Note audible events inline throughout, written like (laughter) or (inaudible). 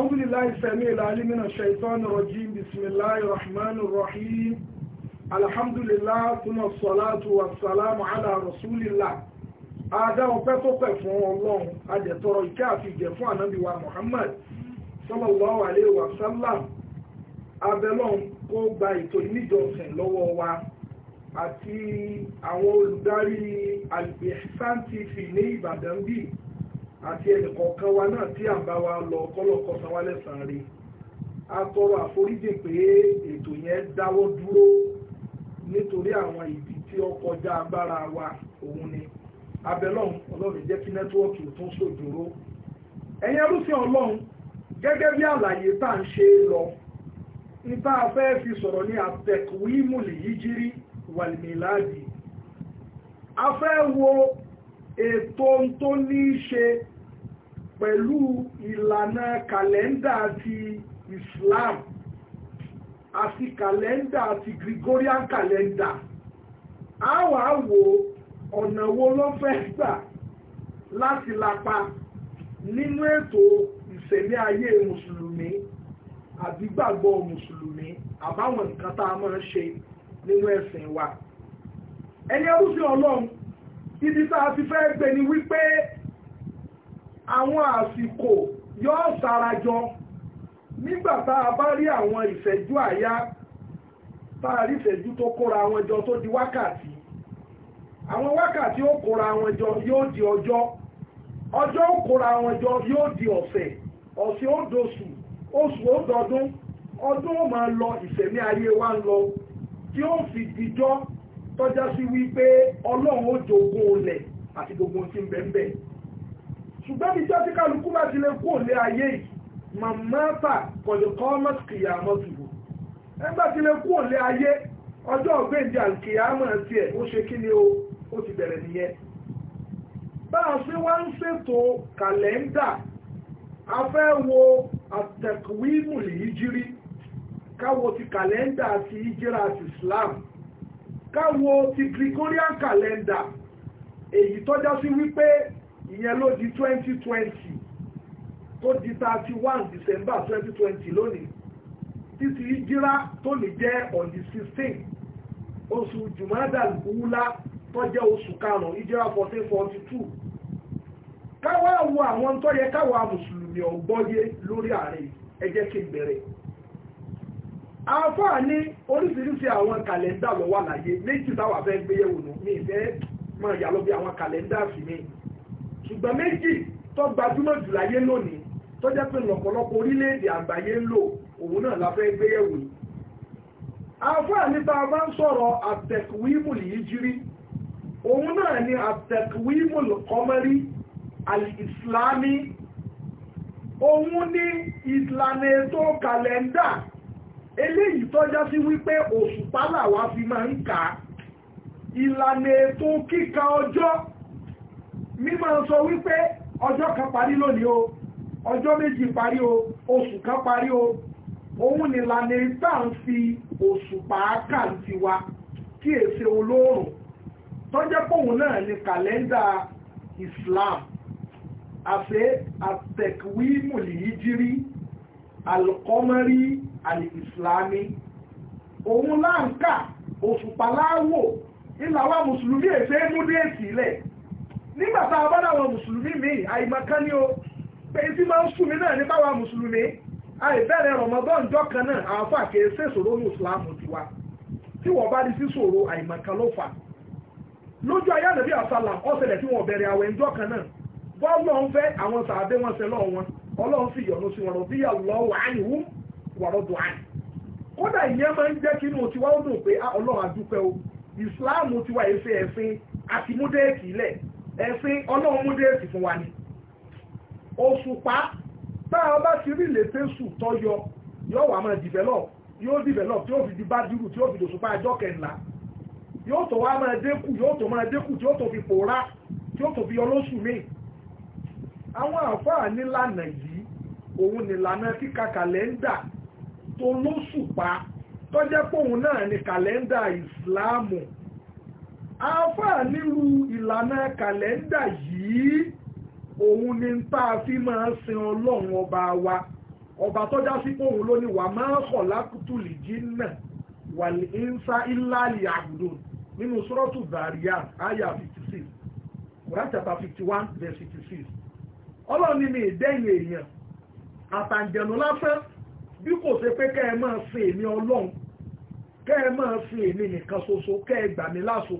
أعوذ بالله السميع العليم من الشيطان الرجيم بسم الله الرحمن الرحيم الحمد لله ثم الصلاة والسلام على رسول الله ada ọpẹ́ tó pẹ́ fún Ọlọ́run adẹ̀tọrọ ìkẹ́ àti ìjẹ́ fún ànábìwá Muhammad sallallahu alayhi wa sallam abẹ́lọ́n kó gba ètò ìníjọsìn lọ́wọ́ wa àti àwọn olùdarí Al-Ihsan TV ní Ìbàdàn bíi àti ẹnìkọ̀ọ̀kan wa náà tí à ń bá wa lọ kọ́lọ́kọ́ san wá lẹ́sàn-án rí a tọrọ àforíjì pé ètò yẹn dáwọ́ dúró nítorí àwọn ìdí tí ó kọjá agbára wa òun ni abẹ́lọ́hún ọlọ́run jẹ́ kí nẹ́tíwọ́ọ̀kì tó ṣòjòrò ẹ̀yin ẹlúfin ọlọ́run gẹ́gẹ́ bí àlàyé tá à ń ṣe lọ nípa afẹ́ fi sọ̀rọ̀ ní àtẹ̀kùwímùlì yíjírí wàlìmíláàdì afẹ́ wo ètò tó ní í ṣe pẹ̀lú ìlànà kàlẹ́ndà ti Islam àti kàlẹ́ndà ti Gregorian calendar a wà wò ọ̀nà wo ló fẹ́ gbà láti lapa nínú ètò ìṣẹ̀lẹ̀ ayé mùsùlùmí àbí gbàgbọ́ mùsùlùmí àbáwọn nǹkan tá a máa ń ṣe nínú ẹ̀sìn wa ẹ̀yẹ́ ó sí ọlọ́run ibi tá a ti fẹ́ gbé ni wípé àwọn àsìkò yóò sarajọ nígbà tá a bá rí àwọn ìṣẹ́jú àyá tá a rí ìṣẹ́jú tó kóra wọn jọ tó di wákàtí àwọn wákàtí ó kóra wọn jọ yóò di ọjọ́ ọjọ́ ó kóra wọn jọ yóò di ọ̀sẹ̀ ọ̀sẹ̀ ó dosù oṣù ó dọdún ọdún ó máa lọ ìṣẹ̀mí ayé wa ń lọ tí ó fi dijọ́ tọ́já sí wípé ọlọ́run ó jogún olẹ̀ àti gbogbo tí ń bẹ ń bẹ ṣùgbọ́n ìjọ tí kálukú bá ti lè kú òlé ayé yìí màmáta kọ̀lẹ̀kọ́ mọ́tìkìyà mọ́tìbò ẹgbà ti lè kú òlé ayé ọjọ́ ọ̀gbẹ́ǹdì àǹkìyà mọ̀ sí ẹ̀ ó ṣe kí ni o ó ti bẹ̀rẹ̀ nìyẹn bá a ṣe wá ń ṣètò kàlẹ́ńdà a fẹ́ wo àtẹ̀kùwímù lè yíjírí káwo ti kàlẹ́ńdà àti ìjírà àti Islam káwo ti Gregorian calendar èyí tó já sí wípé ìyẹn ló di 2020 tó di 31 December 2020 lónìí títí ìjírá tó lè jẹ́ on the 16 oṣù Jumada wúlá tó jẹ́ oṣù karùn-ún ìjírá 1442 káwọ́ àwọn àwọn tó yẹ káwọ́ mùsùlùmí ọgbọ́yé lórí ààrẹ ẹ kí bẹ̀rẹ̀ àfáà ní oríṣiríṣi àwọn kàlẹ́ndà ló wà láyé méjì táwa fẹ́ gbéyẹ̀wò nù mí ìfẹ́ máa yà lọ bí àwọn kàlẹ́ndà sí mi ṣùgbọ́n méjì tó gbajúmọ̀ jù láyé lónìí tó jẹ́ pé lọ́pọ̀lọpọ̀ orílẹ̀-èdè àgbáyé ń lò òun náà la fẹ́ gbéyẹ̀wò yìí àfáà ní bá a bá ń sọ̀rọ̀ àtẹ̀kùwímù lìí jírí òun náà ni àtẹ̀kùwímù kọmọ́rí alìsìlámi òun ní ìlànà ètò kàlẹ́ndà eléyìí tọ́já sí wípé òṣùpá làwa fi máa ń kà á ìlànà ètò kíka ọjọ́ mímọ̀ sọ wípé ọjọ́ kan parí lónìí o ọjọ́ méjì parí o oṣù kan parí o òun nìlànà ìta ń fi òṣùpá kà ń kí èsè olóòrùn tọ́jẹ́ pòun náà ni kàlẹ́ndà Islam àfẹ́ àtẹ̀kùwí mùlìyí alkọmọrí alìsìlámi òun láǹkà òṣùpá láwò ìlàwà mùsùlùmí èfé múdé sílẹ̀ nígbàtà abádáwọn mùsùlùmí mi àìmọ̀kan ni o pé tí máa ń súnmi náà ní báwa mùsùlùmí àìbẹ̀rẹ̀ rọ̀mọ́bọ́n jọ kan náà àwọn àfàkẹ́ sèṣòro ní ìsìlámù tiwa tí wọ́n bá di síṣòro àìmọ̀kan ló fà lójú ayé àsálà ọ̀sẹ̀lẹ̀ tí wọ́n bẹ̀rẹ̀ àwẹ̀ kan náà bọ́ọ̀lù ọ̀hún fẹ́ àwọn sàádé wọn ṣe lọ́wọ́ wọn ọlọ́run sì yọ́nú sí wọn rọ̀ bí àlọ́wọ́ àyìnwó wọ̀rọ̀ dùn àyìn kódà ìyẹn máa ń jẹ́ kí inú tiwa ó dùn pé ah, ọlọ́run àdúpẹ́ o ìsìláàmù tiwa èsè ẹ̀sìn àti múdẹ́ẹ̀kì ilẹ̀ ẹ̀sìn ọlọ́run múdẹ́ẹ̀kì fún wa ni òṣùpá tá a ti rí lẹ́tẹ̀sù tọ́yọ yóò wà máa develop yóò develop tí ó fi di bádìrú tí ó fi dòṣùpá ọjọ́ kẹ̀ńlá yóò tó wá máa dẹ́kù yóò tó máa dẹ́kù tí ó tó fi pòórá tí ó tó fi yọ lóṣù míì àwọn àfáà nílànà yìí òun nìlànà kíka kàlẹ́ndà tó lóṣùpá tó jẹ́ pòun náà ni kàlẹ́ndà ìsìláàmù àfáà nílù ìlànà kàlẹ́ndà yìí òun ni tá a fi máa sin ọlọ́run ọba wa ọba tó já sí pòun ló ní wà máa kọ̀ lákùtùlì jìnnà wà ní ìnsá ìlàlì àgùdùn nínú sọ́rọ́tù bàríyà áyà 56 Quran chapter 51 verse 56 ọlọ́run ni mi ìdẹ́yìn èèyàn àtàǹjẹ̀nù lásán bí kò ṣe pé kẹ́ ẹ máa sin èmi ọlọ́run kẹ́ ẹ máa sin èmi nìkan ṣoṣo kẹ́ ẹ gbà mí láṣo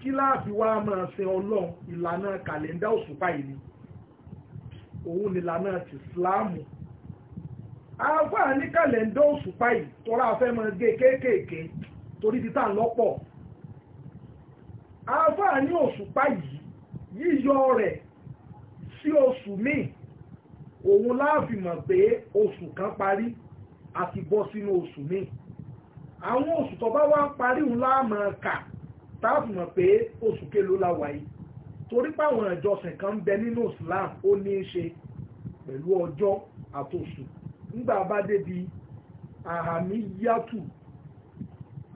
kíláàsì wa máa sin ọlọ́run ìlànà kàlẹ́ndà òṣùpá yìí ni òun nìlànà ti síláàmù àwa ní kàlẹ́ndà òṣùpá yìí tọ́ra fẹ́ máa gé kéékèèké torí ti tà lọ́pọ̀ àwa ní òṣùpá yìí yíyọ rẹ̀ sí oṣù míì òun láàfin mọ̀ pé oṣù kan parí àti bọ́ sínú oṣù míì àwọn oṣù tó bá wá ń parí òun láàmọ̀ kà táàfin pé oṣù kélòó la wà yìí torí páwọn ìjọsìn kan ń bẹ nínú Islam ó ní í ṣe pẹ̀lú ọjọ́ àtòṣù nígbà bá débi àhàmì yàtù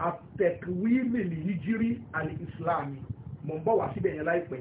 àtẹ̀kùwí mìlì hijiri àlè Islam mọ̀ ń bọ̀ wá síbẹ̀ yẹn láìpẹ́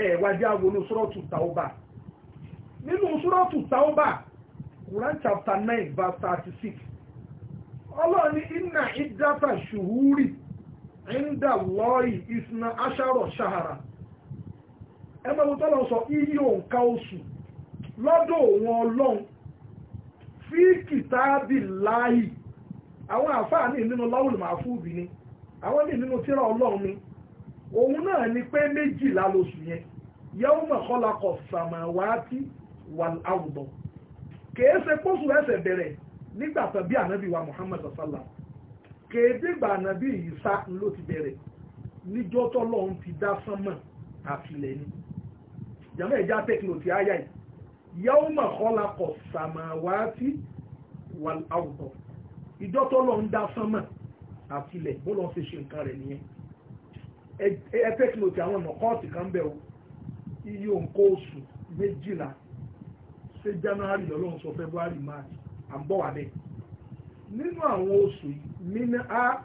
e àwọn oníṣúrọ́tù taoba nínú oníṣúrọ́tù taoba Quran chapter nine verse thirty six ọlọ́ọ̀ni inna shuhuri inda lọ́ọ̀yì isna asharọ̀ shahara ẹgbẹ́gun tọ́lọ sọ iye òǹkà oṣù lọ́dọ̀ òun ọlọ́run fi kìtàbí láàyè àwọn àfáà ní nínú ni àwọn ní nínú ọlọ́run òun náà ni pé méjìlá lóṣù yẹn yẹ́wò mọ̀kọ́lákọ̀ sàmàwátì wà áwùdọ̀ kèé ṣe pósù ẹsẹ̀ bẹ̀rẹ̀ nígbà tán bí ànábì wa Muhammad sallá kèé dìgbà ànábì Ìsá ló ti bẹ̀rẹ̀ níjọ́ tọ́lọ́run ti dá sánmọ̀ àtìlẹ̀ ni jàmọ́ ẹ̀já tẹ́kínò ti áyà yìí yẹ́wò mọ̀kọ́lákọ̀ sàmàwátì wà áwùdọ̀ ìjọ́ tọ́lọ́run dá sánmọ̀ àtìlẹ̀ bó lọ́n ṣe ṣe nǹkan rẹ̀ ẹgbẹ́ kí ló ti àwọn nọ̀kọ́ọ̀tì kan bẹ̀ o iye nǹkan oṣù méjìlá ṣé january lọ́lọ́run sọ february march à ń bọ̀ wá bẹ́ẹ̀ nínú àwọn oṣù yìí a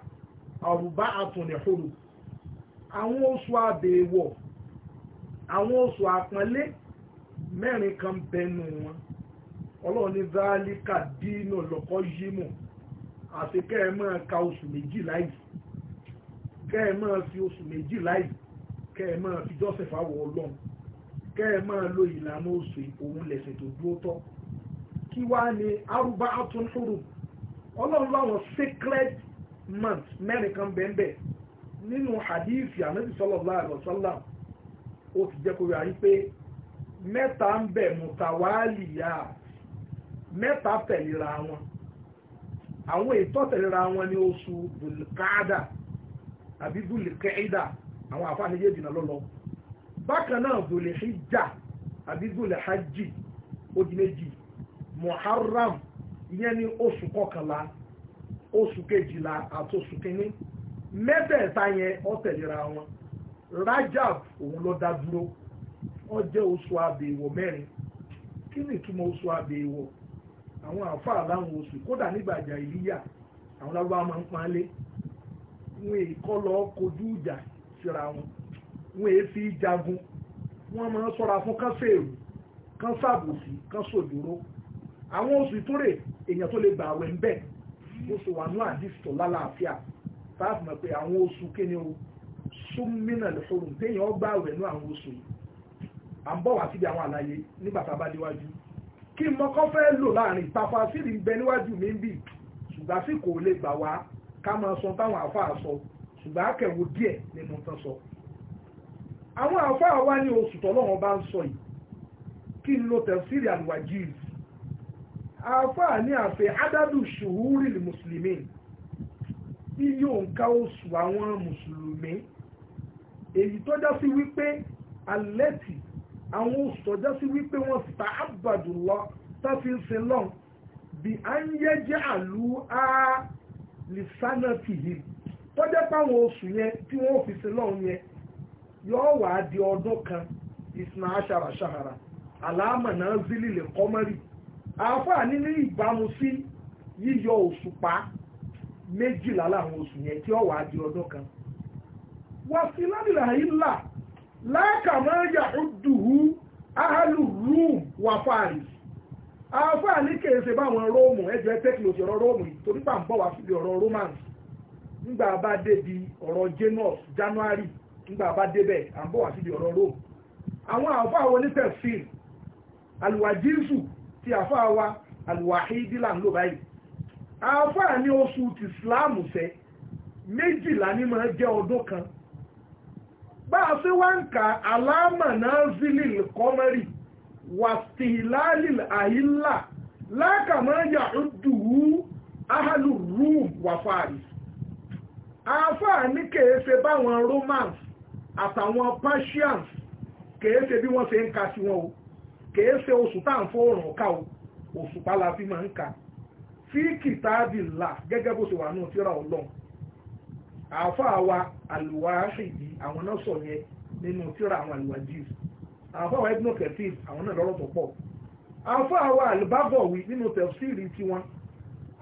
àrùbá àtúnẹ̀hóró àwọn oṣù àbẹ̀wọ̀ àwọn oṣù àpọ́nlé mẹ́rin kan bẹnu wọn ọlọ́run ní zálíkà dínà lọ́kọ́ yímọ̀ àti kẹ́ ẹ máa ka oṣù méjìlá yìí kẹ́ ẹ máa fi oṣù méjìlá yìí kẹ́ ẹ máa fi jọ́sẹ̀fà wọ ọlọ́run kẹ́ máa lo ìlànà oṣù òun lẹ̀sẹ̀ tó dúró tọ́ kí wá ní arúgbá àtúntúrù ọlọ́run láwọn sacred month mẹ́rin kan bẹ́ẹ̀ nínú hadithi anabi sallallahu alaihi wasallam ó ti jẹ́ kó rí pé mẹ́ta ń bẹ mùtàwálìyà mẹ́ta tẹ̀léra wọn àwọn ètò ni oṣù dùlùkádà àbí dùlẹ̀ kẹ́ẹ̀dà àwọn àfáà méjèèjì náà lọ́lọ́ bákan náà dùlẹ̀ hijja àbí dùlẹ̀ hajj ó di méjì muharram ìyẹn ní oṣù kọkànlá oṣù kejìlá àti oṣù kínní mẹ́tẹ̀ẹ̀ta yẹn ó tẹ̀léra wọn rajab òun ló dá dúró ó jẹ́ oṣù àbẹ̀wọ̀ mẹ́rin kí ni ìtumọ̀ oṣù àbẹ̀wọ̀ àwọn àfáà láwọn oṣù kódà nígbàjà ìlíyà àwọn lábúbá máa ń panlé wọn èyí kọ́ lọ kojú ìjà síra wọn wọn èyí fi jagun wọn máa ń sọ́ra fún kánṣẹ́rù kán ṣàbòsí kán ṣòdúró àwọn oṣù ìtúrè èèyàn tó lè gbà àwẹ̀ ń bẹ̀ oṣù wà ní àdìsítọ̀ lálàáfíà táàfù mọ̀ pé àwọn oṣù kíni o súnmínà lẹ́fọ́rùn téèyàn ó gbà àwẹ̀ ní àwọn oṣù yìí à ń bọ̀ wá síbi àwọn àlàyé nígbà tá a bá déwájú kí n mọ́kọ́ fẹ́ lò láàrin tàfà sílì ń bẹ níwájú mi ń bì ṣùgbọ́n àsìkò lè gbà wá ká máa sọ táwọn àfáà sọ ṣùgbọ́n akẹ̀wò díẹ̀ nínú tán sọ àwọn àfáà wá ní oṣù tọ́lọ́wọ́n bá ń sọ yìí kí n lo tẹ̀síìrì àlùwàjíìz àfáà ní àfẹ́ adádù ṣùhúrì mùsùlùmí iye òǹkà oṣù àwọn mùsùlùmí èyí tó já sí wípé alẹ́tì àwọn oṣù tó já sí wípé wọ́n ta àbàdùlọ tó fi ń sin lọ́n bí à ń yẹ́jẹ́ àlù áá lisanati yìí tó jẹ́ páwọn oṣù yẹn tí wọ́n fi sí lọ́hùn yẹn yóò wà á di ọdún kan ìsìnà aṣara ṣahara àlàámà náà zílì lè kọ́mọ́rì àáfàá nínú ìbámu sí yíyọ òṣùpá méjìlá láwọn oṣù yẹn tí ó wà á di ọdún kan wàsílálìlà ìlà láàkà máa yà ó dùhú áhàlù rúùm wà fáàrìsì afọ a kèése báwọn róòmù ẹjọ́ ẹ tẹ́kìlòsì ọ̀rọ̀ róòmù torí pà ń bọ̀ wá romans bá débi ọ̀rọ̀ genus january mgba bá débẹ̀ à ń bọ̀ wá síbi ọ̀rọ̀ róòmù àwọn àáfàá wo ní ti wa àlùwà hídílà ń bayi. ti kan wàstíhìláàlì àìlà lákàmọ́ yàdùhù ahalu rum wàfààrí àáfàá ní kèése báwọn romans àtàwọn persians kèése bí wọ́n ṣe ń ka sí wọn o kèése oṣù tá à ń o òṣùpá la fi máa ń ka fi kìtàbí là gẹ́gẹ́ bó ṣe wà náà tíra ọlọ́run àáfàá wa àlùwáṣì yìí àwọn náà sọ yẹn nínú tíra àwọn àlùwájì yìí àfáwà ibùdó kẹfíìn àwọn náà lọ́rọ̀ tó pọ̀ àfáwà àlùbábọ̀wì nínú tẹ̀síìrì tiwọn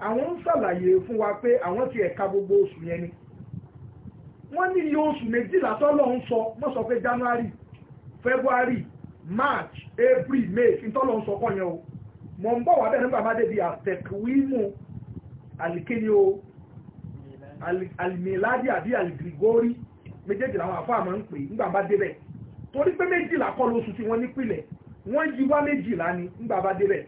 àwọn ń ṣàlàyé fún wa pé àwọn ti ẹ̀ka gbogbo oṣù yẹn ni wọ́n ní iye oṣù méjìlá tọ́lọ̀ ń sọ wọ́n sọ pé January February March April May ìtọ́lọ̀ ń sọ kọ́ yẹn o mọ̀ ń bọ̀ wá bẹ́ẹ̀ nígbà má débi àtẹ̀kùwímù àlìkéni o àlìmíládì àbí àlìgrigori méjèèjì làwọn àfáà máa ń pè nígbà má débẹ̀ torí pé méjìlá kọ́ lóṣù tí wọ́n nípìnlẹ̀ wọ́n yí wá méjìlá ni nígbà bá débẹ̀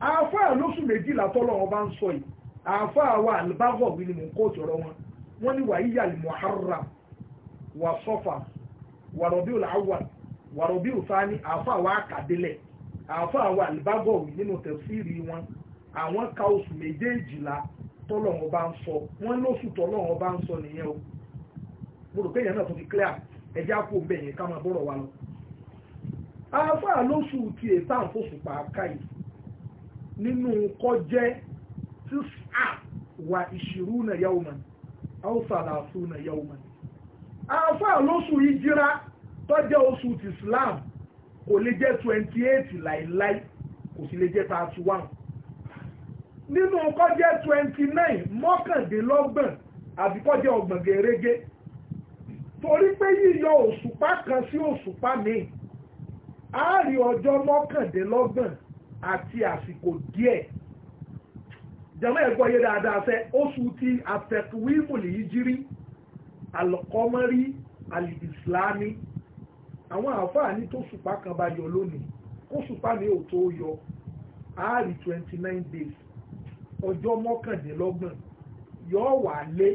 àáfàá lóṣù méjìlá tọ́lọ́wọ́n bá ń sọ yìí àáfàá wa albago wí ni mò ń kó òtò ọ̀rọ̀ wọn wọ́n ní wàá yíyà muharram wà sọ́fà wà rọ̀bí al-awwal wà rọ̀bí al-thani àáfàá wa àkàdélẹ̀ àáfàá wa àlùbáwọ̀ wí nínú tẹ̀síìrì wọn àwọn ka oṣù méjèèjìlá tọ́lọ́wọ́n bá ń sọ wọ́n lóṣù tọ́lọ́wọ́n bá ń sọ nìyẹn o mo rò pé ìyẹn náà tó fi clear ẹjẹ́ àpò bẹ́ẹ̀ yẹn ká máa bọ́rọ̀ wa lọ. lóṣù ti ètà àfọ̀sùpá káyì nínú kọjẹ́ tíṣà wà ìṣirú nà yawman aw salasuna yawman. afa lóṣù ìjìra tọ́jẹ́ oṣù ti Islam kò lè jẹ́ twenty eight láìláì kò sì lè jẹ́ thirty one nínú kọjẹ́ twenty nine mọ́kàndínlọ́gbọ̀n àbíkọ́jẹ́ ọgbọ̀n gẹ̀rẹ́gẹ́ torí pé yíyọ òṣùpá kan sí òṣùpá míì á rí ọjọ́ mọ́kàndínlọ́gbọ̀n àti àsìkò díẹ̀ jẹ́mọ́ ẹ̀gbọ́ yé dáadáa fẹ́ oṣù tí afẹ́kùwímùlì yìí jírí alọ́kọ́mọ́rí alìbìsìlámì àwọn àáfàá ní tó ṣùpá kan bá yọ lónìí kó ṣùpá ní ò tó yọ àárí twenty nine days ọjọ́ mọ́kàndínlọ́gbọ̀n yọ wà lé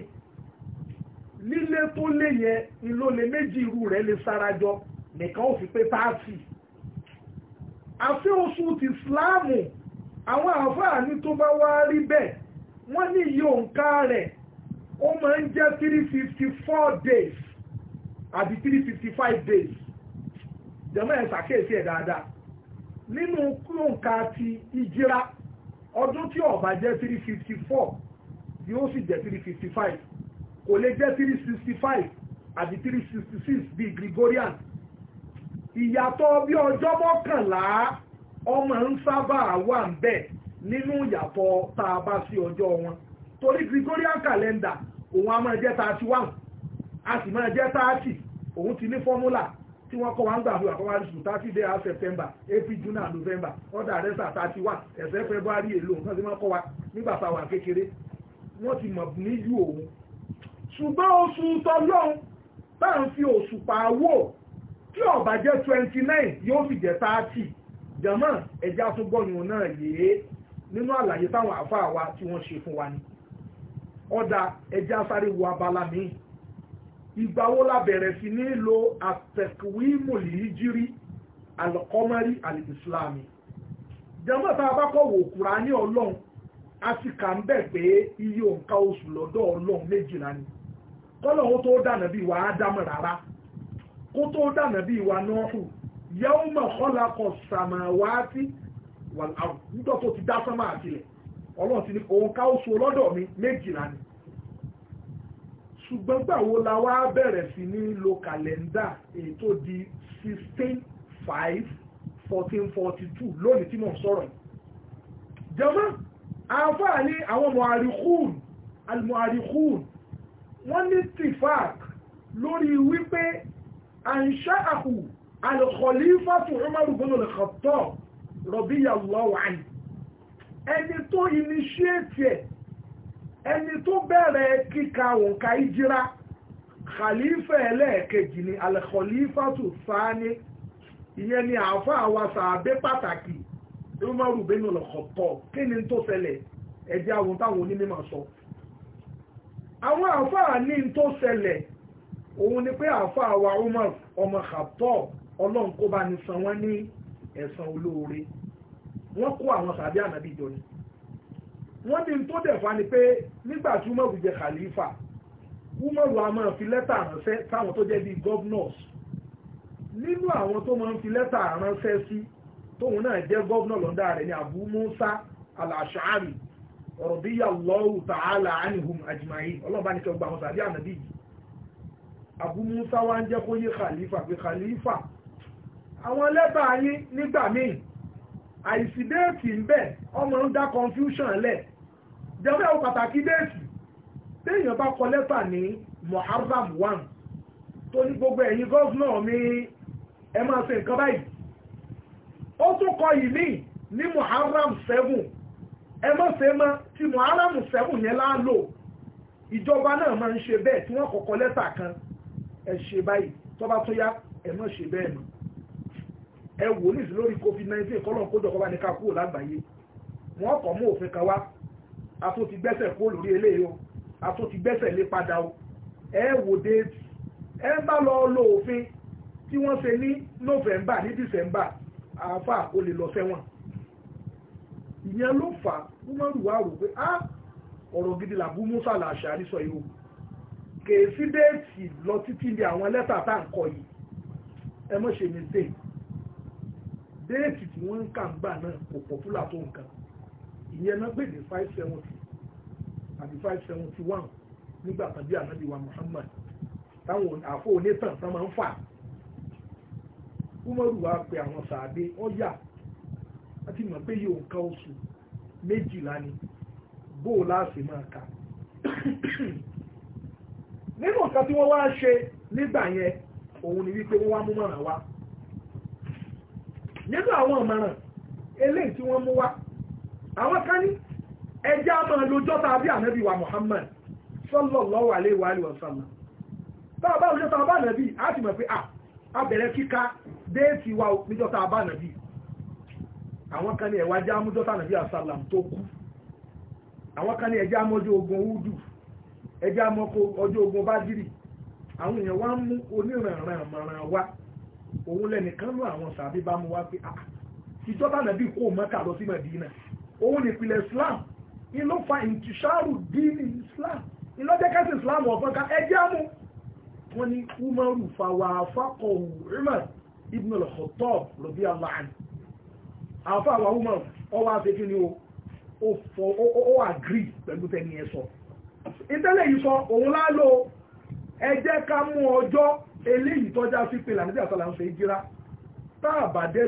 lílé tó lé yẹn ìlólè méjì irú rẹ̀ lè sarajọ nìkan ò fi pé táàtì àfi oṣù ti Ìsìláàmù àwọn àǹfààní tó bá wá rí bẹ́ẹ̀ wọ́n ní iye òǹkà rẹ̀ ó máa ń jẹ́ three fifty four days àbí three fifty five days jẹ́mọ́ ẹ̀ ṣàkíyèsí ẹ̀ dáadáa nínú òǹkà ti ìjírá ọdún tí ó bá three fifty four yóò sì jẹ́ three fifty five kò lè jẹ́ 365 àbí 366 bíi Gregorian ìyàtọ̀ bí ọjọ́ mọ́kànlá ọmọ ń sábà wà ń bẹ̀ nínú ìyàtọ̀ tá a bá sí ọjọ́ wọn torí Gregorian calendar òun a máa jẹ́ 31 a sì máa jẹ́ 30 òun ti ní fọ́múlà tí wọ́n kọ́ wá ń gbà fún àkọ́wá ní sùn 30 day of September April June and November order rest at 31 ẹ̀sẹ̀ February èlò nǹkan tí wọ́n kọ́ wa nígbà táwa kékeré wọ́n ti mọ̀ níyù òun ṣùgbọ́n oṣù tọ́lọ́hún bá ń fi òṣùpá wò tí ó bá jẹ́ twenty nine yóò fi jẹ́ thirty jẹ̀mọ́ ẹ̀já tó gbọ́yìn náà yé nínú àlàyé táwọn àáfàá wa tí wọ́n ṣe fún wa ni ọ̀dà ẹ̀já sáré wo abala mi ìgbà wo la bẹ̀rẹ̀ sí ní lo àtẹ̀kùwímù lìíjírí alọ́kọ́mọ́rí alìsílámì jẹ́mọ́ tá a bá kọ́ wò Kùránì ọlọ́run a sì kà ń bẹ̀ pé iye òǹkà oṣù lọ́dọ̀ ọlọ́run méjìlá ni kọ́lọ̀ ó tó dànà bí wà á dámọ̀ rárá kó tó dànà bí wà nọ́ọ̀hù yẹ́wò mọ̀ kọ́lá kọ̀ sàmàwáátì wà láwù nígbà tó ti dá sánmà àtìlẹ̀ ọlọ́run ti ní òun ká oṣù ọlọ́dọ̀ mi méjìlá ni ṣùgbọ́n gbà wo la wá bẹ̀rẹ̀ sí ní lo kàlẹ́ndà ètò di sixteen five fourteen forty lónìí tí mò sọ̀rọ̀ yìí jẹ́mọ́ àáfàá ní àwọn mọ̀ àríkùn wọ́n ní tifak lórí wípé anṣáàhù alkhalifatu Umar ibn al-Khattab radiyallahu anhu ẹni tó iníṣẹ́ẹ̀tì ẹ̀ ẹni tó bẹ̀rẹ̀ kíka òǹkà ìjírá khalifa ẹlẹ́ẹ̀kejì ni alkhalifatu sáání ìyẹn ni àáfàá wa sàbẹ́ pàtàkì Umar ibn al-Khattab kí ni tó ṣẹlẹ̀ ẹ̀jẹ̀ àwọn táwọn onímọ̀ sọ àwọn àáfàá ní tó ṣẹlẹ̀ òun ni pé àáfàá wa Umar ọmọ Khattab ọlọ́run kó bá ní san wọ́n ní ẹ̀san olóore wọ́n kó àwọn sàbí ànábì jọ ni wọ́n ní tó dẹ̀ ni pé nígbà tí Umar jẹ khalifa Umar wa máa fi lẹ́tà ránṣẹ́ sáwọn tó jẹ́ bíi governors nínú àwọn tó máa ń fi lẹ́tà ránṣẹ́ sí tóun náà jẹ́ governor lọ́dà rẹ̀ ní Abu Musa al-Ash'ari radiyallahu ta'ala anhum ajma'in ọlọ́ọ̀bá ní kẹgbà àwọn sàbí ànàbí yìí Abu Musa wá ń jẹ́ kó yé khalifa pé khalifa àwọn lẹ́bàá yín nígbà míì àìsí déètì ń bẹ̀ ọmọ ń dá confusion lẹ̀ jẹ́wọ́ ẹ̀wọ̀ pàtàkì déètì téèyàn bá kọ lẹ́tà ní Muharram 1 tó ní gbogbo ẹ̀yin gọ́ọ̀nà mi ẹ máa ṣe nǹkan báyìí ó tún kọ yìí ní Muharram 7 ẹ mọ̀ ṣe mọ́ tí muharam sẹ́wùn yẹn láàlò ìjọba náà máa ń ṣe bẹ́ẹ̀ tí wọ́n kọ́kọ́ lẹ́tà kan ẹ ṣe báyìí tó tó yá ẹ mọ̀ ṣe bẹ́ẹ̀ mọ́ ẹ wò ní ìsìn lórí covid-19 kọ́lọ̀ kójọ kọ́ bá ní ká kúrò lágbàáyé wọ́n kọ̀ mú òfin kan wá a tó ti gbẹ́sẹ̀ kó lórí eléyìí o a tó ti gbẹ́sẹ̀ lé padà o ẹ wò dé ẹ bá lọ lo òfin tí wọ́n ṣe ní November ní December àáfà ó lè lọ sẹ́wọ̀n ìyẹn ló fà Umaru wá rò pé á ah, ọ̀rọ̀ gidi làbú Musa làṣàrí sọ yìí o kèé sí déètì lọ títí di àwọn lẹ́tà tá à ń kọ yìí ẹ mọ̀ ṣe mistake déètì tí wọ́n ń kà ń gbà náà kò pọ̀pùlà tó nǹkan ìyẹn náà gbèdé five seventy àbí five seventy one nígbà kan bí ànábì wa Muhammad táwọn àfọ onítàn tán máa ń fà Umaru wá pe àwọn sàádé ọ̀yà àti mọ̀ pé yóò ka oṣù méjìlá ni bó o láàṣì máa kà (clears throat) nínú nǹkan tí wọ́n wá ṣe nígbà yẹn òun ni wípé wọ́n wá mú mọ̀ràn wá nínú àwọn ọ̀mọ̀ràn eléyìí tí wọ́n mú wá àwọn kan ní ẹjẹ́ àmọ́ lójọ́ tàbí ànábì wa Muhammad sallallahu alaihi wa alihi wa sallam tàbá òjò tàbá ànábì á ti mọ̀ pé a bẹ̀rẹ̀ kíka déètì wa níjọ́ tàbá ànábì àwọn kan ní ẹ̀wà jẹ́ amújọ́ta nàbí àsàlám tó kú àwọn kan ní ẹjẹ́ amọ́jọ́ ogun údù ẹjẹ́ amọ́kọ́ ọjọ́ ogun bájírì àwọn èèyàn wá ń mú oníranran àmọ̀ràn wá òun lẹ́nìkan nú àwọn sàbí bá mú wá pé ah, à ìjọba nàbí kò mọ́ta lọ sí Mẹ̀dínà òun nípìnlẹ̀ Islam inú fa ìtìṣàrù dínì Islam ìlọ́jẹ́kẹ́sì Islam ọ̀fọ́n ká ẹjẹ́ amú wọ́n ní Umaru fàwàfàkọ̀ Umar ibn al-Khattab radiyallahu anhu àwọn fáwọn ọmọ ọwọ́ àṣekí ni ó àgírí pẹ̀lú tẹni ẹ sọ ìtẹ́lẹ̀ yìí sọ òun láàlò ẹ jẹ́ ká mú ọjọ́ eléyìí tọ́já sí pé lànà ìjà sọ́la ń ṣe ìjírá tá gbàgbé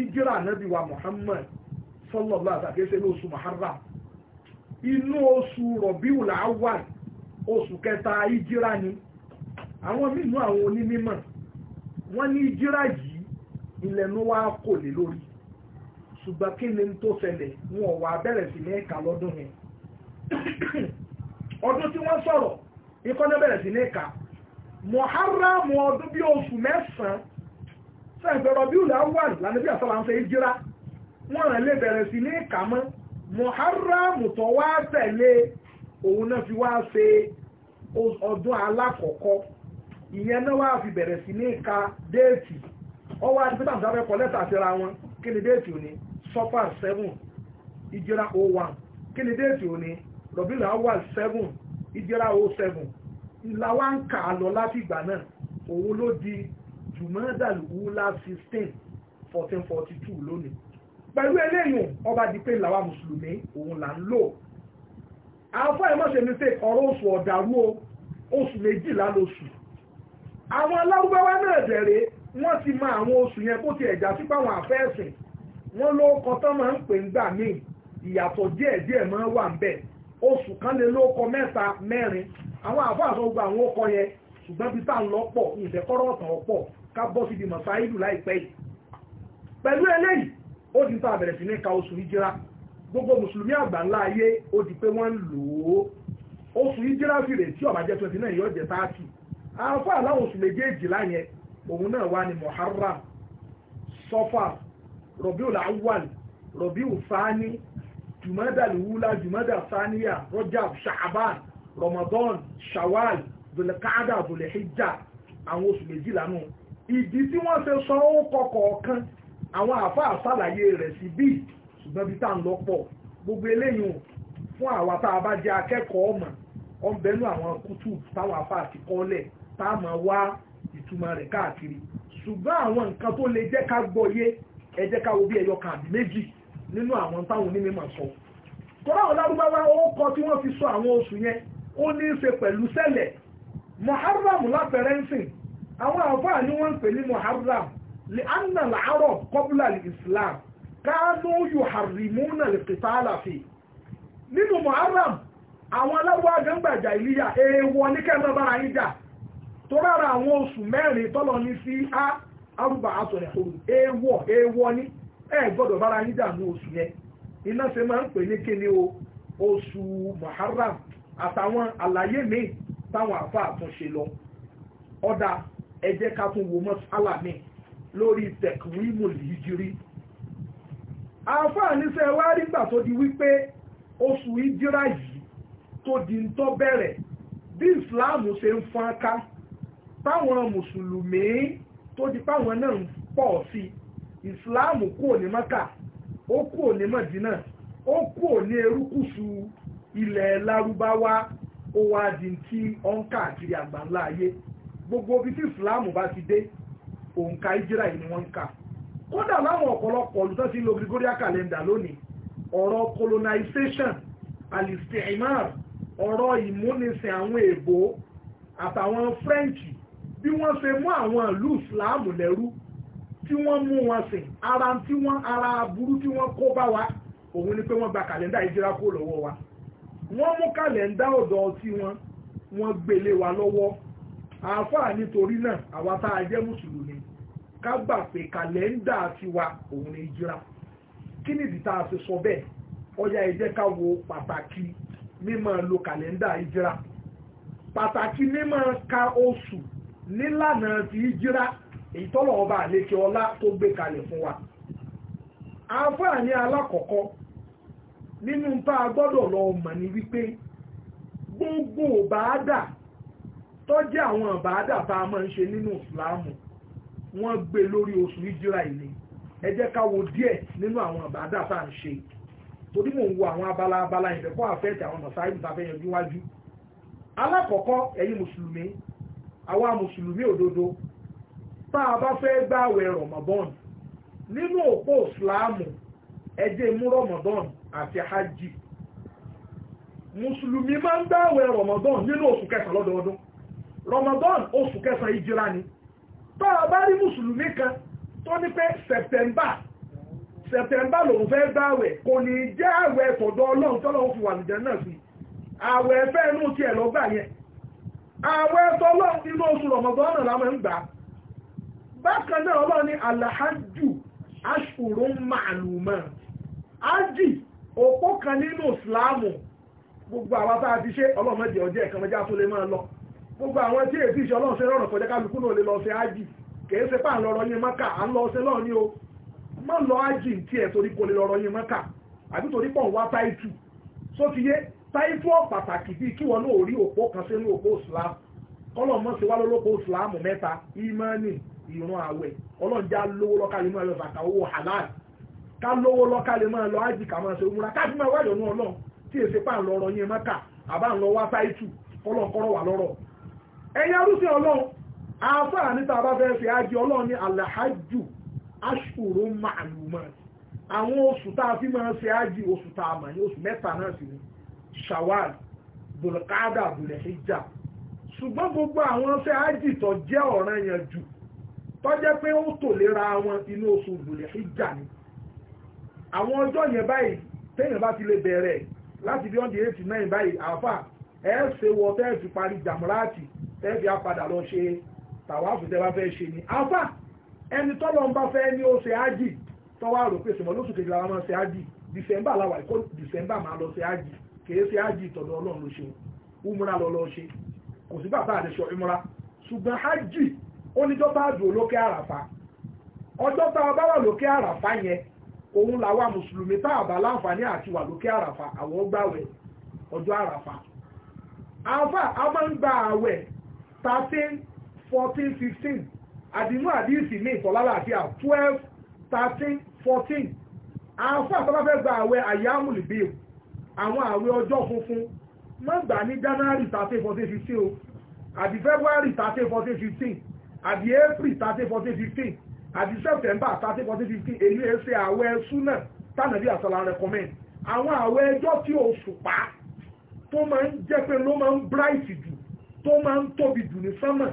ìjírá ànábì wa Muhammad sallallahu alaihi wasallam ṣe ní oṣù Muharram inú oṣù Rabiul Awwal oṣù kẹta ìjírá ni àwọn mìíràn àwọn onímọ̀ wọ́n ní ìjírá yìí ilẹ̀ ló wá kò lé lórí ṣùgbọ́n kí ni tó ṣẹlẹ̀ wọn ò wá bẹ̀rẹ̀ sí ní ìka lọ́dún yẹn (coughs) ọdún tí wọ́n sọ̀rọ̀ ikọ́ bẹ̀rẹ̀ sí ní ìka mọ̀hárámù ọdún bíi oṣù mẹ́sàn-án sẹ́ǹfẹ̀rọ̀ bíi bí àsọ̀rọ̀ àǹfẹ̀ ìjìra wọ́n rẹ̀ lè bẹ̀rẹ̀ sí ní ìka fi wá ṣe ọdún alákọ̀ọ́kọ́ ìyẹn náà wá fi bẹ̀rẹ̀ sí ní ìka déètì ọwọ́ kọ́ lẹ́tà síra wọn kí sọ́pà seven ìjẹ́ra o oh one kí ni déètì òní rọ̀bìlà awal seven ìjẹ́ra o oh seven ìlàwà ń kà á lọ láti ìgbà náà òun ló di jùmọ́dàlù wúlá sixteen fourteen forty two lónìí pẹ̀lú eléyìí ọba di pé ìlàwà mùsùlùmí òun là ń lò àwọn ẹ̀mọ́sẹ̀ mi fẹ́ ọ̀rọ̀ oṣù ọ̀dàrú o oṣù méjìlá lóṣù àwọn aláwùbáwá náà dẹ̀rẹ̀ wọ́n ti mọ àwọn oṣù yẹn kó ti ẹ̀já sípò àwọn àfẹ́ẹ̀sìn wọ́n ló kọtọ́ máa ń pè ń gbà míì ìyàtọ̀ díẹ̀ díẹ̀ máa wà ń bẹ̀ oṣù kan lè ló kọ mẹ́ta mẹ́rin àwọn àfáàsọ gba àwọn ọkọ yẹn ṣùgbọ́n bí táà lọ pọ̀ ìfẹ́kọ́rọ̀ ọ̀tàn ọ̀pọ̀ ká bọ́ síbi ta àbẹ̀rẹ̀ sí ní ka oṣù gbogbo mùsùlùmí àgbà ńlá ayé di pé wọ́n ń lò ó oṣù ìjírá fìrè tí ó twenty nine yóò thirty àáfà aláwọ̀ oṣù méjèèjìlá yẹn òun náà rọ̀bíù làwọn rọ̀bíù fani jùmọ́dà lùwúlá jùmọ́dà faniya rọ́jàb ṣàbán ramadan shawal dùlẹ̀káàdà dùlẹ̀híjà àwọn oṣù méjìlá nù ìdí tí wọ́n ṣe sọ ó kọ̀ọ̀kan àwọn àfáà ṣàlàyé rẹ̀ sí bí ṣùgbọ́n bí tá ń lọ́pọ̀ gbogbo eléyìí fún àwa tá a bá jẹ́ akẹ́kọ̀ọ́ ọ̀mọ̀ ọ̀nbẹ́nu àwọn kútù táwọn àfáà ti kọ́lẹ̀ tá a máa wá ìtumọ̀ rẹ̀ káàkiri ṣùgbọ́n àwọn nǹkan tó lè jẹ́ ká gbọ́yé ẹ jẹ́ ká bí ẹyọ kan méjì nínú àwọn táwọn onímọ̀ sọ tọ́lá àwọn tí wọ́n fi sọ àwọn oṣù yẹn ó ní í ṣe pẹ̀lú sẹ́lẹ̀ muharram lápẹrẹnsìn àwọn àfáà ni wọ́n ń pè ní muharram lè anna làárọ̀ kọ́bùlà islam káánú lè nínú muharram àwọn aláwọ̀ agbẹ́gbàjà ìlíyà èèwọ̀ ní bára yín jà àwọn oṣù mẹ́rin ní arúgbà aṣọ ẹ̀hóòrù èèwọ̀ èèwọ̀ ni ẹ gbọ́dọ̀ bára yín dànù oṣù yẹn iná ṣe máa ń pè ní kíni o oṣù muharram àtàwọn àlàyé míì táwọn àfa àtúnṣe lọ ọ̀dà ẹ jẹ́ ká tún wo mọ́sálà mi lórí tẹ̀kùrímù lìjírí àfa àníṣẹ́ wá rí gbà tó di wípé oṣù ìjírá yìí tó di ń tọ́ bẹ̀rẹ̀ bí ìsìláàmù ṣe ń fọ́n ká táwọn mùsùlùmí tó di páwọn náà ń pọ̀ sí ìsìláàmù kúrò ní mọ́kà ó kúrò ní mọ̀dínà ó kúrò ní erékùṣù ilẹ̀ lárúbáwá ó wá di tí ó ń káàkiri àgbáńlá ayé gbogbo ibi tí ìsìláàmù bá ti dé òǹkà ìjírà yìí ni wọ́n ń kà kódà láwọn ọ̀pọ̀lọpọ̀ olùtọ́ sí lo Gregorian calendar lónìí ọ̀rọ̀ colonization alistimar ọ̀rọ̀ ìmúnisìn àwọn èèbó àtàwọn french bí wọ́n ṣe mú àwọn ìlú ìsìláàmù lẹ́rú tí wọ́n mú wọn sìn ara tí wọ́n ara burú tí wọ́n kó bá wa òun ni pé wọ́n gba kàlẹ́ndà ìjírá kó lọ́wọ́ wa wọ́n mú kàlẹ́ndà ọ̀dọ̀ tí wọ́n wọ́n gbélé wa lọ́wọ́ àáfàá nítorí náà àwa tá a jẹ́ mùsùlùmí ká gbà pé kàlẹ́ndà tiwa òun ni ìjírá kí nìdí tá a fi sọ bẹ́ẹ̀ ọya ẹ ká wo pàtàkì mímọ́ lo kàlẹ́ndà ìjírá pàtàkì mímọ́ ka oṣù nílànà ti jíra èyí tọ́lọ̀ ọba àlékè ọlá tó gbé kalẹ̀ fún wa àǹfààní alákọ̀ọ́kọ́ nínú tá a gbọ́dọ̀ lọ mọ̀ ní wípé gbogbo bàádà tó jẹ́ àwọn bàádà tá a máa ń ṣe nínú ìsìláàmù wọ́n gbé lórí oṣù ìjírà ìní ẹ jẹ́ ká wo díẹ̀ nínú àwọn bàádà tá a ń ṣe torí mò ń wo àwọn abala abala ìfẹ́kọ́ àfẹ́ẹ̀tì àwọn mọ̀sáìlì tá a fẹ́ yanjú wájú alákọ̀ọ́kọ́ ẹ̀yin mùsùlùmí àwa mùsùlùmí òdodo tá a bá fẹ́ gbààwẹ̀ Ramadan nínú òpó ìsìláàmù ẹjẹ́ mú Ramadan àti hajj mùsùlùmí máa ń gbààwẹ̀ Ramadan nínú oṣù kẹsàn lọ́dọọdún Ramadan oṣù kẹsàn ìjìra ni tá a bá rí mùsùlùmí kan tó ní pé September September lòun fẹ́ gbààwẹ̀ kò ní jẹ́ àwẹ̀ tọ̀dọ̀ Ọlọ́run tọ́lọ́run fi wà nìjẹ́ náà sí àwẹ̀ fẹ́ẹ́ nù tiẹ̀ lọ́gbà yẹn àwẹ̀ tọ́lọ́ inú oṣù rọ̀mọ̀gbọ́nà láwọn ń gbà bákan náà ọlọ́ ni alahajju ashurun ma'lumat ájì òpó kan nínú ìsìláàmù gbogbo àwọn tá a ti ṣe ọlọ́mọdé ọjọ́ ẹ̀kan tó lè máa lọ gbogbo àwọn tí èsì ìṣẹ́ kálukú náà lè lọ ṣe ájì kìí ṣe pà o lọ ájì tí ẹ̀ torí kò lè àbí torí pọ̀ wá táìtù táìfọ́ pàtàkì bíi kí wọn náà rí òpó kan sínú òpó islam kọlọ́mọ́ sí wá lólópó islam mẹ́ta ìmánì ìran àwẹ̀ ọlọ́njà lówó lọ́kàlẹ̀ máa lọ bàtà owó halal ká lówó lọ́kàlẹ̀ máa lọ ájì kà máa ṣe òmùra ká fi máa wáyọ̀ ní ọlọ́run tí èsì pà ń lọ ọrọ̀ yẹn mọ́kà àbá ń lọ wá táìtù kọlọ́kọ́rọ̀ wà lọ́rọ̀ ẹ̀yin arúfẹ́ ọlọ́run àáfàá níta bá fẹ́ fi ájì ọlọ́run ní alahajù ashuru ma'lumat àwọn oṣù tá a fi máa ṣe ájì oṣù tá a mà ní oṣù mẹ́ta náà sì ni shawal dùlùkádà dùlùhíjà ṣùgbọ́n gbogbo àwọn ṣe ájì tó jẹ́ ọ̀ranyàn jù tó jẹ́ pé ó tò lera wọn inú oṣù dùlùhíjà ni àwọn ọjọ́ yẹn báyìí téèyàn bá ti lè bẹ̀rẹ̀ láti bí ọ̀dẹ̀ eighty nine báyìí àáfà ẹ̀ ṣe wọ tẹ́ẹ̀ fi parí jàmúráàtì tẹ́ẹ̀ fi apàdà lọ ṣe tàwáàfù tẹ́ẹ̀ bá fẹ́ ṣe ni àáfà ẹni tọ́lọ́ ń bá fẹ́ ní ó ṣe tọ́wọ́ àròpèsè mọ́ lóṣù kejìlá wọn ṣe ájì dìsẹ́mbà làwà ìkó dìsẹ́mbà máa lọ ṣe ájì kìí ṣe ájì ìtọ̀dọ̀ ọlọ́run ló ṣe umra lọ lọ ṣe kò sí bàbá àdéṣọ umra ṣùgbọ́n ájì ó ní tó àràfà ọjọ́ tá a bá wà lókè àràfà yẹn òun làwa mùsùlùmí tá a láǹfààní àti wà lókè gba àwẹ̀ thirteen fourteen fifteen àdínú ní ìfọ̀lára àti à thirteen fourteen àfà tó gba àwẹ̀ bíi àwọn àwẹ̀ ọjọ́ funfun má gbà ní january thirteen fourteen fifteen o àbí february thirteen fourteen fifteen àbí april thirteen fourteen fifteen àbí september thirteen fourteen fifteen èyí ẹ ṣe àwẹ̀ súnà tànàbí àsọlá recommend àwọn àwẹ̀ ẹjọ́ tí oṣù pa tó máa ń jẹ́ pé ló máa ń bright jù tó máa ń tóbi jù ní sánmà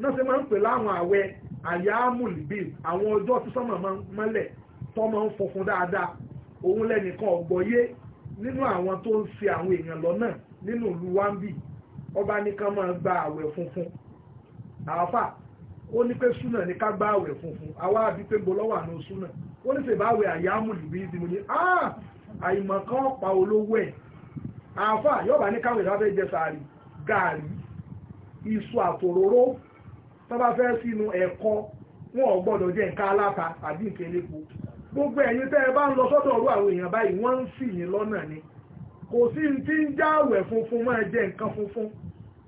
náà ṣe máa ń pè láwọn àwẹ̀ àyàmùlìbí àwọn ọjọ́ tí sánmà máa ń mọ́lẹ̀ tó máa ń funfun dáadáa òun lẹ́nìkan ọ̀gbọ́yé nínú àwọn tó ń ṣe àwọn èèyàn lọ́nà nínú ìlú wambi ọba ní ká máa gba àwẹ̀ funfun àáfà ó ní pé súnà ní ká gba àwẹ̀ funfun àwa àbí pé gbọ́ lọ́wọ́ àná súnà ó ní sèbá àwẹ̀ àyàmù lùbí ìdìbò ní àìmọ̀ kan pa olówó ẹ̀ àáfà yọba ní káwé lábẹ́ jẹ sàárì gààrí iṣu àtòróró tọ́ba fẹ́ sínú ẹ̀kọ́ wọn ò gbọ́dọ̀ jẹ́ nǹkan aláta àbí nǹkan elépo gbogbo ẹ̀yin tẹ́ ẹ bá ń lọ sọ́dọ̀ ọ̀rọ̀ àwọn èèyàn báyìí wọ́n ń ṣì yín lọ́nà ni kò sí ní tí ń já àwẹ̀ funfun máa jẹ nǹkan funfun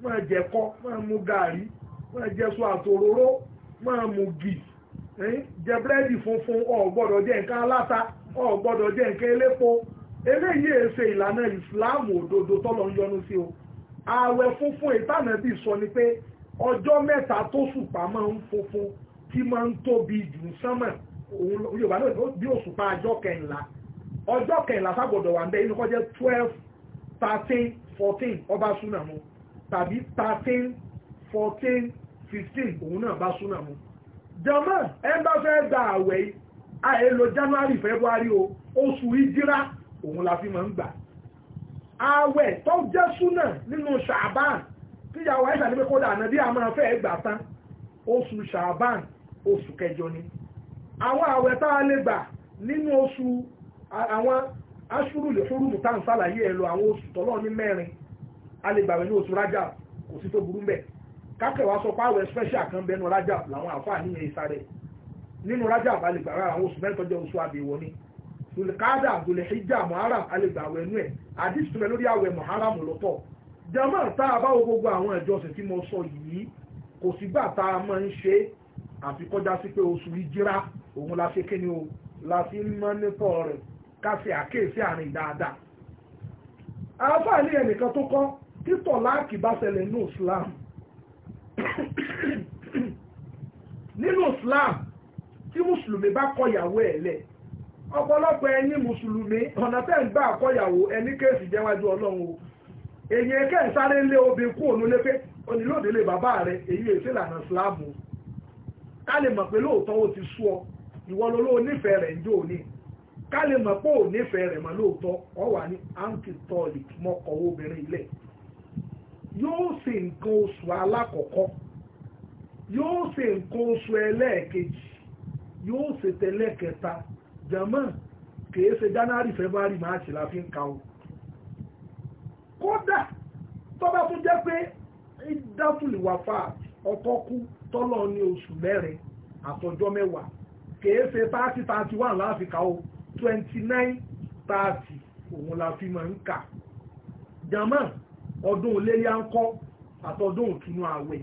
máa jẹ kọ́ máa mu gàrí máa jẹ sọ àtòróró máa mu gì jẹ búrẹ́dì funfun ò gbọ́dọ̀ jẹ nǹkan aláta ò gbọ́dọ̀ jẹ nǹkan elépo eléyìí èsè ìlànà ìsìláàmù òdodo tọ́lọ́ ń yọ́nú sí o ààwẹ̀ funfun ìtànàbí sọ ni pé ọjọ́ mẹ́ta tó sùpá máa ń funfun tí máa ń tóbi jù sánmà yorùbá náà bí òṣùpá ọjọ́ kẹrìnlá ọjọ́ kẹrìnlá sábọ̀dọ̀ wà ń bẹ inú kọjá twelve thirteen fourteen ọba súnà mu tàbí thirteen fourteen fifteen òun náà bá súnà mu jọmọ ẹ bá fẹ́ gba àwẹ̀ yìí àyè lo january february o oṣù ìjírá òun la fi máa ń gbà àwẹ̀ tó jẹ́ súnà nínú ṣàbán tíyàwó ẹ̀ṣà ní pé kódà àná bí a máa fẹ́ gbà tán oṣù ṣàbán oṣù kẹjọ ni àwọn àwẹ̀ tá a lè gbà nínú oṣù àwọn aṣúrù lè fúrùmù tá à ń sàlàyé ẹ̀ lọ àwọn oṣù tọ́lọ́ ní mẹ́rin a lè gbàwẹ̀ ní oṣù rájà kò sí tó burú mbẹ̀ kákẹ́wàá sọ pé special kan bẹnu rájà làwọn àǹfààní yẹn sáré nínú rájà a lè gbàwẹ̀ àwọn oṣù mẹ́rin tó oṣù àbẹ̀wọ̀ ni sulkada zulhijja muharram a lè gbàwẹ̀ nú ẹ̀ àdìsí tó mẹ́ lórí àwẹ̀ muharram lọ́tọ̀ jama tá a bá wo gbogbo àwọn ìjọsìn tí mo sọ yìí kò sígbà tá a máa ń ṣe àfikọ́já sí pé oṣù ìjírá òun la ṣe kí ni o la fi ń mọ́ nípọ̀ rẹ̀ ká ṣe àkíyèsí àárín dáadáa àáfàá ní ẹnìkan tó kọ́ títọ̀ láàkì bá ṣẹlẹ̀ nínú Islam (coughs) nínú Islam tí mùsùlùmí bá kọ ìyàwó ẹ̀ lẹ̀ ọ̀pọ̀lọpọ̀ ẹni mùsùlùmí ọ̀nà tẹ́ ń gbà kọ ìyàwó ẹni kéèsì jẹ́wájú ọlọ́run o èyí ẹ̀kẹ́ ń sáré lé obìnrin kú òun lé pé onílòdì lè bàbá rẹ̀ èyí èsì ìlànà Islam ká lè mọ̀ pé lóòótọ́ ó ti sú ọ ìwọ ló lóò nífẹ̀ẹ́ rẹ̀ njó ní ká lè mọ̀ pé ò nífẹ̀ẹ́ rẹ̀ mọ̀ lóòótọ́ ọ wà ní antitolic mọ́kọ̀ obìnrin ilẹ̀ yóò ṣe nǹkan oṣù alákọ̀ọ́kọ́ yóò ṣe nǹkan oṣù ẹlẹ́ẹ̀kejì yóò ṣe tẹlẹ́kẹta jẹ̀mọ́ kìí ṣe january february march la fi ń ka o kódà tó bá tún jẹ́ pé ìdáfùlìwàfà ọkọ kú tọ́lọ́ ní oṣù mẹ́rin àtọjọ́ mẹ́wàá kìí ṣe thirty thirty one láti kà ó twenty nine thirty òun la fi máa ń kà jama ọdún iléyà ń àtọdún òtúnú àwẹ̀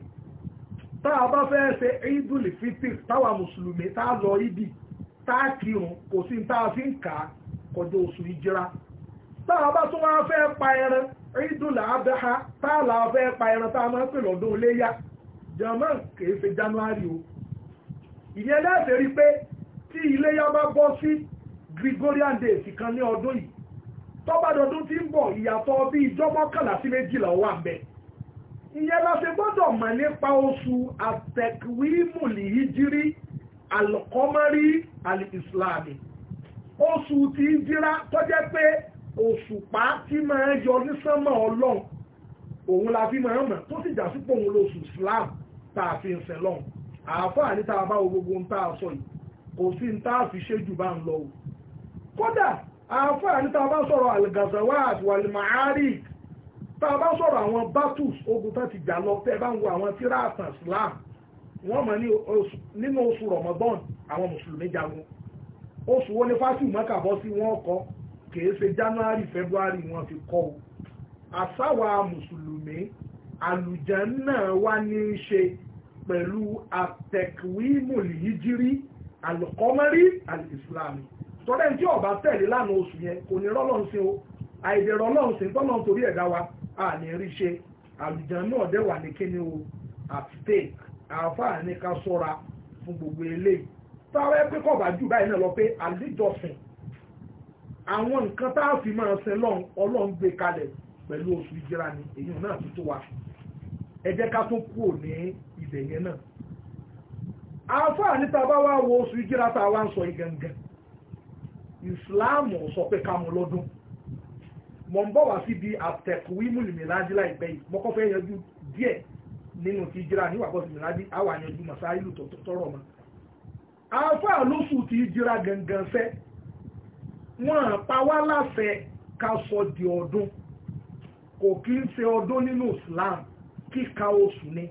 tá a bá fẹ́ ṣe idul fitr táwa mùsùlùmí tá a lọ ibi tá a kírun kò sí tá a fi ń kà á kọjá oṣù ìjìra tá a bá tún wá fẹ́ pa ẹran idul adha tá a là fẹ́ pa ẹran tá a máa ń pè lọ́dún iléyà jama kìí january o ìyẹn láti rí pé tí iléyá bá bọ́ sí Gregorian days kan ní ọdún yìí tọ́bádọ́dún tí ń bọ̀ ìyàtọ̀ bí ìjọ mọ́kànlá sí méjìlá wà bẹ̀ ìyẹn la ṣe gbọ́dọ̀ mọ̀ nípa oṣù àtẹ̀kwímùlì ìjírí alkọ́mọ́rí alìsìláàmì oṣù tí ń jíra tó jẹ́ pé òṣùpá tí máa ń yọ ní sánmọ̀ ọlọ́run òun la fi máa ń mọ̀ tó sì jà sípò òun lóṣù Islam tá a fi ń sẹ́lọ́run àáfàá ní tàbá gbogbo ń tàà sọ yìí kò sí ń tàà fi ṣe jù bá ń lọ kódà àáfàá ní tàbá sọ̀rọ̀ algazawat walmaharik tàbá sọ̀rọ̀ àwọn battles ogun tó ti jà lọ tẹ́ bá ń wo àwọn tíra àtàn wọ́n mọ̀ nínú oṣù Ramadan àwọn mùsùlùmí jagun oṣù wo ni fásitì mọ́kà bọ́ sí wọn kọ́ kìí ṣe January February wọn fi kọ́ o àsáwà mùsùlùmí àlùjànnà wa ní ṣe pẹ̀lú atẹ̀kùímùlì yíjírí alùkọ́mọ́rí alìsìláàmì tọ́lẹ̀ tí ọba tẹ̀lé lánàá oṣù yẹn kò ní rọ́lọ́sìn o àìdèrò ọlọ́sìn tọ́lọ́ torí ẹ̀dá wa a ní rí ṣe àlùjàn náà dẹ̀ wà ní kíni o àfitẹ́ àáfàá ní ká sọ́ra fún gbogbo eléyìí táwọn ẹgbẹ́ kọ̀ bá jù báyìí náà lọ pé àlejòsìn àwọn nǹkan tá a fi máa sin lọ́n ọlọ́run gbé kalẹ̀ pẹ̀lú oṣù ìjìra ni èyí náà ti tó wa ẹ jẹ́ ká tún kúrò ní ibẹ̀ yẹn náà àáfàá níta bá wá wo oṣù ìjírá tá a wá ń sọ yìí gangan ìsìláàmù sọ pé ká mú lọ́dún mọ̀ ń bọ̀ wá síbi àtẹ̀kùwímù lìmìlájí láìpẹ́ yìí mọ́kọ́ fẹ́ yanjú díẹ̀ nínú ti ìjírá níwàgbọ́ lìmìlájí àwọn àyànjú màsáìlù tọ̀rọ̀ mọ́ àáfàá lóṣù ti ìjírá gangan fẹ́ wọ́n pa wá láṣẹ ká sọ di ọdún kò kí ń ṣe ọdún nínú ìsìláàmù kíka oṣù ni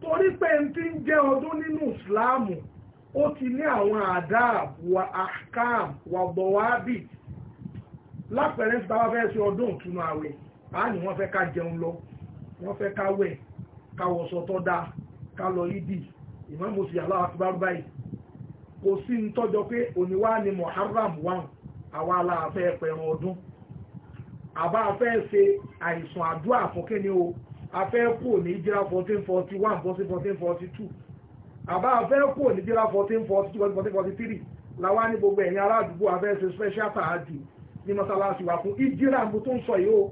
torí pé n ti ń jẹ́ ọdún nínú ìsìláàmù ó ti ní àwọn adab wa akam, wa bọ̀wábì lápẹ̀rẹ́ tí bá fẹ́ ṣe ọdún ìtúnu àwẹ̀ á ní wọ́n fẹ́ ká jẹun lọ wọ́n fẹ́ ká wẹ̀ ká wọṣọ tó dáa ká lọ ìdí ìmáàmù sí Allahu Akbar báyìí kò sí ń tọ́jọ pé òníwá ni Muharram wà àwa aláàfẹ́ pẹ̀rùn ọdún àbá fẹ́ ṣe àìsàn àdúrà fún kíni o afẹ́ kúrò ní ìjírá 1441 1442 àbá afẹ́ kúrò ní ìjírá 1442 1443 làwa ní gbogbo ẹ̀yìn ará àdúgbò afẹ́ ṣe special tààdì ní mọ́sálásí wa fún ìjírá mo tó ń sọ yìí ó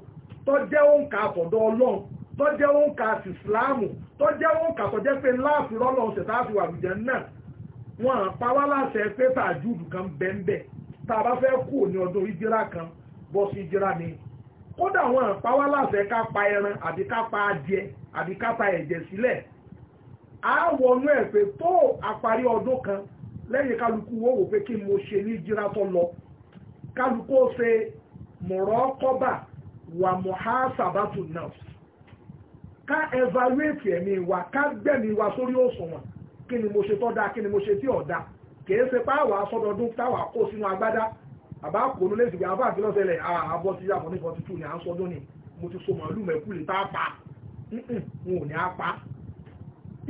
tó jẹ́ òǹkà àtọ̀dọ̀ ọlọ́run tó jẹ́ òǹkà àti ìsìláàmù tó jẹ́ òǹkà tó jẹ́ pé láàfin rọ́lọ́run ṣẹ̀tà àti wàlùjẹ́ náà wọ́n à pa wá láṣẹ pé tààjúùdù kan bẹ́ẹ̀ bẹ́ẹ̀ tá a bá fẹ́ kúrò ní ọdún ìjírá kan bọ́ sí ìjírá mi kódà wọn àpá wá láṣẹ ká pa ẹran àbí ká pa adìẹ àbí ká pa ẹ̀jẹ̀ sílẹ̀ á wọnú ẹ̀ pé tó àparí ọdún kan lẹ́yìn kálukú wo wò pé kí mo ṣe ní jíra lọ kálukú ó ṣe mọ̀rọ́ kọ́bà wà mọ̀há sàbátù náà ká evaluate ẹ̀mí wa ká gbẹ̀mí wa sórí òṣùwọ̀n kí ni mo ṣe tó dáa kí ni mo ṣe tí ò dáa kì í ṣe pé àwa sọdọọdún táwa kó sínú agbádá àbá kòónú lẹ́sìn pé àbá àfihàn sẹlẹ̀ àbọ̀ ti yàtọ̀ ní forty two ní à ń sọdún ni mo ti so màálù mẹ́kù lè tá a pa wọn ò ní a pa.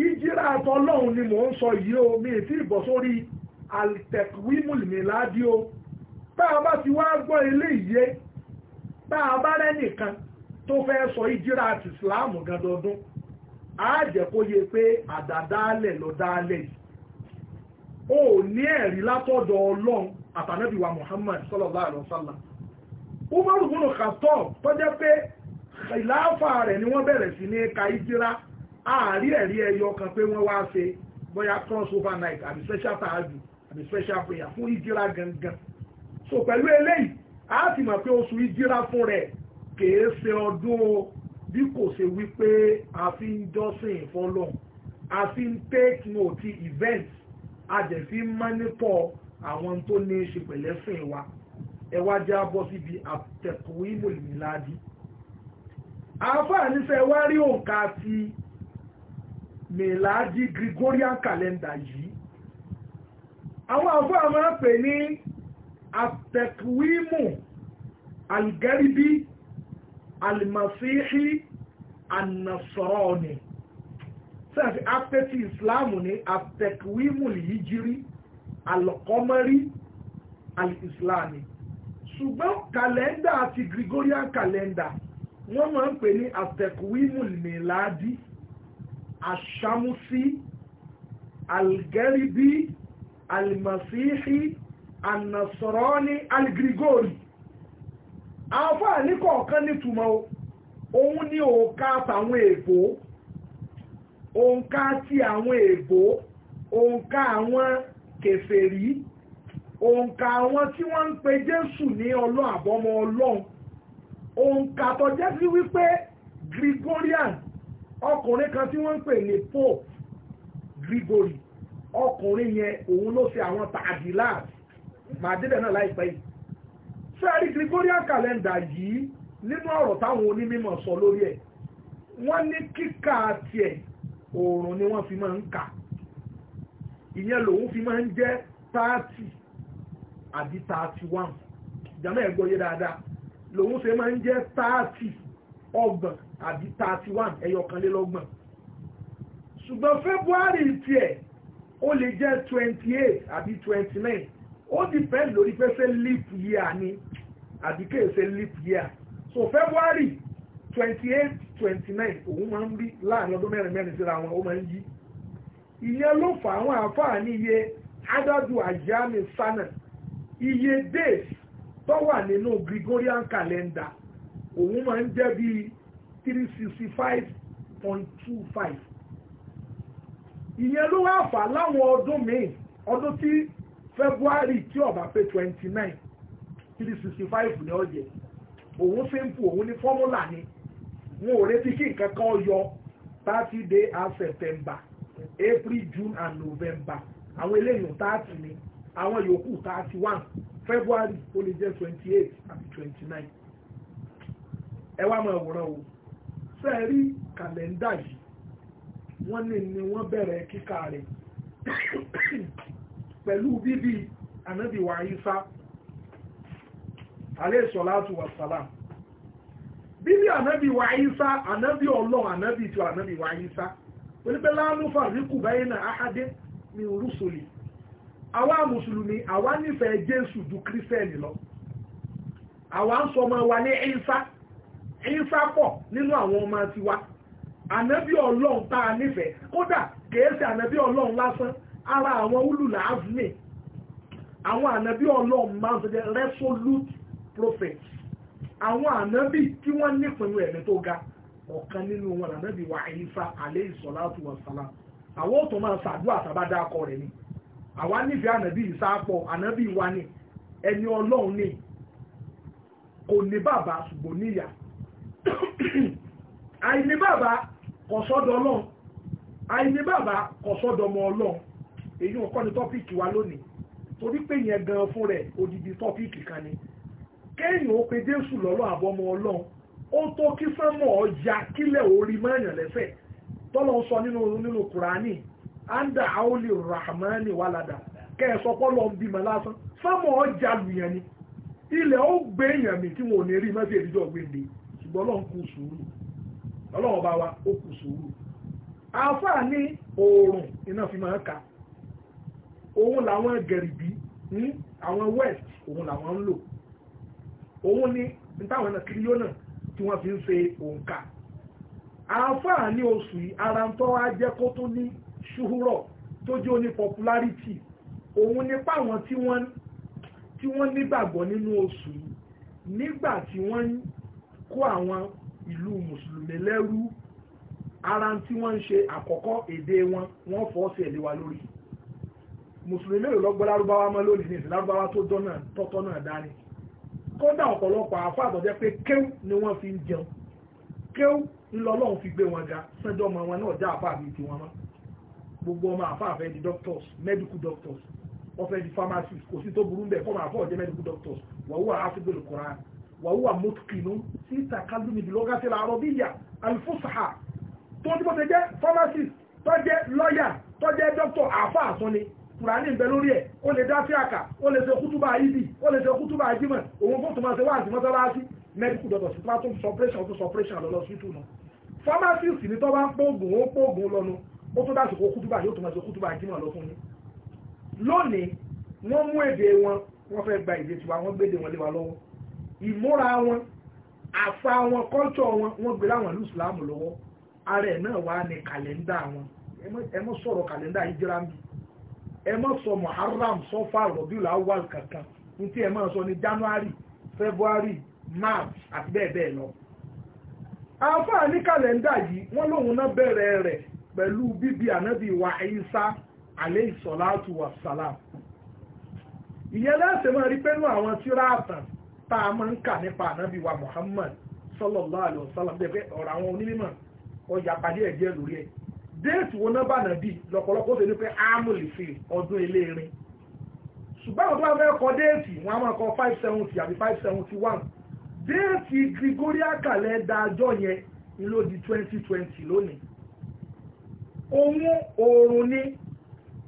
ìjírà àtọ́lọ́hún ni mò ń sọ yìí o mi ì tí ì bọ̀ sórí altekwimulmiladi o tá a bá ti wá gbọ́ ilé ìyé tá a bá rẹ́nìkan tó fẹ́ sọ ìjírà àti ìsìláàmù gan dọdún á jẹ́ kó yẹ pé àdàdálẹ̀ lọ dálẹ̀ yìí o ní ẹ̀rí látọ̀dọ̀ ọlọ́run àtànábì wa Muhammad sallallahu alaihi wasallam Umar ibn Khattab tó jẹ́ pé ìláfà rẹ̀ ni wọ́n bẹ̀rẹ̀ sí ní ka ìtira ààrí ẹ̀rí ẹyọ kan pé wọ́n wá ṣe bóyá cross over night àbí special tahajjud àbí special prayer fún ìtira gangan so pẹ̀lú eléyìí a ti mọ̀ pé oṣù ìtira fún rẹ̀ kèé ṣe ọdún o bí kò ṣe wípé a fi ń jọ́sìn fọ́lọ́n a fi ń take note events a dẹ̀ fi ń monitor àwọn tó ní í ṣe pẹ̀lẹ́sìn wa ẹ wá já bọ́ síbi àtẹ̀kùn ìmọ̀lẹ́mìládì àǹfààní fẹ́ wá rí òǹkà ti mìládì Gregorian calendar yìí àwọn àǹfààní máa pè ní àtẹ̀kùwímù algaribi alimasihi anasọ́ọ̀nì sẹ́ẹ̀fì apẹ́tì ìsìláàmù ní àtẹ̀kùwímù lìyí jírí alọ́kọ́mọ́rí alìsílámì ṣùgbọ́n kàlẹ́ndà àti Gregorian kàlẹ́ndà wọ́n máa ń pè ní atẹ̀kùwímùlmìláàdì àṣàmùsí algeribi alimasihi anasọ̀rọ̀ọ́ni aligirigori àfáà ní kọ̀ọ̀kan nítumọ̀ òun ni òǹkà àtàwọn èèbó òǹkà ti àwọn èèbó òǹkà àwọn kèfèrí òǹkà àwọn tí wọ́n ń pe Jésù ní ọlọ́run àbọ́mọ ọlọ́run òǹkà tó jẹ́ sí wípé Gregorian ọkùnrin kan tí wọ́n ń pè ní Pope Gregory ọkùnrin yẹn òun ló ṣe àwọn tàdílàs màdébẹ̀ náà láìpẹ́ yìí sẹ́ẹ̀rí Gregorian calendar yìí nínú ọ̀rọ̀ táwọn onímọ̀ sọ lórí ẹ̀ wọ́n ní kíkà tiẹ̀ oòrùn ni wọ́n fi máa ń kà á ìyẹn lòun fi máa ń jẹ́ thirty àbí thirty one ìjàmọ́ ẹ̀gbọ́n yé dáadáa lòun ṣe máa ń jẹ́ thirty ọgbọ̀n àbí thirty one ẹyọkànlélọ́gbọ̀n ṣùgbọ́n February tiẹ̀ ó lè jẹ́ twenty eight àbí twenty nine ó depend lórí pé ṣé leap year ni àbí kéè ṣe leap year so February twenty eight twenty nine òun máa ń rí láàrin ọdún mẹ́rin mẹ́rin síra wọn ó máa ń yí ìyẹn ló fà àwọn àfáà ní iye adadu ajami sana iye days tó wà nínú Gregorian calendar òun máa ń jẹ́ bíi three sixty five point two five ìyẹn ló wá fà láwọn ọdún míì ọdún tí February tí ó pé twenty nine three sixty five ní ọ̀jẹ̀ òun simple òun ní fọ́múlà ni wọn ò retí kí nǹkan kan yọ thirty day as September April June and November àwọn eléyìí thirty ni àwọn yòókù thirty one February ó lè jẹ́ twenty eight àti twenty nine ẹ wá máa wòran o ṣé ẹ rí kàlẹ́ndà yìí wọ́n ní ni wọ́n bẹ̀rẹ̀ kíkà rẹ̀ (coughs) pẹ̀lú bíbí ànábì wa Ìsá alayhi salatu wassalam bíbí ànábì wa Ìsá ànábì Ọlọ́run ànábì tí ànábì wa Ìsá onípẹ́ láàmú fàríkù báyìí náà áhádé ní orúsọlì àwa mùsùlùmí àwa nífẹ̀ẹ́ jésù ju kírísítẹ́nì lọ àwa ń sọ ọmọ wa ní ìsá ìsá pọ̀ nínú àwọn ọmọ tiwa ànábì ọlọ́run tá a nífẹ̀ẹ́ kódà kèésì ànábì ọlọ́run lásán ara àwọn ulùlà avni àwọn ànábì ọlọ́run máa ń sọ jẹ́ resolute prophets àwọn ànábì tí wọ́n nípinnu ẹ̀mí tó ga ọ̀kan nínú wọn ànábì wa Ìsá alẹ́ ìsọ̀láàtù wàsálà àwọn ò tó máa ṣàdúrà tàbá dákọ rẹ̀ ni àwa nífẹ̀ẹ́ ànábì Ìsá pọ̀ ànábì wa ni ẹni ọlọ́run ni kò ní bàbá ṣùgbọ́n níyà (coughs) àìní bàbá kò sọ́dọ̀ ọlọ́run àìní bàbá kò sọ́dọ̀ ọmọ ọlọ́run èyí ò kọ́ ni tọ́pìkì wa lónìí torí pé yẹn gan fún rẹ̀ odidi tọ́pìkì kan ni kéèyàn ó pe Jésù lọ́lọ́ àbọ́mọ ọlọ́run ó tó kí sánmọ̀ ọjà kílẹ̀ orí mọ́yàn lẹ́sẹ̀ tọ́lọ́ sọ nínú nínú kùránì anda aoli rahmani walada kẹ́ẹ̀sọ pọ́lọ́ bímọ lásán sánmọ̀ ọjà lùyàn ni ilẹ̀ ó gbé èèyàn mi tí wọn ò ní rí mọ́sí èdíjọ́ gbéǹde ṣùgbọ́n ọlọ́run kù sùúrù ọlọ́run bá wa ó kù sùúrù àáfàá ní oòrùn iná fi máa ka òun làwọn gẹ̀rìbí hmm, àwọn west òun làwọn ń lò òun ní ní táwọn náà yóò náà tí wọ́n fi ń ṣe òǹkà àáfàá ni oṣù yìí ara ń tọ́ wá jẹ́ kó tó ní ṣúhúrọ̀ tó jẹ́ oní popularity òun nípa àwọn tí wọ́n nígbàgbọ́ nínú oṣù yìí nígbà tí wọ́n kó àwọn ìlú mùsùlùmí lẹ́rú ara tí wọ́n ń ṣe àkọ́kọ́ èdè wọn wọ́n fọ́ sí ẹ̀lẹ́wà lórí mùsùlùmí ló lọ́gbọ́ lárúbáwá mọ́ lónìí ní ìsìn lárúbáwá tó dán náà tọ́tọ́ náà dání kódà ọ̀pọ̀lọpọ̀ àáfàá àtọ̀jẹ́ pé kéw ni wọ́n fi ń jẹun kéw ńlọlọ́run fi gbé wọn ga sẹ́jọ́ ọmọ wọn náà já àáfàá mi ti wọn mọ́ gbogbo ọmọ àáfàá fẹ́ di doctors medical doctors wọ́n fẹ́ di pharmacist kò sí tó burú bẹ́ẹ̀ fọ́ọ̀mù àáfàá ọ̀jẹ́ medical doctors wàhùwà áfíbẹ̀lì koran wàhùwà mọ́tìkìnú sí takalumi bilogati arọbíyà alifusaha tó ń tí wọ́n ti jẹ́ pharmacist tó jẹ́ lọ́ọ̀yà tó jẹ́ doctor àáfàá àtúnni kùránì ń bẹ lórí ẹ̀ ó lè dá sí àkà ó lè ṣe kútúbà ibi ó lè ṣe kútúbà jímọ̀ òun kó tó máa ṣe wá àti mọ́sálásí medical doctor sí tó ń sọpẹ́ṣàn tó sọpẹ́ṣàn lọ lọ sí tù náà pharmacist ni tó bá ń pògùn ó pògùn lọ́nu ó tó dásìkò kútúbà yóò tó máa ṣe kútúbà jímọ̀ lọ fún ni lónìí wọ́n mú èdè wọn wọ́n fẹ́ gba èdè tiwa wọ́n gbédè wọn lé wa lọ́wọ́ ìmúra wọn àfa wọn kọ́ńtọ̀ wọn wọ́n gbé láwọn ìlú ìsìlámù lọ́wọ́ ara ẹ̀ náà wà ní kàlẹ́ndà wọn ẹ mọ́ sọ̀rọ̀ kàlẹ́ndà ìjírá mi ẹ má sọ muharram sọfà rọbìlà awal kankan ní tí ẹ má sọ ní january february march àti bẹ́ẹ̀ bẹ́ẹ̀ lọ. àáfàá ní kàlẹ́ndà yìí wọ́n lóun náà bẹ̀rẹ̀ rẹ̀ pẹ̀lú bíbí ànábì wa Ìsá alẹ́ ìsọ̀láàtù wa sàlám. ìyẹn lẹ́sẹ̀ máa rí pẹ́lú àwọn tíra àtàn tá a máa ń kà nípa ànábì wa Muhammad sallallahu alaihi wasallam bẹ́ẹ̀ pé ọ̀rọ̀ àwọn onímọ̀ ọjà pàdé ẹ̀jẹ̀ lórí ẹ̀ déètì wo nọ́mbà nàbí lọ́pọ̀lọpọ̀ ó ṣe ní pé ámùlì fi ọdún eléèrin ṣùgbọ́n àwọn tó bá fẹ́ kọ déètì wọn a máa kọ five seventy àbí five seventy one déètì Gregorian calendar àjọ yẹn ni ló di twenty twenty lónìí ohun oòrùn ni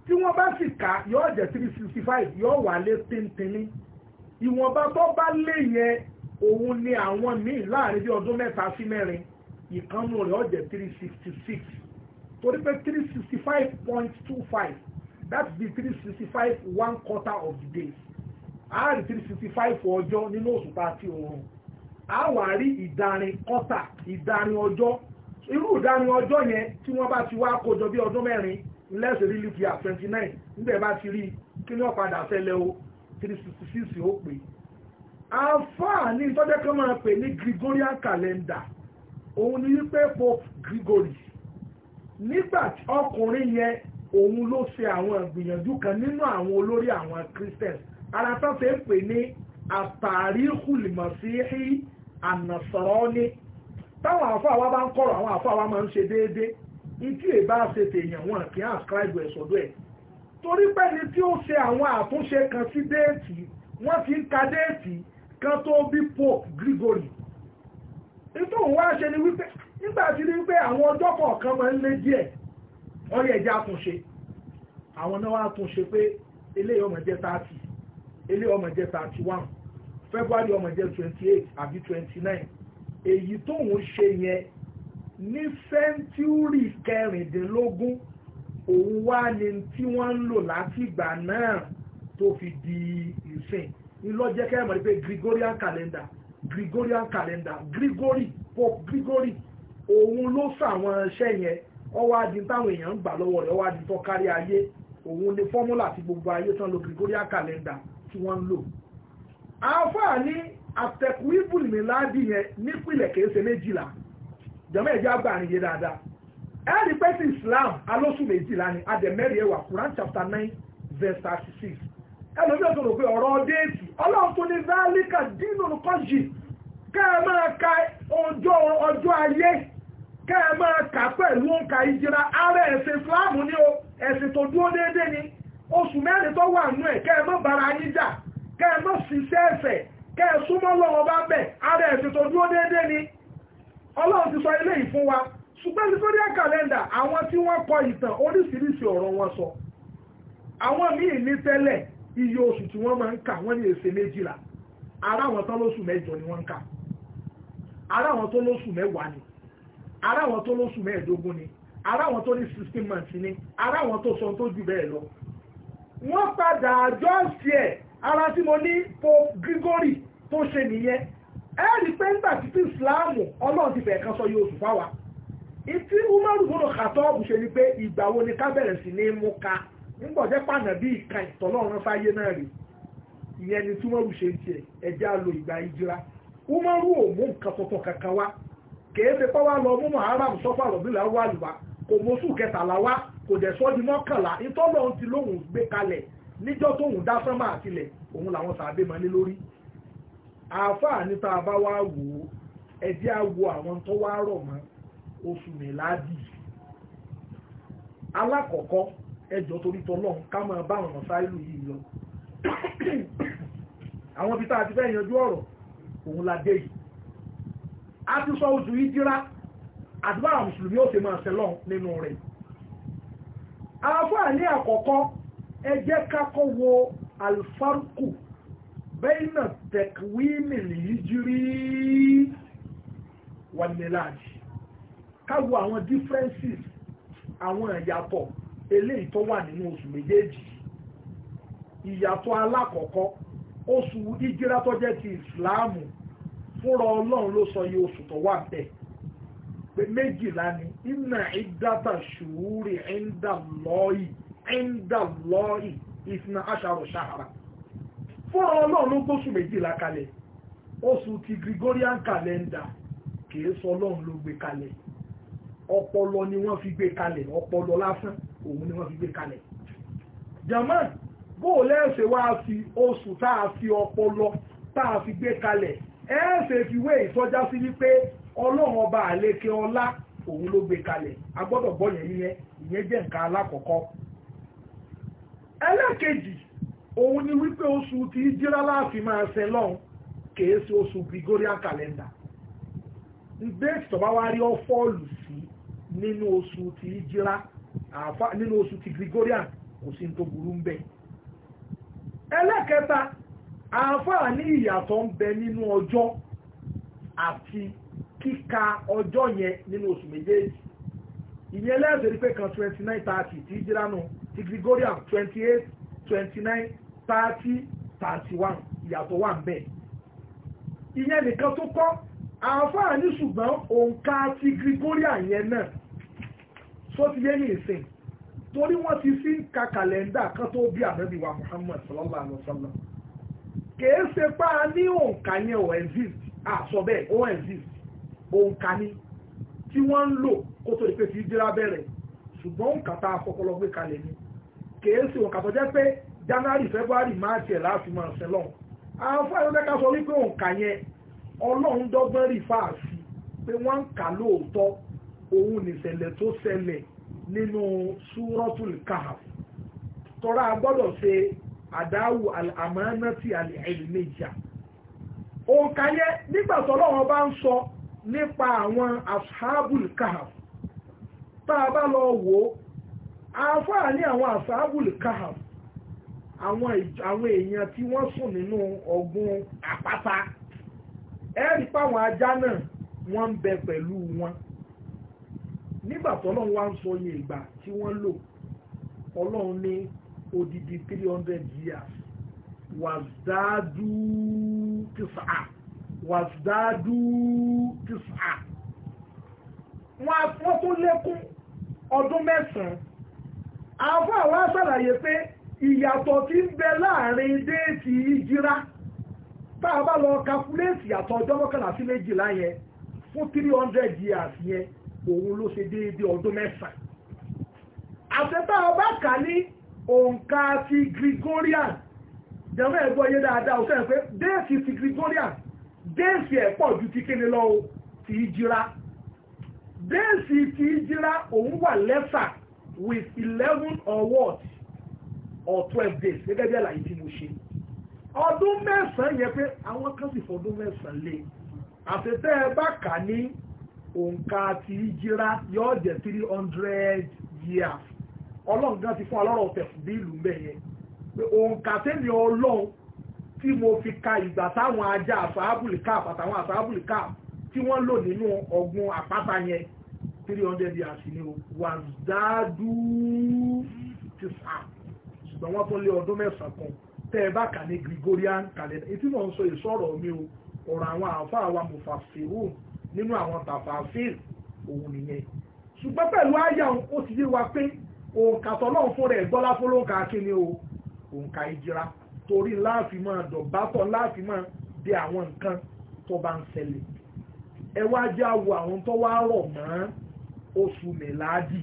tí wọ́n bá sì kà yóò jẹ́ three sixty five yóò wà lé tíntìní ìwọ̀nba tó bá lé yẹn òun ni àwọn míì láàrin bí ọdún mẹ́ta sí mẹ́rin ìkànnù rẹ̀ ó three sixty six torí three sixty five point two five that's the three sixty five one quarter of the days a rí three sixty five ọjọ́ nínú oṣù tá a ti oorun a wà rí ìdarin kọ́tà ìdarin ọjọ́ irú ìdarin ọjọ́ yẹn tí wọ́n bá ti wá kójọ bí ọdún mẹ́rin lẹ́sẹ̀ rí lùkìá twenty nine níbẹ̀ bá ti rí kí ni ọ̀padà fẹ́lẹ́ o three sixty six ó pè àǹfààní tọ́jọ́ kan máa pè ní Gregorian calendar òun ni wípé Pope Gregory nígbà tí ọkùnrin yẹn òun ló ṣe àwọn ìgbìyànjú kan nínú àwọn olórí àwọn christians ara tó ṣe ń pè ní àtàríkùlìmọ̀síhí ànàsọ̀rọ́ní táwọn àfáà wa bá ń kọ̀rọ̀ àwọn àfáà wa máa ń ṣe déédéé ìtí èbá ṣe tèèyàn wọn kì í àscribe ẹ̀ sọ́dọ̀ ẹ̀ torí pẹ́ni tí ó ṣe àwọn àtúnṣe kan sí déètì wọ́n ti ń ka déètì kan tó bí pope Gregory nítorí wọ́n á ṣe ni wípé nígbà tí ní pé àwọn ọjọ́ kọ̀ọ̀kan máa ń lé díẹ̀ ọyẹ ẹ̀jẹ̀ àtúnṣe àwọn náà wá túnṣe pé eléyìí ọmọ jẹ́ thirty eléyìí ọmọ jẹ́ thirty one February ọmọ jẹ́ twenty eight àbí twenty nine èyí tóun ṣe yẹn ní sẹ́ńtúrì kẹrìndínlógún òun wá ní tí wọ́n ń lò láti ìgbà náà tó fi di ìsìn ńlọ́jẹ́ kẹ́rìndínlógún pé Gregorian calendar Gregorian calendar Gregory Pope Gregory òun ló sàwọn iṣẹ́ yẹn ọwọ́ adi táwọn èèyàn ń gbà lọ́wọ́ rẹ̀ ọwọ́ adi tó kárí ayé òun ni fọ́múlà àti gbogbo ayé tán lo Gregorian calendar tí wọ́n ń lò àáfàá ní àtẹ̀kù ìbùnì mi láàbì yẹn nípìnlẹ̀ kèése méjìlá jọmọ ẹ̀jẹ̀ àgbà àrìyé dáadáa ẹ̀rí pé sí Islam alóṣù méjìlá ni adẹ̀mẹ́rì ẹwà Quran chapter nine verse thirty six ẹlòmí ọ̀tọ̀ rò pé ọ̀rọ̀ déètì ọlọ́run tó ní zálíkà dínú kọ́jì kẹ́ ẹ máa ka ọjọ́ ayé kẹ́ ẹ máa kà pẹ̀lú òǹkà ìjìra ara ẹ̀sìn fúlàmù ní o ẹ̀sìn tó dúró ni oṣù mẹ́rin tó wà nú ẹ̀ kẹ́ ẹ yín jà kẹ́ ṣiṣẹ́ ara tó ni ọlọ́run ti sọ ilé yìí fún wa ṣùgbọ́n àwọn tí wọn sọ àwọn míì ní iye oṣù tí wọ́n máa ń kà wọ́n ní èsè ara àwọn tó lóṣù ni wọ́n ń ara àwọn tó lóṣù ni ara àwọn tó lóṣù mẹ́ẹ̀ẹ́dógún ni ara àwọn tó ní sixteen months ni ara àwọn tó sọ tó jù bẹ́ẹ̀ lọ wọ́n padà àjọ sí ẹ̀ ara tí mo ní pope Gregory tó ṣe nìyẹn ẹ rí pé nígbà tí tí ìsìláàmù ọlọ́run ti fẹ̀ẹ́ kan sọ yóò sùn umaru kàtọ́ pé ìgbà wo ni ká bẹ̀rẹ̀ sí ní mú ka ìka ìtọ́lọ́run fáyé náà rè. ìyẹn ni kèéfé pọ́wá lọ mú muhammad sọ́fà lọ́bìlà wà lùwà kò mọ́sù kẹtàlá wá kò dẹ̀ sọ́ọ́dì mọ́kànlá ìtọ́lọ́hún ti lóhùn gbé kalẹ̀ níjọ́ tóhùn dá sánmà àtilẹ̀ òun làwọn sàbẹ̀ mọ́ ní lórí àáfàá ní tá a bá wá wò ó ẹjẹ́ á wo àwọn tó wá rọ̀ mọ́ oṣù mẹ́láàdì alákọ̀ọ́kọ́ ẹjọ́ torí tọlọ́hún ká máa bá àwọn sáìlù yìí lọ (coughs) àwọn ibi tá a ti fẹ́ yanjú ọ̀rọ̀ òun la dé yìí a ti sọ oṣù ìdíra àtibára mùsùlùmí ó ti máa ṣẹlọ nínú rẹ̀ àfáà ní àkọ́kọ́ ẹ jẹ́ kákọ́ wo alfarku bẹ́ẹ̀nà tẹ̀kwímì lìíjírí wàmìláàjì káwo àwọn differences àwọn ìyàtọ̀ eléyìí tó wà nínú oṣù méjèèjì ìyàtọ̀ alákọ̀ọ́kọ́ oṣù ìjírá tó jẹ́ ti ìsìláàmù fúnra ọlọ́run ló sọ yìí oṣù tó wà bẹ̀ pé méjìlá ni iná ìdáta ṣùúrì ẹ̀ńdà lọ́ọ̀yì ẹ̀ńdà lọ́ọ̀yì ìfìnà aṣàrò ṣàhàrà fúnra ọlọ́run ló gbóṣù méjìlá kalẹ̀ oṣù ti Gregorian calendar kìí sọ ọlọ́run ló kalẹ̀ ọpọlọ ni wọ́n fi gbé kalẹ̀ ọpọlọ lásán òun ni wọ́n fi gbé kalẹ̀ jaman bó wá sí ọpọlọ tá fi gbé kalẹ̀ ẹ̀ẹ́sẹ̀ fi wé ìtọ́já sí wípé ọlọ́run ọba àlékè ọlá òun ló gbé kalẹ̀ a gbọ́dọ̀ ìyẹn jẹ́ nǹkan alákọ̀ọ́kọ́ òun ni wípé oṣù tí jíra láàfin máa ṣe lọ́hùn kìí ṣe oṣù Gregorian calendar ìbéèkì tọ́ba wá rí ọ́fọ́ọ̀lù sí nínú oṣù tí jíra nínú oṣù tí Gregorian kò sí ní tó burú àáfàá ní ìyàtọ̀ ń bẹ nínú ọjọ́ àti kíka ọjọ́ yẹn nínú oṣù méjèèjì ìyẹn lẹ́ẹ̀sẹ̀ rí pé kan twenty nine thirty tí jíránu ti Gregorian twenty eight twenty nine thirty thirty one ìyàtọ̀ wà ń bẹ ìyẹn nìkan tó kọ́ àáfàá ní ṣùgbọ́n òǹkà ti Gregorian yẹn náà tó ní ìsìn torí wọ́n ti fi ń ka kàlẹ́ndà kan tó bí ànábì wa Muhammad sallallahu alayhi wa sallam kìí ṣe pa ní òǹkà ní ò exist àsọ bẹ́ẹ̀ ó exist òǹkà ní tí wọ́n ń lò kó tó ìpè sí ìdíra bẹ̀rẹ̀ ṣùgbọ́n òǹkà tá a fọpọlọ gbé kalẹ̀ ni kìí ṣe òǹkà tó jẹ́ pé January February March ẹ̀ láti máa ṣe lọ́hùn àwọn fáwọn ẹgbẹ́ ká sọ wípé òǹkà yẹn ọlọ́run dọ́gbọ́n rí fáàsì pé wọ́n ń kà lóòótọ́ òun nìṣẹ̀lẹ̀ tó ṣẹlẹ̀ nínú súrọ́tùlù káhà tọ́ra gbọ́dọ̀ ṣe àdáwù àmọ́nàtì àlẹ́ẹ̀lẹ́jà òǹkàyẹ nígbà tọ́lọ́wọ́n bá ń sọ nípa àwọn ashabul kahf tá a bá lọ wò ó àáfàá ní àwọn ashabul kahf àwọn èèyàn tí wọ́n sùn nínú ọ̀gbun àpáta ẹ̀rí páwọn ajá náà wọ́n ń bẹ pẹ̀lú wọn nígbà tọ́lọ́wọ́n wá ń sọ iye ìgbà tí wọ́n lò ọlọ́run ní odidi 300 hundred years wàzádú tìsà wàzádú tìsà wọ́n tó lékún ọdún mẹ́sàn-án àwọn àwọn aṣàlàyé pé ìyàtọ̀ tí ń bẹ láàrin déètì ìjírá tá a bá lọ kakuléètì ìyàtọ̀ ọjọ́ mọ́kànlá sí méjìlá yẹn fún three hundred years yẹn òun ló ṣe déédéé ọdún mẹ́sàn-án àtẹ́tà ọba kà ní òǹkà ti Gregorian jẹ́mọ́ ẹ̀gbọ́ yé dáadáa òṣèrè pé déèsì ti Gregorian déèsì ẹ̀ pọ̀ ju ti kéde lọ ti ìjìra déèsì ti ìjìra òun wà lẹ́sà with eleven or what or twelve days gẹ́gẹ́ bí àlàyé tí mo ṣe ọdún mẹ́sàn-án yẹn pé àwọn kan sì fọdún mẹ́sàn-án lé àfẹ́fẹ́ ẹ bá kà ní òǹkà ti ìjìra yóò jẹ́ three hundred years ọlọ́run gan ti fún ọlọ́rọ̀ tẹ̀kù bí ìlú mbẹ̀ yẹn pé òǹkà tẹ́lẹ̀ ọlọ́run tí mo fi ka ìgbà táwọn ajá àfàábùlì káàp àtàwọn àfàábùlì káàp tí wọ́n lò nínú ọ̀gbun àpáta yẹn three hundred years ni o wàzádù tìsà ṣùgbọ́n wọ́n tún lé ọdún mẹ́sàn-án kan tẹ́ ẹ bá kà ní Gregorian calendar etí mò ń sọ ìsọ̀rọ̀ mi o ọ̀rọ̀ àwọn àfa àwa mufasiru nínú àwọn tàfàfíìl òun nìyẹn ṣùgbọ́n pẹ̀lú àyà ó ti yé wa pé òǹkà tọ́lọ́run fún rẹ̀ gbọ́lá fún lóǹkà ni o òǹkà ìjìra torí láàfin máa dọ̀bátọ̀ láàfin máa di àwọn nǹkan tó bá ń ṣẹlẹ̀ ẹ wá jẹ́ àwọ̀ àwọn tó wá rọ̀ mọ́ oṣù mẹ́láàdì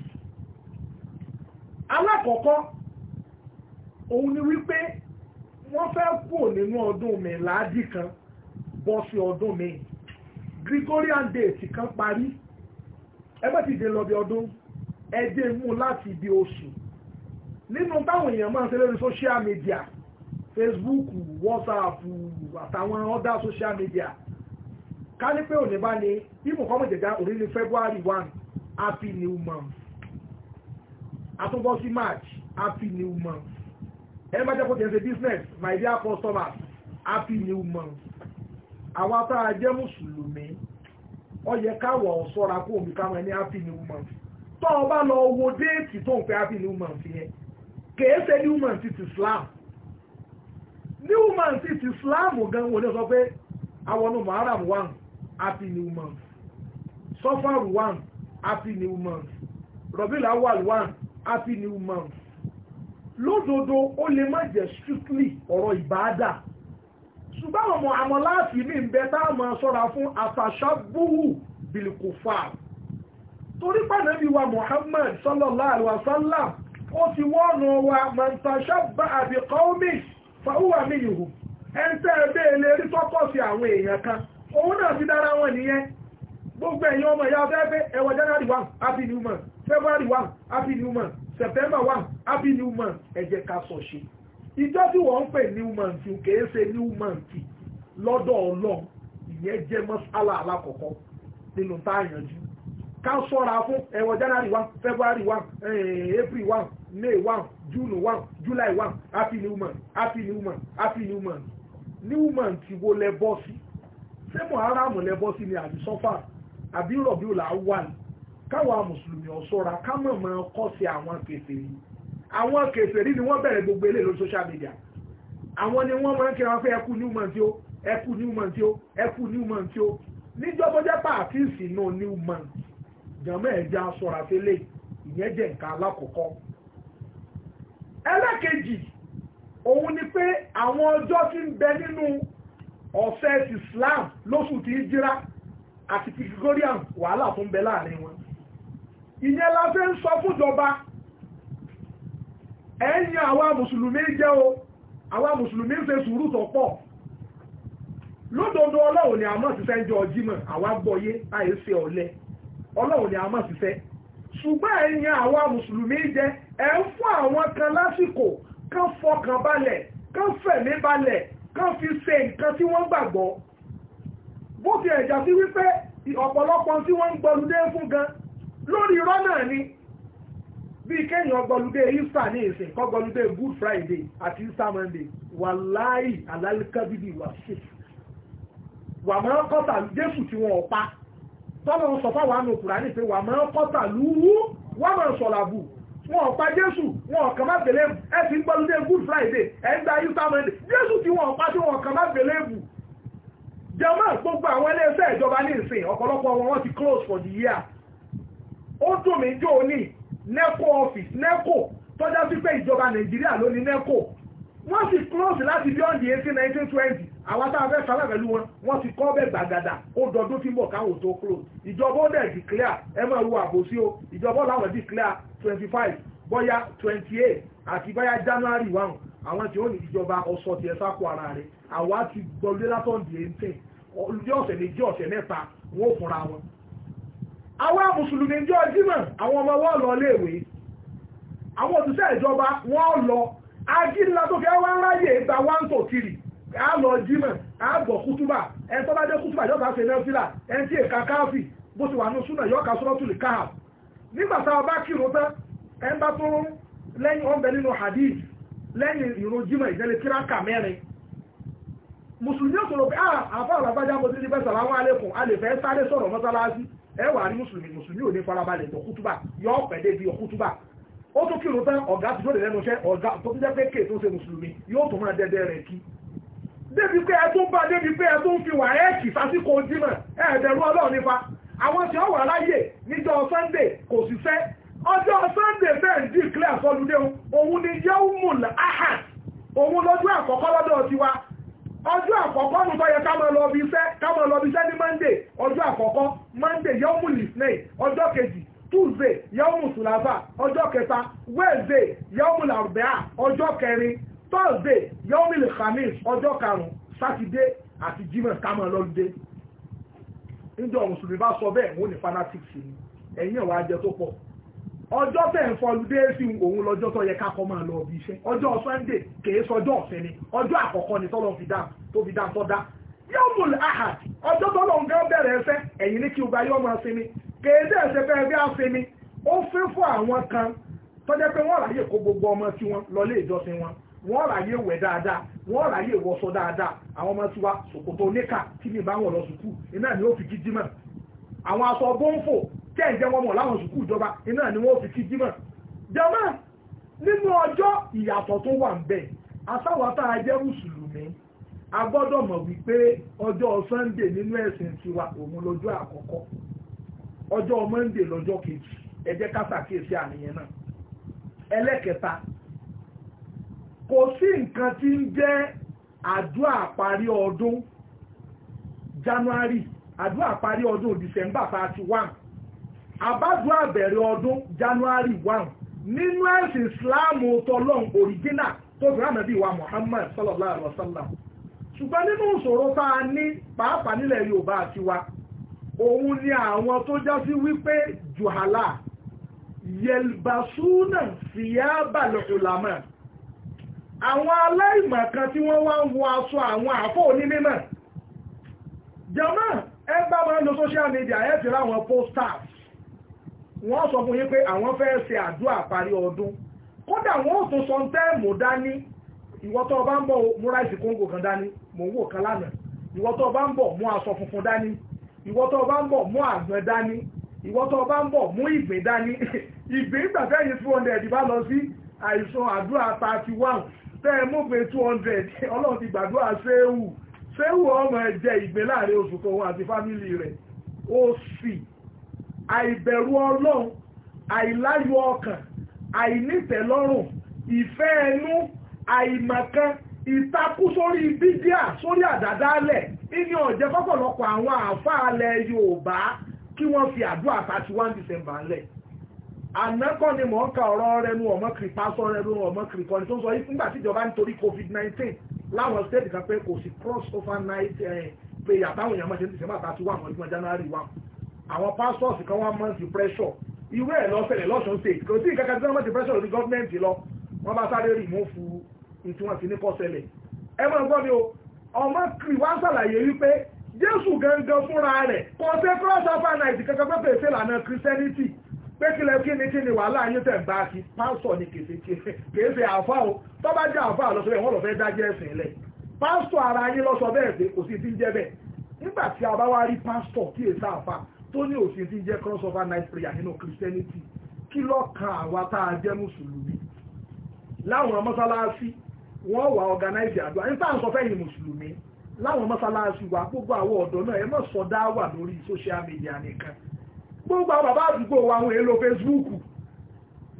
alákọ̀ọ́kọ́ òun ni wípé wọ́n fẹ́ kúrò nínú ọdún mẹ́láàdì kan bọ́ sí ọdún mi Gregorian date kan parí ẹgbẹ́ ti dé lọ ọdún ẹjẹ́ mú láti ibi oṣù nínú táwọn èèyàn máa ń ṣe lórí social media facebook whatsapp àtàwọn other social media ká ní pé òní bá ní ìmọ̀ kọ́mọ̀ jẹ̀dá òní february one happy new month àtúbọ̀ sí march happy new month ẹni bá jẹ́ kó tẹ̀sẹ̀ business my dear customers happy new month àwa tá a jẹ́ mùsùlùmí ó yẹ káwọ̀ ọ̀ṣọ́ra kó omi káwọn ẹni happy new month tó o bá lọ wo déètì tó ń pẹ́ àbí new man fi yẹn kèé new man ti ti Islam new man ti ti Islam gan wọlé sọ pé àwọn ọmọ Muharram one happy new month Safar one happy new month Rabiul Awwal one happy new month lódodo ó lè má jẹ́ strictly ọ̀rọ̀ ìbáadà ṣùgbọ́n àwọn ọmọ àmọ́ láàfin ní ìbẹ́ta máa sọ́ra fún àtàṣà gbúhù bìlìkùfà torí pàdébí wa Muhammad sallallahu alaihi wasallam ó ti wọ́nà wa mọ̀ntàṣà bá àbí kọ́ọ́mì fàúwà mí yòó ẹni tẹ́ ẹ bẹ́ẹ̀ lè rí tọ́kọ̀ sí àwọn èèyàn kan òun náà ti dára wọn nìyẹn gbogbo ẹ̀yin ọmọ ìyá afẹ́fẹ́ ẹwọ January one happy new month ká sọ́ra fún ẹ̀wọ̀n january one february one april one may one june one july one happy new month happy new month happy new month new month ti wo lẹ bọ́ sí ṣé muharam lẹ bọ́ sí ni àbí sọ́fà àbí rọ̀bí ò là á wà ní káwa mùsùlùmí ọ̀ṣọ́ra ká mọ̀ mọ́ kọ́ sí àwọn kèfèrí àwọn kèfèrí ni wọ́n bẹ̀rẹ̀ gbogbo eléyìí lórí social media àwọn ni wọ́n máa ń kí wọn fẹ́ ẹkú new month o ẹkú new month o ẹkú new month o níjọ́ bọ́jẹ́ pàtí ìsìn náà new month jàmọ́ ẹ̀jẹ̀ aṣọra fẹ́lẹ̀ ìyẹn jẹ́ nǹkan alákọ̀ọ́kọ́ ẹlẹ́kejì òun ni pé àwọn ọjọ́ tí ń bẹ nínú ọ̀sẹ̀ Islam lóṣù tí ń jíra àti Gregorian wàhálà tó ń bẹ láàrin wọn ìyẹn la fẹ́ ń sọ fúnjọba ẹ̀yìn àwa mùsùlùmí jẹ́ o àwa mùsùlùmí ń ṣe sùúrù tó pọ̀ lódodo ọlọ́run ni àmọ́ ti fẹ́ jọ ọjímọ̀ àwa gbọ́yé àìsí ọ̀lẹ́ ọlọ́run ni a máa ṣiṣẹ́ ṣùgbọ́n ẹ̀yin àwa mùsùlùmí jẹ ẹ̀ ń fún àwọn kan lásìkò kán fọkàn balẹ̀ kán fẹ̀mí balẹ̀ kán fi ṣe nǹkan tí wọ́n gbàgbọ́ bó ti ẹ̀jà sí wípé ọ̀pọ̀lọpọ̀ tí wọ́n ń gbọludé fún gan lórí irọ́ náà ni bí kéèyàn gbọludé Easter ní ìsìn kọ́ gbọludé Good Friday àti Easter Monday wàláì alálẹ́kábíbí wà sí wàmọ́ kọ́tà Jésù tí wọ́n pa tọ́lọ̀ ń sọ fáwọn àmì òkúránì pé wà máa ń kọ́tà lúwú wọ́n máa ń sọ̀làbù wọn ọ̀pá jésù wọn ọ̀kan má bèlè bù ẹ ti ń gbọ́ lóde good friday ẹ ń gba easter monday jésù tí wọn ọ̀pá tí wọn ọ̀kan má bèlè bù jama gbogbo àwọn iléeṣẹ́ ìjọba ní ìsìn ọ̀pọ̀lọpọ̀ wọn wọ́n ti close for the year ó dùn mí jó ní neco office neco tọ́já sí pé ìjọba nàìjíríà ló ní neco wọ́n sì close láti bí ọ̀dì eighteen nineteen twenty àwọn táwọn fẹ́ sábà pẹ̀lú wọn wọ́n ti kọ́ bẹ́ẹ̀ gbàgàdà ó dọdún tí ń bọ̀ káwọn tó close ìjọba ó dẹ̀ declare ẹ máa wo àbòsí o ìjọba ó láwọn declare twenty five bóyá twenty eight àti bóyá january one àwọn tí ó ní ìjọba ọ̀sọ̀ tiẹ̀ sáko ara rẹ̀ àwa ti gbọ́dé látọ̀dì eighteen olùjẹ́ ọ̀sẹ̀ méjì ọ̀sẹ̀ mẹ́ta wọn ò fúnra wọn. àwa mùsùlùmí jọ́ jímọ̀ àwọn ọmọ wọn lọ léèwé àwọn òṣìṣẹ́ ìjọba wọn lọ agídìlá tó fẹ́ wá ń ráyè gba one to three a lọ jímọ̀ a gbọ́ kútúbà ẹni tó bá dé kútúbà yọ́ta ṣe nẹ́fílà ẹni tí èka káàfì bó ti wà ní súnà yọ́ka sọ́rọ́tù lè káà nígbà tá a bá kírun tán ẹni bá tó lẹ́yìn ọ̀bẹ nínú hadith lẹ́yìn ìrun jímọ̀ ìjẹ́lẹ̀ tíráka mẹ́rin mùsùlùmí ò sọ̀rọ̀ pé a ah, àfa àlàbájá mo ti ní bẹ́sẹ̀ láwọn alẹ́kùn a lè fẹ́ sáré sọ̀rọ̀ mọ́sálásí ẹ wà ní mùsùlùmí mùsùlùmí ò ní farabalẹ̀ yọ kútúbà yọ ọ̀pẹ̀ débi yọ kútúbà ó tún kírun tán ọ̀gá tó lè lẹ́nu iṣẹ́ ọ̀gá tó ń jẹ́ pé kéè tó ṣe mùsùlùmí yóò tún máa dẹ́dẹ́ rẹ̀ kí débi pé ẹ tó ń bá débi pé ẹ tó ń fi wà ẹ́ kì sásìkò jímọ̀ ẹ ẹ̀dẹ̀rú ọlọ́run nípa àwọn tí ó wà láyè níjọ́ sunday kò síṣẹ́ ọjọ́ sunday bẹ́ẹ̀ ń dìklẹ́ àsọlùdé òun ni yẹ́wùmùl ahad òun lọ́jọ́ àkọ́kọ́ lọ́dọ̀ tiwa ọjọ́ àkọ́kọ́ ní tọ́yẹ kámọ́ lọ bí iṣẹ́ kámọ́ lọ bí iṣẹ́ ní monday ọjọ́ àkọ́kọ́ monday yọ́mùlì snake ọjọ́ kejì sùlàfà ọjọ́ kẹta wednesday yaomul arbaa ọjọ́ kẹrin thursday yaomul khamis ọjọ́ karùn-ún saturday àti jimoh tamil lọ́dẹ níjọ mùsùlùmí bá sọ bẹ́ẹ̀ wọ́n ní fanatics ni ẹ̀yìn ẹ̀wà ajẹ́ tó pọ̀ ọjọ́ tẹ̀ ń fọlú dé sí òun lọ́jọ́ tó yẹ kákọ́ máa lọ bí iṣẹ́ ọjọ́ sunday kìí sọjọ́ ọ̀sẹ̀ ni ọjọ́ àkọ́kọ́ ni tọ́lọ́ fi dáa tó fi dáa tọ́ dá yọ́mùl ahad ọjọ́ tọ́lọ́ ń gán bẹ̀rẹ̀ ẹsẹ̀ ẹ̀yìn ní kí o gba yọ́mù asinmi kìí dẹ̀ ṣe bẹ́ẹ̀ bí asinmi ó fẹ́ fún àwọn kan tó jẹ́ pé wọ́n ráyè kó gbogbo ọmọ tí wọ́n lọlé ìjọsìn wọn wọ́n ráyè wẹ̀ dáadáa wọ́n ráyè wọṣọ dáadáa àwọn ọmọ tiwa ṣòkòtò oníkà tí mi bá lọ sùkú iná ni ó fi kí jímọ̀ àwọn aṣọ bọ́ǹfò tẹ́ ìjẹ́ wọn mọ̀ láwọn sùkú ìjọba iná ni wọ́n fi kí jímọ̀ jàmá nínú ọjọ́ ìyàtọ̀ tó wà ń bẹ̀ asáwátá ajẹ́ mùsùlùmí a gbọ́dọ̀ mọ̀ wípé ọjọ́ Sunday nínú ẹ̀sìn tiwa òun lọ́jọ́ àkọ́kọ́ ọjọ́ Monday lọ́jọ́ kejì ẹ jẹ́ ká ṣàkíyèsí àníyàn náà ẹlẹ́kẹta kò sí nǹkan tí ń jẹ́ àdúrà àparí ọdún January àdúrà àparí ọdún December thirty one àbádùn àbẹ̀rẹ̀ ọdún January one nínú ẹ̀sìn islamu tọlọ́n òrìjínà tó fi ránà bí wa Muhammad sallallahu alaihi wa sallam ṣùgbọ́n nínú ìṣòro tá a ní pàápàá nílẹ̀ Yorùbá àti wa òun ni àwọn tó já sí wípé juhala yelbasuna síyábà lọ́kùlámà àwọn aláìmọ̀ kan tí wọ́n wá ń wọ aṣọ àwọn àfọ́ onímọ̀ jọmọ́ ẹ máa ń lo social media ẹ ti ráwọn posters wọ́n sọ fún yín pé àwọn fẹ́ ṣe àdúrà parí ọdún kódà wọ́n ò tún sọ ń tẹ́ẹ̀mù dání ìwọ́tọ̀ ọba ń bọ̀ múra ìsìn kóńgò kan dání mò ń wò kan lánàá ìwọ́tọ̀ ọba ń bọ̀ mú aṣọ funfun dání ìwọ́tọ̀ ọba ń bọ̀ mú àgbọn dání ìwọ́tọ̀ bá ń bọ̀ mú ìgbé dání ìgbé (laughs) ìgbàfẹ́ yìí two hundred bá lọ sí àìsàn àdúrà thirty one tẹ́ ẹ mú pé two hundred (laughs) ọlọ́run ti gbàdúrà séwù séwù ọmọ ẹ jẹ ìgbé láàrin oṣù kan òun àti fámìlì rẹ̀ ó sì àìbẹ̀rù ọlọ́run àìláyọ̀ ọkàn àìnítẹ̀lọ́rùn ìfẹ́ ẹnu àìmọ̀kan ìtakú sórí bídíà sórí àdádálẹ̀ ìní ọ̀jẹ̀ fọ́pọ̀lọpọ̀ àwọn àáfàá alẹ́ Yorùbá kí wọ́n fi àdúrà thirty one december ńlẹ̀ ànákọ́ ni mò ń ka ọ̀rọ̀ rẹnu ọ̀mọ́kiri pásọ rẹnu ọ̀mọ́kiri kan tó ń sọ yìí nígbà tíjọba nítorí covid nineteen láwọn state kan pé kò sí cross over night eh, prayer táwọn èèyàn máa ṣe ní december thirty one ọdún january one àwọn pastors kan wọ́n máa ń fi pressure irú ẹ̀ lọ́sẹ̀lẹ̀ lọ́sùn state kò sí ìkẹ́kẹ́ tí wọ́n máa ti pressure lórí gọ́ọ̀mẹ̀ntì lọ wọ́n bá sáré rí mú fún un tí wọ́n ti ní kọ́sẹ̀lẹ̀ ẹ máa gbọ́ mi o ọmọ kiri wá jésù gangan fúnra rẹ̀ kọ̀ọ̀sẹ̀ fúrásàfà náìtì kankan pé pèsè lànà christianity pé kílẹ̀ kíni kíni wàhálà yín tẹ̀ ń bá kí pásítọ̀ ni kèé ṣe (laughs) àfà o tó bá jẹ́ àfà lọ́sọ bẹ́ẹ̀ wọ́n lọ fẹ́ dájẹ́ ẹ̀sìn lẹ̀ pásítọ̀ ara yín lọ́sọ bẹ́ẹ̀ pé kò sí ti ń jẹ́ bẹ́ẹ̀ nígbà tí a bá wá rí pásítọ̀ kí èsà àfà tó ní òfin ti ń jẹ́ cross over night prayer nínú christianity kí ló kan àwa tá a jẹ́ mùsùlùmí láwọn mọ́sálásí wọ́n wà organize àdúrà nípa à ń sọ fẹ́yìn mùsùlùmí láwọn mọ́sálásí wa gbogbo àwọn ọ̀dọ́ náà ẹ má sọ dá wà lórí social media nìkan gbogbo àwọn bàbá àdúgbò wa àwọn èlò Facebook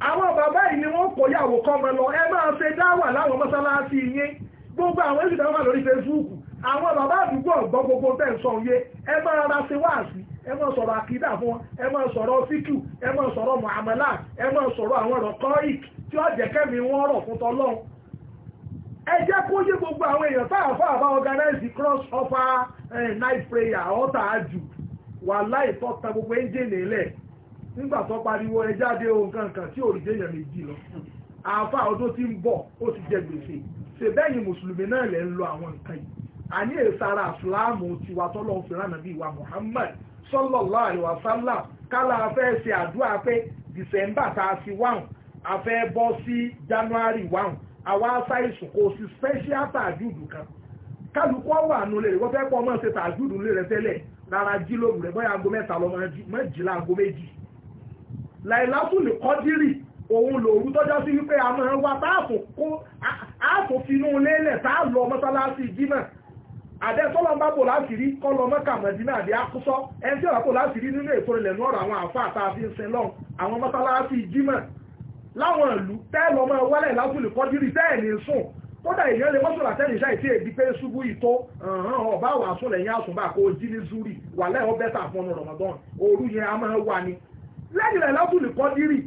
àwọn bàbá yìí ni wọ́n kọ̀ yàwó kọ́mọ lọ ẹ máa ṣe dá wà láwọn mọ́sálásí yín gbogbo àwọn èsì dáwà lórí Facebook àwọn bàbá àdúgbò ọ̀gbọ́n gbogbo tẹ̀ ń sọ yé ẹ máa ra ṣe wáàsí ẹ máa sọ̀rọ̀ àkídà fún wọn ẹ máa sọ̀rọ̀ fíkù ẹ máa sọ̀rọ̀ mọ̀àmẹ́là ẹ máa sọ̀rọ̀ àwọn ọ̀rọ̀ kọ́ìk tí ó jẹ́ kẹ́mi wọ́n rọ̀ fún tọ́lọ́run ẹ jẹ́ kó yé gbogbo àwọn èèyàn fáàfáà àbá organize cross offer night prayer ọ̀tà àjù wà láì tọ́ta gbogbo ẹ́ńjìnì ilẹ̀ nígbà tó pariwo ẹ jáde ohun kankan tí òrìjẹ èèyàn méjì lọ àáfà ọdún tí ń bọ̀ ó ti jẹ gbèsè ṣe bẹ́yìn mùsùlùmí náà lẹ́ ń lo àwọn nǹkan yìí àní èsàrà tiwa tọ́lọ́ Muhammad kálá afẹ́ ṣe àdúrà pé tá a wáhùn afẹ́ bọ́ sí àwa aṣáìsùn kò sí special tàjúdù kan kálukú ọwọ́ àánú lè wọ́n fẹ́ pọ̀ mọ́ ṣe tàjúdù lè rẹ tẹ́lẹ̀ rárá jí lóru rẹ̀ bóyá aago mẹ́ta lọ́mọ méjìlá aago méjì làìlásùn lè kọ́dírì òun lòru tọ́jọ́ sí wípé a máa ń wá táàfò kó àáfò finú lélẹ̀ tá a lọ mọ́sálásí jímọ̀ àdẹ́sọ́lọ́ bá bò láti rí kọ́ lọ mọ́kà mọ̀dínà àbí akúsọ́ ẹni tí ọ̀rọ̀ bò láti rí nínú ètò ìlẹ̀nú ọ̀rọ̀ àwọn àfáà tá a fi ń sin lọ́hùn àwọn mọ́sálásí jímọ̀ láwọn ìlú tẹ́ẹ̀lọ ọmọ wálẹ̀ látùlù kọjúrí tẹ́ẹ̀lì sùn kódà èèyàn lè mọ́sùn látẹ́lì iṣẹ́ ìtí èdí pé ṣubú ìtó ọba wà sùn lẹ́yìn àsùnbà kó jí ní zuri wà lẹ́ ọbẹ̀ tà fún Ramadan òru yẹn a máa wà ní lẹ́yìn rẹ̀ látùlù kọjúrí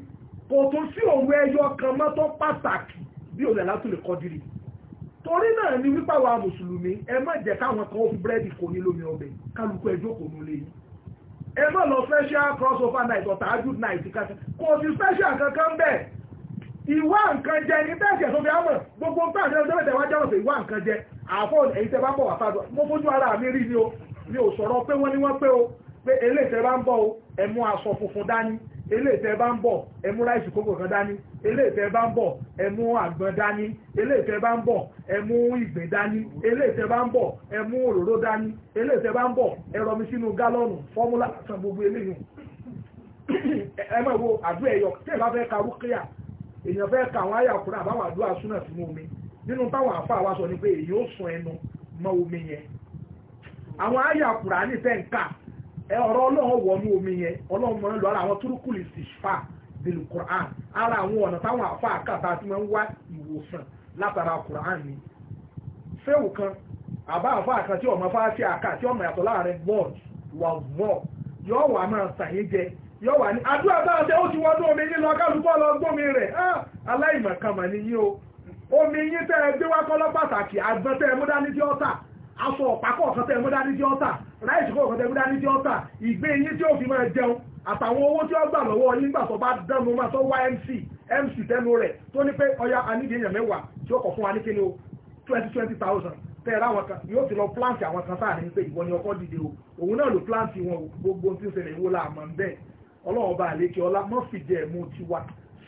kò tún sí òun ẹyọ kan mọ́tọ́ pàtàkì bí òun rẹ̀ látùlù kọjúrí torí náà ni wípé àwa mùsùlùmí ẹ má jẹ́ káwọn kan ó fi búrẹ́dì kò ní lómi ọbẹ̀ kálukú ẹjọ́ kò ní lóyún ẹ má lọ special crossover night or tahajud night kankan kò sí special kankan bẹ́ẹ̀ ìwá nǹkan jẹ ní tẹ́ẹ̀kẹ̀ tó fi á mọ̀ gbogbo ń tàbí ọjọ́ mẹ́tẹ̀wá jẹ́ ọ̀sẹ̀ ìwá nǹkan jẹ àfọ́ èyí tẹ́ bá bọ̀ wàtàdọ̀ mo fojú ara mi rí ni o mi ò sọ̀rọ̀ pé wọ́n ní wọ́n pé o pé eléyìí tẹ́ bá ń bọ̀ o ẹ mú aṣọ funfun dání eléyìí tẹ́ bá ń bọ̀ ẹ mú ráìsì kókò kan dání eléyìí tẹ́ bá ń bọ̀ ẹ mú àgbọn dání eléyìí tẹ́ bá ń bọ̀ ẹ mú ìgbín dání eléyìí tẹ́ bá ń bọ̀ ẹ mú òróró dání eléyìí tẹ́ bá ń bọ̀ ẹ mi sínú gálọ́ọ̀nù fọ́múlà àtàn gbogbo eléyìí (coughs) ẹ mọ̀ wo àdúrà ẹ̀yọ tí ẹ bá fẹ́ ka rúkìá èèyàn fẹ́ ka àwọn àyà kúrò àbáwọn àdúrà súnà sínú omi nínú táwọn àfáà wa sọ ni pé èyí ó sun ẹnu mọ́ omi yẹn àwọn àyà kúrò á ní fẹ́ ń kà ọ̀rọ̀ ọlọ́run wọnú omi yẹn ọlọ́run mọ́ ń lọ ara àwọn túrúkùlì sì fà bìlù ara àwọn ọ̀nà táwọn àfáà kàtà tí wọ́n ń wá ìwòsàn látara kùrán ni fẹ́wù kan àbá àfáà kan tí ọmọ fáà sí àkà tí ọmọ yàtọ̀ láàrin bọ́ọ̀d wà vọ́ yọ wà máa jẹ yóò wà ní àdúrà táwọn tẹ́ ó ti wọ́n tó omi yín lọ kálùkọ́ lọ gbómi rẹ̀ ah, aláìmọ̀kànmọ̀ ni yín o omi yín tẹ́ ẹ gbé wákọ́lọ́ pàtàkì àgbọn tẹ́ ẹ mú dání tí ọ́tà aṣọ ọ̀pákọ̀ ọ̀kan tẹ́ ẹ mú dání tí ọ́tà ráìsì kọ̀ ọ̀kan tẹ́ ẹ mú dání tí ọ́tà ìgbé yín tí ó fi máa jẹun àtàwọn owó tí ó gbà lọ́wọ́ yín gbà tó bá dánu máa tó wá mc mc tẹnu rẹ̀ tó ní pé ọya anídìíyàn mẹ́wàá tí ó kọ̀ fún wa ní kíni o twenty twenty thousand tẹ́ẹ̀rẹ́ àwọn kan yóò ti lọ plant àwọn kan sáà ní pé ìwọ ni ọkọ dìde o òun náà ló plant wọn o gbogbo ohun tí ó ṣẹlẹ̀ ìwó la àmọ́ bẹ́ẹ̀ ọlọ́run bá àlékè ọlá mọ́ fìdí ẹ̀mú tiwa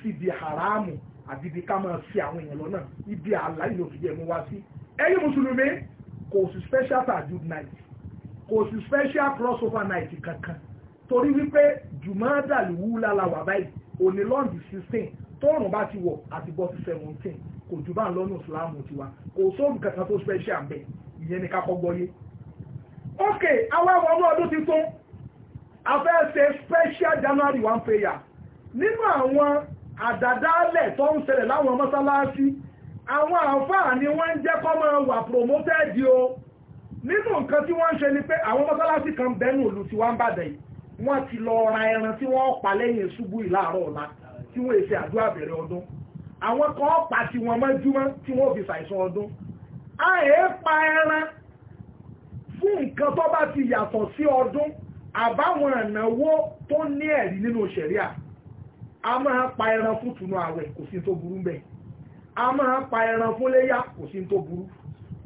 síbi haramu àbíbi ká máa fi àwọn èèyàn lọ́nà ibi àlá ìlò fìdí ẹ̀mú wá sí ẹ̀yin mùsùlùmí kò sí special tajud night kò sí special crossover night kankan torí wípé jùmọ́dàlúwú lálàwà báyìí òní lọ́ndì sixteen tọ́ọ̀rùn bá ti wọ̀ àti bọ́ sí seventeen kò jù bá ń lọ́nà ìsìláàmù tiwa kò sóògùn kankan tó special bẹ́ẹ̀ ìyẹn ni ká kọ́ gbọ́yé. ok awáwọ̀ ọmọ ọdún ti tún a fẹ́ ṣe special January one prayer nínú àwọn àdàdálẹ̀ tó ń ṣẹlẹ̀ láwọn mọ́sálásí àwọn àǹfààní ni wọ́n ń jẹ́ kọ́ máa wà promoted o nínú nǹkan tí wọ́n ń ṣe ni pé àwọn mọ́sálásí kan bẹ́nu òlù tí wọ́n ń bàdẹ̀ yìí wọ́n ti lọ ra ẹran tí wọ́n pa lẹ́yìn ṣubú ìlàárọ̀ ọ̀la tí wọ́n èsì àdúrà bẹ̀rẹ̀ ọdún àwọn kan pa tí wọ́n mọ́júmọ́ tí wọ́n fi ṣàìsàn ọdún a èé pa ẹran fún nǹkan tó bá ti yàtọ̀ sí ọdún àbáwọn ìnáwó tó ní ẹ̀rí nínú à a máa pa ẹran fún túnú àwẹ̀ kò sí tó burú bẹ́ẹ̀ a máa pa ẹran fún léyà kò sí tó burú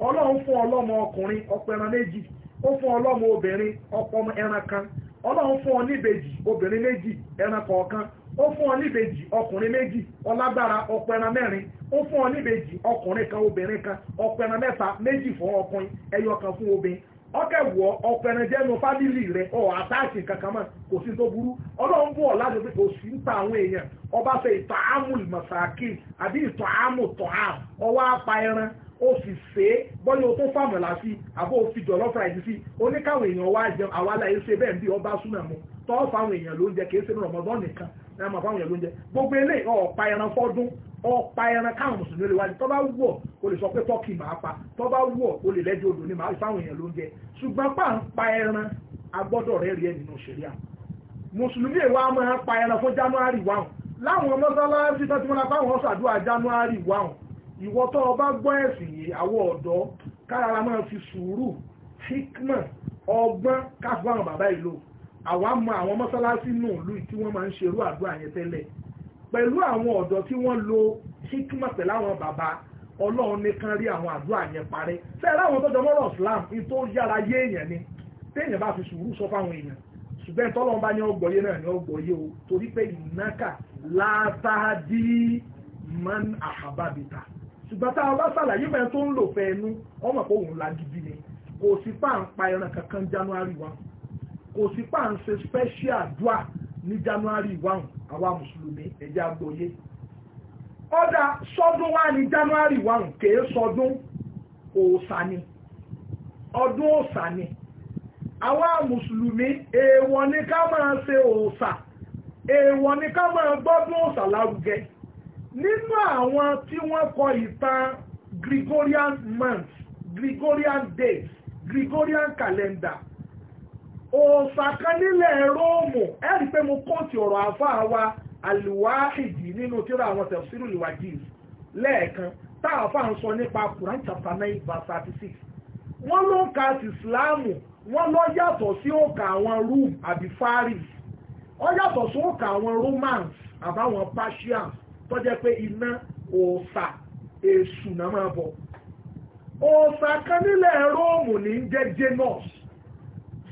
ọlọ́run fún ọlọ́mọ ọkùnrin ọpẹran méjì ó fún ọlọ́mọ obìnrin ọpọ ẹran kan ọlọ́run fún obìnrin méjì ẹran kọ̀ọ̀kan ó fún ọkùnrin méjì ọlágbára mẹ́rin ó fún ọkùnrin kan obìnrin kan ọkẹ̀wọ̀ ọ̀pẹ̀rẹ̀jẹ́nu fábílì rẹ̀ ọ̀ àtàkì kankan mọ́ kò sí tó burú ọlọ́run bọ̀ láti pé kò sí ń ta àwọn èèyàn ọba ṣe ìtọ̀ àmù mọ̀sàkì àbí ìtọ̀ àmù tọ̀ àm ọwọ́ apá ẹran ó sì ṣe é bọ́lá o tó fàmù láti àbó o fi jọ̀lọ́ fàìdí sí oníkàwọn èèyàn wá jẹun àwa láyé ṣe bẹ́ẹ̀ bí ọba súnà mu tọ́ fáwọn èèyàn ló ń jẹ kì í ṣe ní rọmọdán nìkan ẹ̀ máa fáwọn èèyàn ló ń jẹ gbogbo eléyìí ọ̀pá ẹran fọ́dún ọ̀pá ẹran káwọn mùsùlùmí lè wá ní tó bá wọ̀ o lè sọ pé tọ́kì máa pa tó bá wọ̀ o lè lẹ́jọ́ odò ní màá fáwọn èèyàn ló ń jẹ ṣùgbọ́n pa ń pa ẹran agbọ́dọ̀ rẹ̀ rí ẹ̀ nínú ṣẹ̀ríà mùsùlùmí èèwà máa pa ẹran fún january one láwọn mọ́sálásí tó ti mọ́ra báwọn ṣàdúrà january one ìwọ tó o bá gbọ́ ẹ̀sìn yìí àwọ̀ ọ̀dọ́ kárara máa fi sùúrù hikma ọgbọ́n káfíńwọn bàbá pẹ̀lú àwọn ọ̀dọ́ tí wọ́n lo hikima pẹ̀lú àwọn bàbá ọlọ́run nìkan rí àwọn àdúrà yẹn parí fẹ́ẹ̀rẹ́ àwọn tọ́jọ́ mọ́rọ̀ Islam tó yára yé èèyàn ni téèyàn bá fi sùúrù sọ fáwọn èèyàn ṣùgbọ́n tọ́lọ́run bá ní ọgbọ̀yé náà ní ọgbọ̀yé o torí pé ìnáka látàdí man àhàbàbìta ṣùgbọ́n tá a bá ṣàlàyé mẹ́rin tó ń lò fẹ́ ẹnu ọmọ pé òun lagidi ni kò sí pà ń pa ẹran kankan January 1 kò sí pà ń ṣe special dua ní january one àwa mùsùlùmí ẹ̀jẹ̀ àgbọ́yé ọ̀dà sọdún wa ní january one kèé sọdún òòṣà ni ọdún òòṣà ni àwa mùsùlùmí èèwọ̀ ni ká máa ṣe òòṣà èèwọ̀ ni ká máa gbọ́dún òòṣà lárugẹ nínú àwọn tí wọ́n kọ ìtàn Gregorian month Gregorian days Gregorian calendar òsàkánílẹ̀ róòmù ẹ̀rí pé mo kóòtù ọ̀rọ̀ àfáà wa àlùwáhìdì nínú tíra àwọn tẹ̀síìrù ìwàjìs lẹ́ẹ̀kan táàfà ń sọ nípa Quran chapter nine verse thirty six wọ́n ló ń ka ti Ìsìláàmù wọ́n lọ yàtọ̀ sí òkà àwọn Rome àbí Faris ó yàtọ̀ sí òkà àwọn Romans àbáwọn Persians tó jẹ́ pé iná òòsà èṣù náà máa bọ̀ òòsà kan nílẹ̀ róòmù ní jẹ́ Janus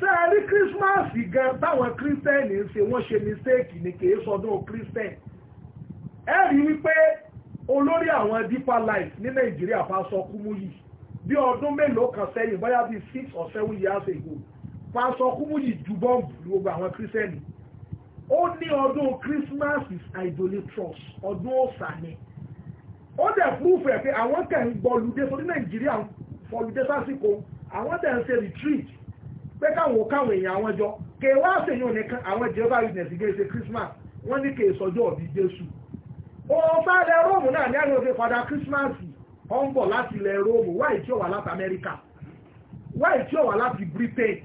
ṣé ẹ rí kírísímàsì gan táwọn kírísítẹ́nì ń ṣe wọ́n ṣe mistake ni kì í sọdún kírísítẹ́nì ẹ rí wípé olórí àwọn deeper life ní nàìjíríà pásọ kúmúyì bí ọdún mélòó kan sẹ́yìn bóyá bíi six or seven years ago pásọ kúmúyì ju bọ́ǹbù ní gbogbo àwọn kírísítẹ́nì ó ní ọdún christmas is idolatrous ọdún òòṣà ni ó dẹ̀ proof ẹ̀ pé àwọn tẹ̀ ń gbọ́lùdé sórí nàìjíríà fọlùdé sásìkò àwọn tẹ̀ ń ṣe retreat pé káwọn káwọn èèyàn àwọn jọ kèwà àṣeyàn nìkan àwọn jehova witness gé ṣe Christmas wọ́n ní kèé sọjọ́ ọ̀bí Jésù òòfà ilẹ̀ Róòmù náà ní àná òfin padà Christmas ọ̀ ń bọ̀ láti ilẹ̀ Róòmù wáyé tí ó wà láti Amẹ́ríkà wáyé tí ó wà láti Britain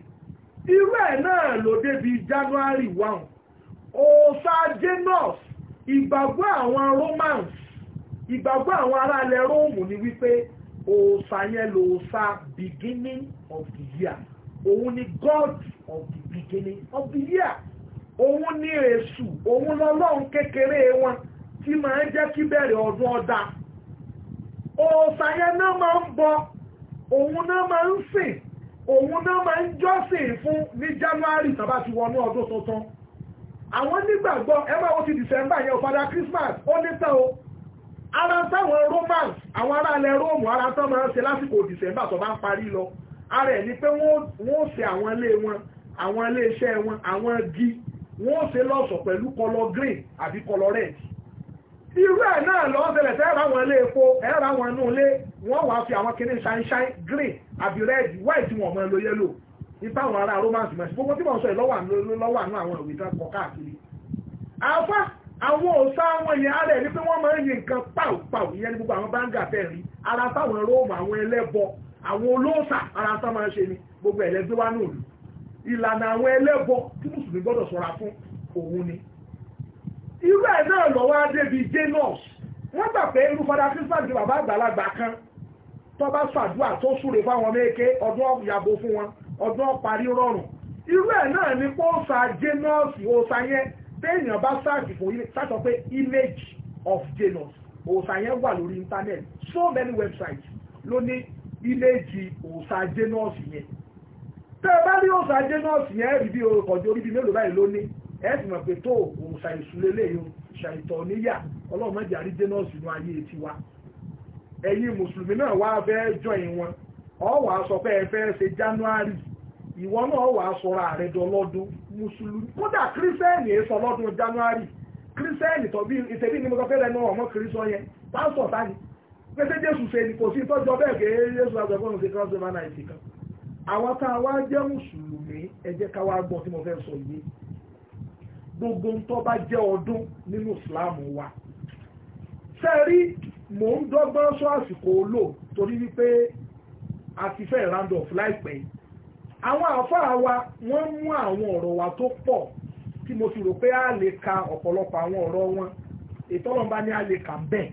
irú ẹ̀ náà ló débi January one òòfà Janus ìgbàgbọ́ àwọn Romans ìgbàgbọ́ àwọn ará ilẹ̀ Róòmù ni wípé òòfà yẹn lòòfà beginning of the year òun ni god of the beginning of the year òun ni èṣù òun lọ́lọ́run kékeré wọn tí máa ń jẹ́ kí bẹ̀rẹ̀ ọdún ọ̀dà òòsàyẹ náà máa ń bọ òun náà máa ń sìn òun náà máa ń jọ́sìn fún ní january tàbá ti wọnú ọdún tuntun àwọn nígbàgbọ́ ẹ máa wo ti december yẹn òpadà christmas ó ní tán o ara táwọn romans àwọn aráàlẹ̀ róòmù ara tán máa ń ṣe lásìkò december tó bá ń parí lọ ara ẹ̀ ni pé wọ́n ṣe àwọn ilé wọn àwọn ilé iṣẹ́ wọn àwọn igi wọ́n ṣe lọ́sọ̀ pẹ̀lú color green àbí color red irú ẹ̀ náà lọ́wọ́ tẹ̀lẹ̀ fẹ́ ra wọn ilé epo ẹ̀ ra wọn inú ilé wọ́n wàá fi àwọn kìíní sunshine green àbí red white wọn mọ ẹlò yellow ipa àwọn ará romance mọ̀ sí gbogbo tí wọ́n sọ lọ́wọ́ àánú àwọn ìwé tán kọ káàkiri àfá àwọn òsá àwọn èèyàn ara ẹ̀ ní pé wọ́n máa ń yin nǹkan pàù pàù ìyẹn ní gbogbo àwọn báńgà fẹ́ rí ara fáwọn róòmù àwọn ẹlẹ́bọ àwọn olóòsà ara ń sáma ṣe ni gbogbo ẹ̀lẹ́gbẹ́ wá náà lù ìlànà àwọn ẹlẹ́bọ tí mùsùlùmí gbọ́dọ̀ sọ́ra fún òun ni irú ẹ̀ náà lọ́wọ́ adébí janus wọ́n gbà pé irú fada christmas di bàbá àgbàlagbà kan tó bá ṣàdúrà tó súre fáwọn méke ọdún yàgò fún wọn ọdún parí rọrùn irú ẹ̀ náà ni pọ́ọ̀sà janus òòsà yẹn téèyàn bá sáàkì fún ilé sáàtọ̀ pé image of janus òòsà yẹn wà lórí internet so many websites ló ní ìbejì òòṣà jẹ́nọ́ọ̀sì yẹn tẹ́ ẹ bá rí òòṣà jẹ́nọ́ọ̀sì yẹn rí bí ọjọ́ bí mélòó báyìí lónìí ẹ sì pé tó òòṣà ìṣúlélẹ̀ yìí ṣàìtọ̀ níyà ọlọ́run rí inú ayé tiwa ẹ̀yin mùsùlùmí náà wá jọyìn wọn ọ wà á sọ pé ẹ ṣe january ìwọ náà wà pẹ́sẹ́ jésù ṣe ní kò sí tọ́jọ́ bẹ́ẹ̀ kí jésù àgbẹ̀fọ́nù ṣe kọ́sẹ̀ máa náà ìsìnká àwọn tá a wá jẹ́ mùsùlùmí ẹ jẹ́ ká wá gbọ́ tí mo fẹ́ sọ yìí gbogbo ń tọ́ bá jẹ́ ọdún nínú ìsìláàmù wa sẹ́rí mò ń dọ́gbọ́n sọ àsìkò olò torí wípé a ti fẹ́ round off láìpẹ́ àwọn àfáà wa wọ́n mú àwọn ọ̀rọ̀ wa tó pọ̀ tí mo ti rò pé a lè ka ọ̀pọ̀lọpọ̀ àwọn ọ̀rọ̀ wọn ètò ọlọ́mbá ni a lè kà bẹ́ẹ̀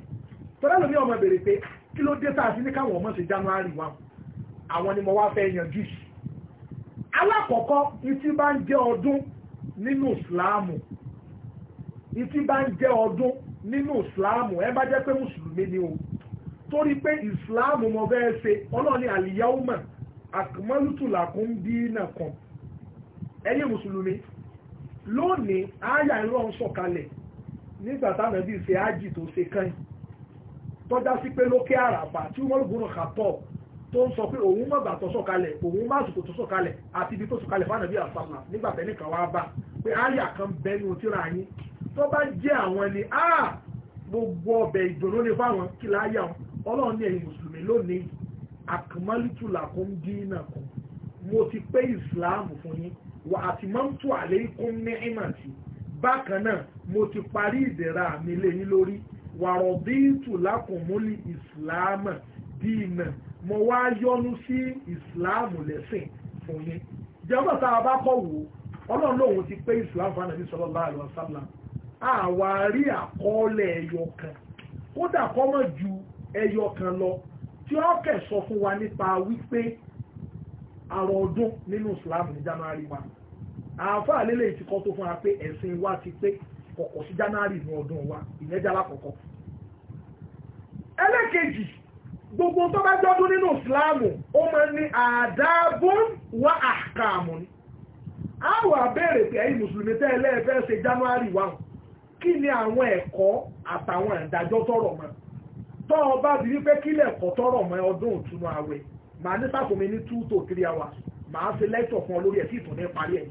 tọ́lá lómi ọmọ bèrè pé kí ló dé sáà sí ní káwọn ọmọ ṣe january one àwọn ni mo wá fẹ́ yanjú yìí alákọ̀ọ́kọ́ ìtí bá ń jẹ́ ọdún nínú ìsìláàmù ìtí bá ń jẹ́ ọdún nínú ìsìláàmù ẹ bá jẹ́ pé mùsùlùmí ni o torí pé ìsìláàmù mo fẹ́ ṣe ọlọ́ọ̀ni àlìyáwùmọ̀ àkùmọ́lùtùlàkùn bí nàkan ẹ̀yin mùsùlùmí lónìí àáyà ìrọ̀ ń sọ̀kalẹ̀ nígbà táwọn ẹbí ṣe ájì tó ṣe kẹ́yìn tọ́já sí pé lókè àràbà tí wọ́n lò gbóná kàtọ́ tó ń sọ pé òun mọ̀gbà tó sọ̀kalẹ̀ òun má sùkò tó sọ̀kalẹ̀ àti ibi tó sọ̀kalẹ̀ fún ànàbí àsàmà nígbà bẹ́ẹ̀ kan wá bá pé àyà kan bẹ́nu tíra yín tó bá jẹ́ àwọn ni gbogbo ọbẹ̀ ìdùnnú ni fáwọn kí láyà ọlọ́run ní ẹ̀yin mùsùlùmí lónìí àkàmọ́lítù làkún dínà kan mo ti pé ìsìláàmù fún yín wà àti mọ́ntù àlékún ní ìmàtì bákan náà mo ti parí ìdẹ̀ra mi lé yín lórí wàrọ̀díìtù lákùnmúlì ìsìláàmù dínà mo wá yọ́nú sí ìsìláàmù lẹ́sìn fún yín jẹ́wọ́n tá a bá kọ̀ wò ọlọ́run lòun ti pé ìsìláàmù fún ànàbí sallallahu alaihi wasallam àwárí àkọọ́lẹ̀ ẹyọ kan kódà kọ́mọ̀ ju ẹyọ kan lọ tí ó kẹ̀ sọ fún wa nípa wípé àrọ̀ ọdún nínú ìsìláàmù ní january wa àáfàá lélẹ̀ ìtìkọ́ tó fún wa pé ẹ̀sìn wa ti pé kọ̀kọ̀ sí january ní ọdún wa ìyẹn jẹ́ alákọ̀ọ́kọ́ ẹlẹ́kejì gbogbo tó bá jọ́dún nínú ìsìláàmù ó máa ní àdáàbùn wá àkàmù ni a wà béèrè pé ẹ̀yin mùsùlùmí tẹ́ ẹlẹ́ẹ̀fẹ́ ṣe january wa kí ni àwọn ẹ̀kọ́ àtàwọn ìdájọ́ tọ̀rọ̀ mọ́ tọ́ ọ bá di wípé kílẹ̀ ẹ̀kọ́ tọ̀rọ̀ mọ́ ọdún ìtúnu àwẹ̀ màá ní sáfòmí ní two to three hours màá ṣe lẹ́tọ̀ fún ọ lórí ẹ̀ sí ìtàn ní ẹ̀yìn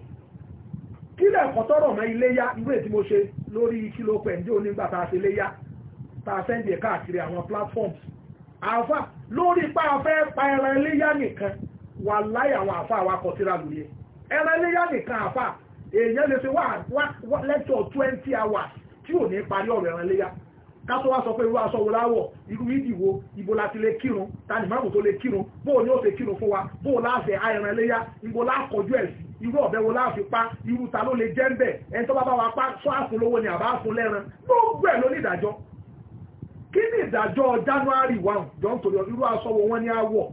kílẹ̀ ẹ̀kọ́ tọ́rọ̀ mọ́ iléyá iwe tí mo ṣe lórí kílò pẹ̀ndé onígbà tá a ṣe léyá tá sẹ́ndì ẹ̀ e káàkiri àwọn platforms àfà lórí pa afẹ́ pa ẹran iléyá nìkan wà láyé àwọn àfà wa kọ síra lóye ẹran iléyá nìkan àfà èèyàn lè lẹ́tọ̀ kátó sọ pé irú aṣọ wo láwọ̀ irú ìdìwò ibo láti lè kírun tani máàmù tó lè kírun bóò ni ó ṣe kírun fún wa bóò láàfẹ́ àìràn ẹlẹ́yà ibo láàkọjú ẹ̀ sí irú ọ̀bẹ wo láàfin pa irú ta ló lè jẹ́ ń bẹ̀ ẹni tó bá bá wa pa sọ àfún lówó ni àbá fún lẹ́ran gbogbo ẹ̀ ló ìdájọ́ ni ìdájọ́ January one jọ ń torí irú aṣọ wo wọ́n ní àwọ̀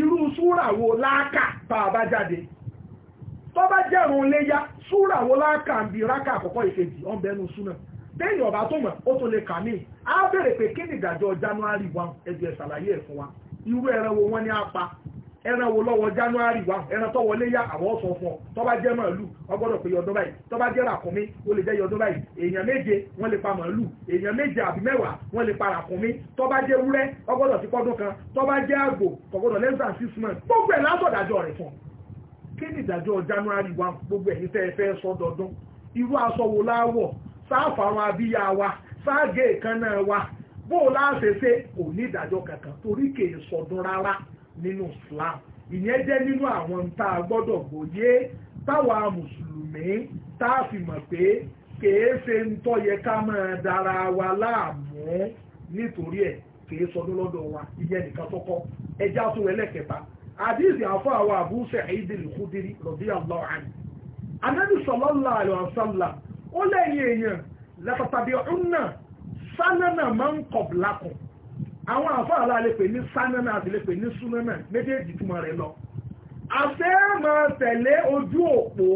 irú súrà wo láàkà bá a bá jáde tó bá wo bẹ́ẹ̀ni ọ̀bá tó mọ̀ ó tún lè kà mí a bèrè pé kí ni ìdájọ́ january 1 ẹgbẹ́ ṣàlàyé ẹ̀ wa irú wo ni ní pa ẹran wo lọ́wọ́ january one ẹran tó wọlé yá àwọn ọ̀sán fún ọ tó jẹ́ màálù ó pé yọdún báyìí tó jẹ́ ràkúnmí ó lè jẹ́ yọdún báyìí èèyàn méje wọ́n lè pa màálù èèyàn méje àbí mẹ́wàá wọ́n lè pa jẹ́ wúrẹ́ ti pọ́dún kan sáàfù àwọn abíyá wa sáàgé ìkànnà wa bóòlù àṣẹṣe kankan torí kèé sọdún rárá nínú Islam ìyẹn jẹ́ nínú àwọn tá a gbọ́dọ̀ gbòye táwa mùsùlùmí tá a fi pé kèé ṣe ń yẹ ká máa dára wa láàmú nítorí ẹ̀ kèé sọdún lọ́dọ̀ wa ìyẹn nìkan tọ́kọ́ ẹjá tó àdìsí àfọ àwọn ó lẹ́yìn èèyàn lẹ́pàtàbí ọ̀hún náà sánánà máa ń kọ̀ lákùn àwọn àfáà la lè pè ní sánánà àti lè pè ní súnánà méjèèjì túmọ̀ rẹ̀ lọ àṣẹ máa tẹ̀lé ojú òpó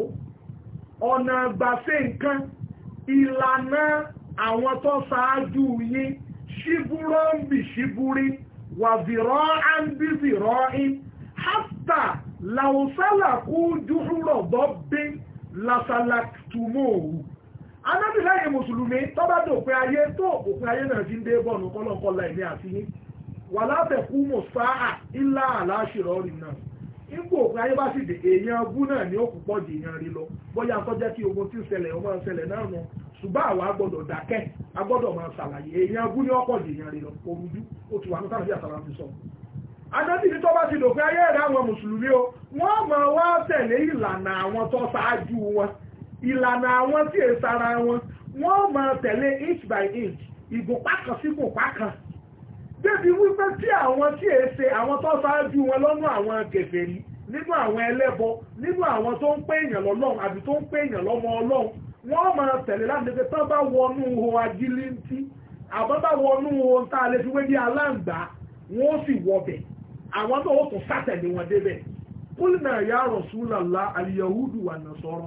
ọ̀nà àgbàṣe nǹkan ìlànà àwọn tó ṣáájú yín ṣíbúrọ́ ń bì ṣíbúrí wàzìrọ́ án bí zìrọ́ in hátà làwùsálà kú dúró rọ̀ bọ́ bí làṣàlàtúmọ̀ òru anábìlẹ́yìn mùsùlùmí tọ́bá dòpin ayé tó òpin ayé náà ti ń dé bọ́ọ̀nù kọ́lọ́kọ́lá ẹ̀mí àti yín wà látẹ̀kú mọ̀ ilá àláṣìrọ̀ rì náà ipò òpin ayé bá sì dé èèyàn náà pọ̀ jù èèyàn lọ bóyá tó jẹ́ kí ogun ti ṣẹlẹ̀ ọmọ ṣẹlẹ̀ náà nù ṣùgbọ́n àwa gbọ́dọ̀ dákẹ́ a gbọ́dọ̀ máa ṣàlàyé èèyàn lọ orújú ó ti wà àtàrà sọ tó bá ti dòpin ayé àwọn mùsùlùmí o ìlànà àwọn tí è sára wọn wọ́n máa tẹ̀lé inch by inch ìgùnpá kan sí gùnpá kan débi wípé tí àwọn tí è ṣe àwọn tó ṣáájú wọn lọ́nà àwọn kèfèrí nínú àwọn ẹlẹ́bọ nínú àwọn tó ń pè èèyàn lọ́lọ́run àbí tó ń pè èèyàn lọ́mọ ọlọ́run wọ́n máa tẹ̀lé láti tán bá wọnú ohun bá wọnú ohun tá a wọn débẹ̀ ìyá rọ̀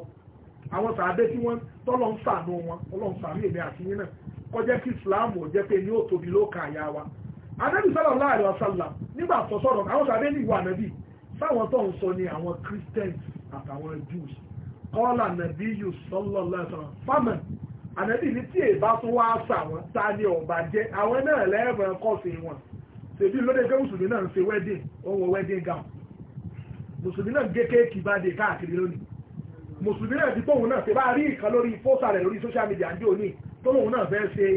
àwọn sàádé tí wọ́n tọ́lọ̀ ń sàánú wọn ọlọ́run sàánú èmi àti yín náà kọjá kí islam ò jẹ́ pé ní ó tóbi ló kà yá wa anábì sọ́lọ̀ láàrin ọ̀sálà nígbà tó sọ̀rọ̀ àwọn sàádé ní ìwà ànábì sáwọn tó ń sọ ni àwọn christians àtàwọn jews kọ́lá ànábì yìí sọ́lọ̀ lẹ́sàn fámẹ́n ànábì ní tí èbá tún wá sà wọn ta ni ọ̀bà jẹ́ àwọn náà lẹ́ẹ̀bẹ̀rẹ̀ kọ́ọ̀sì wọn ṣèbí lóde pé mùsùlùmí náà ń ṣe wedding ó ń wọ wedding gown mùsùlùmí náà gé kéèkì bá dé káàkiri lónìí mùsùlùmí náà ti tóun náà ṣe bá rí ìkan lórí fóòtà rẹ̀ lórí social media ń jò ní tóun náà fẹ́ ṣe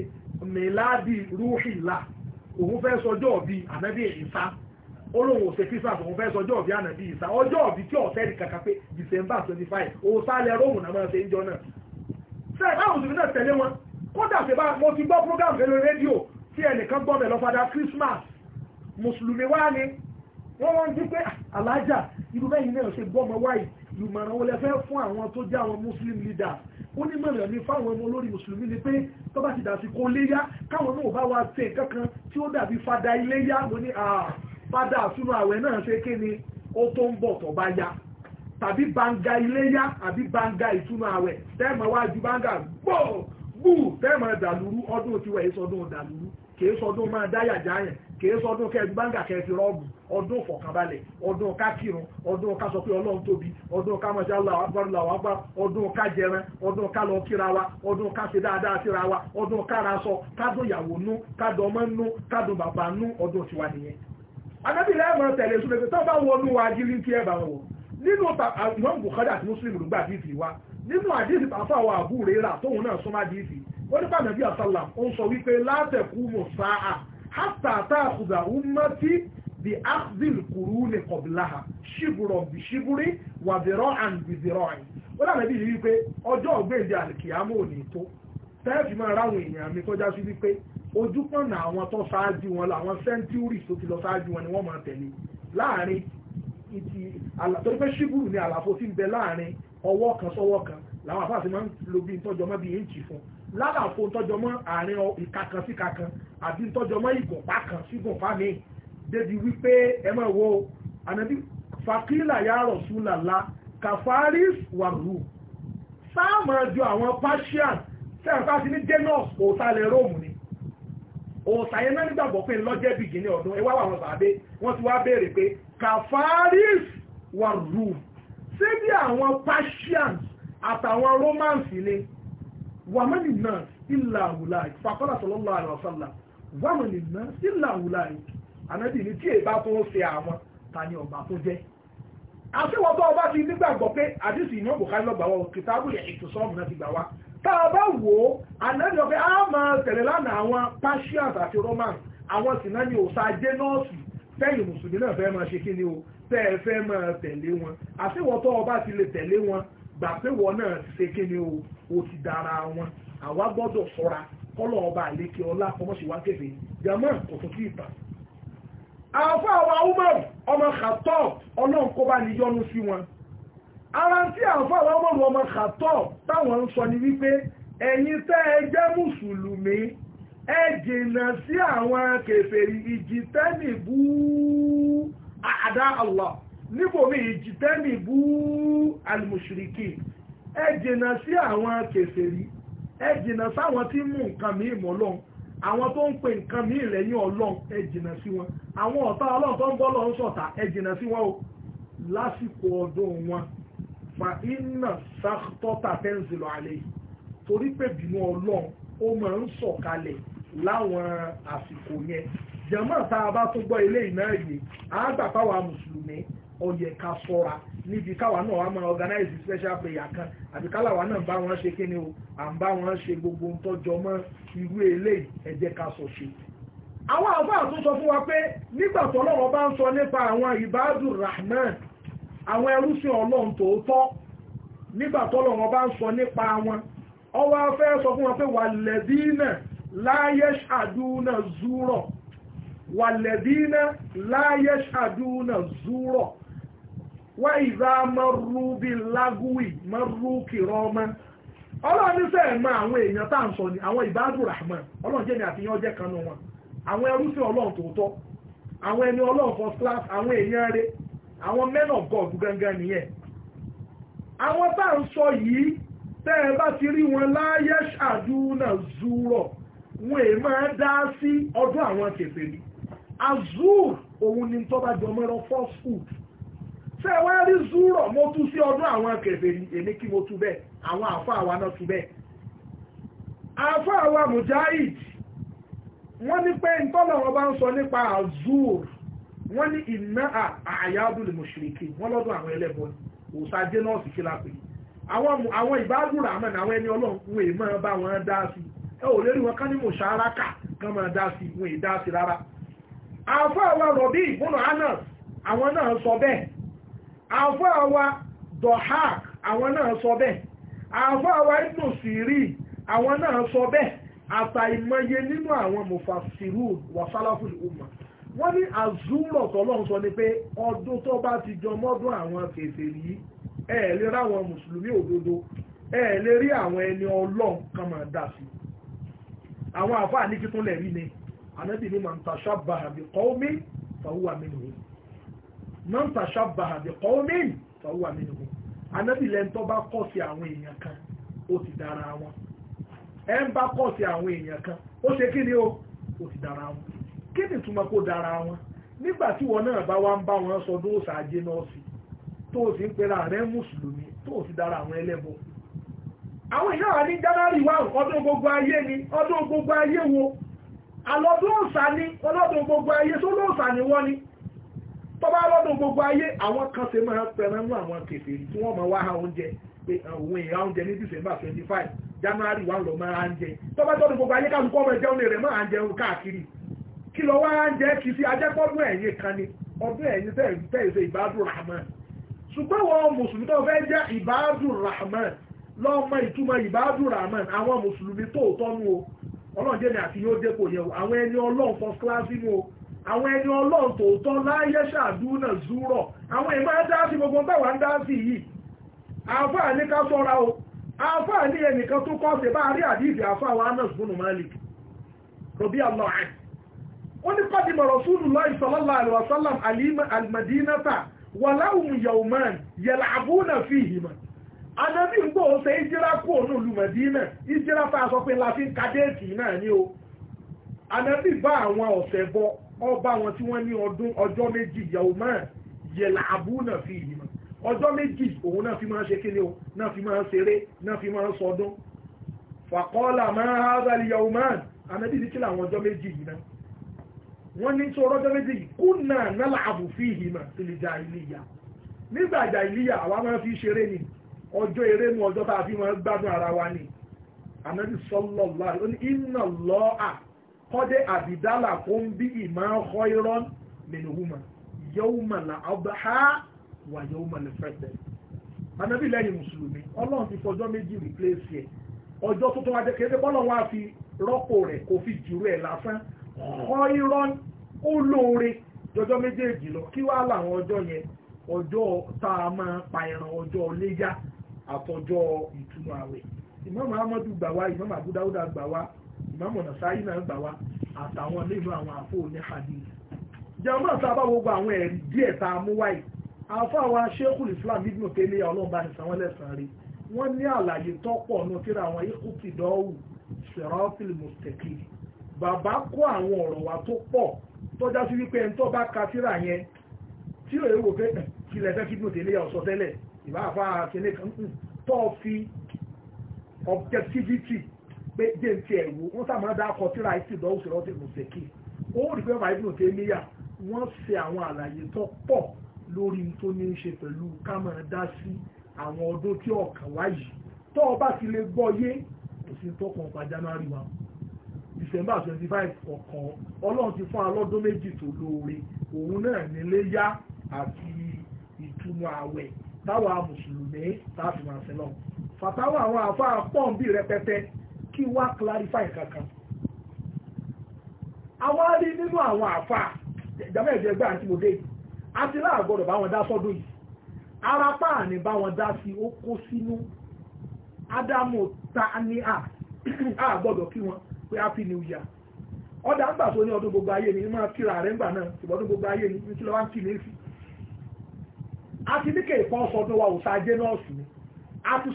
mìláàdì rúhìlà òun fẹ́ sọjọ́ ọ̀bí ànábì ìsá olóhùn òsè christmas òun fẹ́ sọjọ́ ọ̀bí ànábì ìsá ọjọ́ ọ̀bí tí ọ̀sẹ́ ní kàkà pé december twenty five òsàlẹ̀ róhùn náà máa ṣe ń jọ náà ṣe bá mùsùlùmí náà tẹ̀lé wọn kódà ṣe bá mo ti gbọ́ program lórí rédíò tí ẹnìkan gbọ́ bẹ̀ lọ́fadà christmas mùsùlùmí wá ni wọ́n wọ́n ń dín pé ah, alájà irú bẹ́yìn náà ṣe gbọ́ ọmọ wáyìí ìmọ̀ràn wọlé fẹ́ fún àwọn tó jẹ́ àwọn muslim leaders ó ní mọ̀ràn ní fáwọn ọmọ olórí mùsùlùmí ni pé tó bá ti dàsí kó léyá káwọn náà bá wá ṣe nǹkan kan tí ó dàbí fada iléyá mo ní fada àtúnú àwẹ̀ náà ṣe kí ni ó tó ń bọ̀ tó bá yá tàbí banga iléyá àbí banga ìtúnú àwẹ̀ tẹ́ẹ̀mọ̀ wá ju banga gbòò gbù tẹ́ẹ̀mọ̀ dàlúrú ọdún tiwẹ̀ ìsọdún dàlúrú kì í sọdún máa dáyà jáyàn kìí sọ ọdún kẹ́ẹ̀dù báńgà kẹ́ẹ̀fì rọ́ọ̀bù ọdún fọ̀kànbalẹ̀ ọdún kákìrún ọdún ká sọ pé ọlọ́run tóbi ọdún ká mọ̀ṣẹ́ aláwọ̀gbá ọdún ká jẹran ọdún ká lọ kíra wa ọdún ká ṣe dáadáa síra wa ọdún kára sọ kádùn ìyàwó nú kádùn ọmọ nú kádùn bàbá nú ọdún tiwa nìyẹn. anábìlẹ̀ ẹ̀mọ̀ tẹ̀lé sunlẹ̀ tó bá wa jílí tí ẹ bá wọn wọ nínú àwọn Bukhari àti Muslim ló gbà àdìsí wa nínú àdìsí pàápàá wa àbúrò rẹ̀ rà tóun náà súnmọ́ àdìsí ó nípa nàbí àsálàm ó hátà táàkùdà ummati bí axil kùrú ní kọ̀bìláhà ṣíbùrọ̀ bí ṣíbùrí wà bìrọ̀ àn bí bìrọ̀ àn ó dàbẹ̀ bí wípé ọjọ́ ọ̀gbẹ́ǹdẹ̀ àlìkìyàmọ́ ò ní tó tẹ́ẹ̀fì máa ráwọn èèyàn mi kọjá sí wípé ojúpọ̀nà àwọn tó ṣáájú wọn làwọn sẹ́ńtúrì tó ti lọ ṣáájú wọn ni wọ́n máa tẹ̀lé láàrin ìtì torí pé ṣíbùrù ni àlàfo ti ń bẹ láàrin ọwọ́ kan sọ́wọ́ kan làwọn àfáàsì máa ń lo bí ìtọ́jọ́ mọ́ bí èèjì fún un lálàfo tọ́jọmọ́ àárín ìkakan sí kakan àbí tọ́jọmọ́ ìgùnpá kan sí gùnpá mi débi wípé ẹ máa wo ànábì fàkílà ya Rasulullah kafaris wàrú sáàmù ẹjọ́ àwọn persian sẹ́ẹ̀fà sí ní genus òòtà lè róòmù ni òòtà yẹn náà nígbàgbọ́ pé lọ́jẹ́ bìgì ní ọdún ẹwà àwọn bàbá wọ́n ti wá béèrè pé kafaris wàrú ṣé bí àwọn persians àtàwọn romans ni ومن الناس إلا أولئك فقال صلى الله عليه وسلم ومن الناس إلا أولئك ànábì ní tí èbá tó ń ṣe àwọn ta ni ọba tó jẹ́ àṣewọ́tọ́ ọba ti nígbàgbọ́ pé àdìsí ìyàn bùkárí lọ́gbà wa kìtàbù ètò sọ́ọ̀mù náà ti gbà wá tá a bá wò ó ànábì ọ̀fẹ́ á máa tẹ̀lé lánàá àwọn Persians àti Romans àwọn sì náà ni òòṣà ajé nọ́ọ̀sì fẹ́yìn mùsùlùmí náà fẹ́ máa ṣe kí ni o tẹ́ fẹ́ máa tẹ̀lé wọn àṣewọ́tọ́ ọba ti lè tẹ̀lé wọn gbà pé wọ́n náà ṣe kí ni o ti dára wọn àwa gbọ́dọ̀ sọ́ra kọ́lọ̀ ọba àlékè ọlá ọmọṣèwá kébé jàmọ́ kò tó kí ìtàn. àwọn àwọn Umar ọmọ kàtọ́ ọlọ́run kó bá ní yọ́nú sí wọn ara tí àwọn àwọn Umar ọmọ kàtọ́ táwọn ń sọ ni wípé ẹ̀yin tẹ́ ẹ jẹ́ mùsùlùmí ẹ jìnnà sí àwọn kèfèrí ìjìtẹ́nì bú àdá Allah níbòmí ìjìtẹ́nì bú alimusiriki ẹ jìnnà sí àwọn kèfèrí ẹ jìnnà sáwọn tí ń mú nǹkan mí ìmọ̀ lọ́n àwọn tó ń pè nǹkan mí ìlẹ́yìn ọlọ́n ẹ jìnnà sí wọn àwọn ọ̀tá ọlọ́n tó ń bọ́ lọ́n sọ̀tà ẹ jìnnà sí wọn o lásìkò ọdún wọn fa iná sàtọ́tà tẹ́ǹsìlọ̀ àlẹ́ yìí torí pé bínú ọlọ́n ó máa ń sọ̀kalẹ̀ láwọn àsìkò yẹn jẹ̀mọ́ tá a bá tún gbọ́ ilé ìnáyè àgbàpáwà mùsùlùmí ó yẹ ká ṣọ́ra níbi káwa náà wá máa organize special prayer kan àbí káláwa náà bá wọn ṣe kí ni o à ń bá wọn ṣe gbogbo ohun tọ́jọ mọ́ irú eléyìí ẹ ká sọ ṣe. àwọn àfáà tún sọ fún wa pé nígbà tọ́lọ́run bá ń sọ nípa àwọn ibadu rahman àwọn ẹrúsìn ọlọ́run tòótọ́ nígbà tọ́lọ́run bá ń sọ nípa wọn ọwọ́ afẹ́ sọ fún wọn pé wàlẹ́dínà láyé ṣàdúnà zúrọ̀ wàlẹ́dínà láyé ṣàdúnà zúrọ̀ wa ìzá mọ́rú bí lagui mọ́rú kìrọ ọmọ ọlọ́run ní sẹ́ẹ̀ ma àwọn èèyàn tá à ń sọ ni àwọn ìbádùn rahman ọlọ́run jẹ́ mi àfihàn ọjẹ́ kan wọn àwọn ẹrú sí ọlọ́run tòótọ́ àwọn ẹni ọlọ́run first class àwọn èèyàn rẹ àwọn men gangan nìyẹn àwọn tá à ń sọ yìí wọn láyé zúrọ̀ wọn máa dá sí ọdún àwọn azur òun ni tọ́ba ṣé zuru wá rí zúrọ̀ mo tú sí ọdún àwọn kèfèrí èmi kí mo tú bẹ́ẹ̀ àwọn náà tú bẹ́ẹ̀ mujahid wọ́n ní pé ọba ń sọ nípa azur wọ́n ní iná àyàdùn mùṣìríkí wọ́n lọ́dún àwọn ẹlẹ́bọn òsàjẹ́ náà sì kíla pé àwọn ìbádùn àmọ́ àwọn ẹni ọlọ́run wọn èèmọ́ bá wọn dá sí ẹ ò lérí wọn ká ní mùṣáraka kán máa dá sí wọn èè sí rárá àfáà àfọ́ àwa dohak àwọn náà sọ bẹ́ẹ̀ àfọ́ àwa ibnu siri àwọn náà sọ bẹ́ẹ̀ àtàìmọye nínú àwọn mufasiru wasalaful umma wọ́n ní àzúrọ̀ tọ́lọ́run sọ ni pé ọdún tó bá ti jọ mọ́dún àwọn kèfèrí yìí ẹ lè ráwọn mùsùlùmí òdodo ẹ lè rí àwọn ẹni ọlọ́run kan máa dà sí àwọn àfáà ní rí ni ànábì ní màá ń kọ́ omi fàwúwà mi nìyí man tashabbaha bi qawmin fahuwa minhum anábì lẹ́ni tó kan o ti dara wọn ẹ ń bá kan o ti dara wọn kí ni túmọ̀ kó dára wọn nígbà tí wọn náà bá wá ń bá wọn sọdún ó o sì ń pera rẹ mùsùlùmí tó o sì dára àwọn èèyàn ni ọdún gbogbo ayé ni ọlọ́dún gbogbo ayé tó ni wọ́n bọ́bá lọ́dún gbogbo ayé àwọn kan se máa pẹ̀ránú àwọn kèfè tí wọ́n máa wá ha oúnjẹ pé àwọn èèyàn oúnjẹ ní December twenty five January wà lọ máa bọ́bá lọ́dún gbogbo ayé kálukú ọmọ ẹ̀jẹ̀ onírin máa ń káàkiri kí lọ wá ń kì í ajẹ́pọ́dún ẹ̀yìn kan ni ọdún ẹ̀yìn tẹ̀ ṣe Rahman ṣùgbọ́n wọn mùsùlùmí tó fẹ́ jẹ́ Rahman lọ́mọ ìtumọ̀ Rahman àwọn mùsùlùmí tóòtọ́ nù o ọlọ́run jẹ́ mi àti àwọn ẹni ọlọ́run tòótọ́ láyé ṣàdúnà zúrọ̀ àwọn ìmọ̀ ẹ̀dá sí gbogbo bẹ́wà ń dá sí yìí àáfàá ní ká sọ́ra o àáfàá ní ẹnìkan tó kọ́ sí bá rí àdífì àáfàá wa Anas bunu Malik rọ̀bí aláàrẹ̀ ó sallallahu alaihi wasallam al-Madinata wa yawman yal'abuna fihima anabi ń gbọ́ ṣe ìjírá kú òun olùmọ̀dínà ìjírá tá a sọ pé la fi ń kadéèkì náà ní o anabi bá àwọn ọ̀sẹ̀ bọ́ ọba wọn tí wọ́n ní ọdún ọjọ́ méjì yàwó máa yẹ̀là fi yìí ọjọ́ méjì òun náà fi máa ṣe kí ni o náà fi máa ṣeré náà fi máa sọdún fàkọ́ọ́là máa házàlì yàwó máa àmẹ́bí ní kílà àwọn ọjọ́ méjì yìí náà wọ́n ní ọjọ́ fi yìí sí lè nígbà àwa máa fi ṣeré ni ọjọ́ eré a kọ́dé àbìdálà kó ń bí ìmọ̀ ọkọ̀ irọ́ mẹ́nuhùmá yawma al-adha wà yawma al-fitr anabi lẹ́yìn mùsùlùmí ọlọ́run ti fọjọ́ méjì replace ẹ̀ ọjọ́ tó tó wájẹ kéde bọ́lọ̀ wá fi rọ́pò rẹ̀ kò fi jùrú ẹ̀ lásán kọ́ irọ́ ó lóore jọjọ́ méjèèjì lọ kí wá làwọn ọjọ́ yẹn ọjọ́ tá a máa pa ẹran ọjọ́ léyà àtọjọ́ ìtúnu àwẹ̀ ìmọ̀mọ̀ ìmáàmù nàṣáyí náà gbà wá àtàwọn nínú àwọn àfọ òní hadith jẹun náà sábà gbogbo àwọn ẹ̀rí díẹ̀ tá a mú wáyé àfọ àwọn Sheikhul Islam Ibn Taymiyyah ọlọ́ọ̀bá ní sanwó lẹ́sàn-án rí wọ́n ní àlàyé tọ́pọ̀ náà kíra àwọn ikuti dọ́wù siratil mustaqim bàbá kó àwọn ọ̀rọ̀ wa tó pọ̀ tọ́já sí wípé ẹni tó bá ka tíra yẹn tí òye wò pé hmm, kílẹ̀ fẹ́ kí Ibn Taymiyyah ọ̀sọ̀ tẹ́lẹ̀ ìbá àfa àkẹ́lẹ́ kan hmm, tó fi objectivity pé jẹ́ǹtì ẹ̀wò wọ́n sàmọ́ dá akọ tíra ìsì lọ́wọ́ sí lọ́sẹ̀ lọ́sẹ̀kì ó rí pé bàbá ìbùnú tẹ́ níyà wọ́n ṣe àwọn àlàyé tó pọ̀ lórí tó ní í ṣe pẹ̀lú ká máa dá sí àwọn ọdún tí ọ̀kan wáyìí tó o bá ti lè gbọ́ yé kò sí tó kàn pa january one december twenty five ọ̀kan ọlọ́run ti fún alọ́dún méjì tó lóore òun náà nílé yá àti ìtúnu ààwẹ̀ táwa mùsùlùmí táàfin àṣẹ náà fàtàwọn àwọn àfa pọ́ǹbì rẹpẹtẹ kí wá clarify kankan àwọn arí nínú àwọn àfà ìjàmọ́ ẹ̀jẹ̀ gbà àti mòdé àti láàgbọ́dọ̀ bá wọn dá sọ́dún yìí ara páà ní bá wọn dá sí ó kó sínú ádámù ta ní à (clears throat) kí wọn pé happy new year ọ̀dà ń gbà tó ní ọdún gbogbo ayé ni máa rẹ̀ náà ṣùgbọ́n ọdún gbogbo ayé ni ní kí ń kí ní èsì a ti ní kéèkọ́ sọdún ni a ti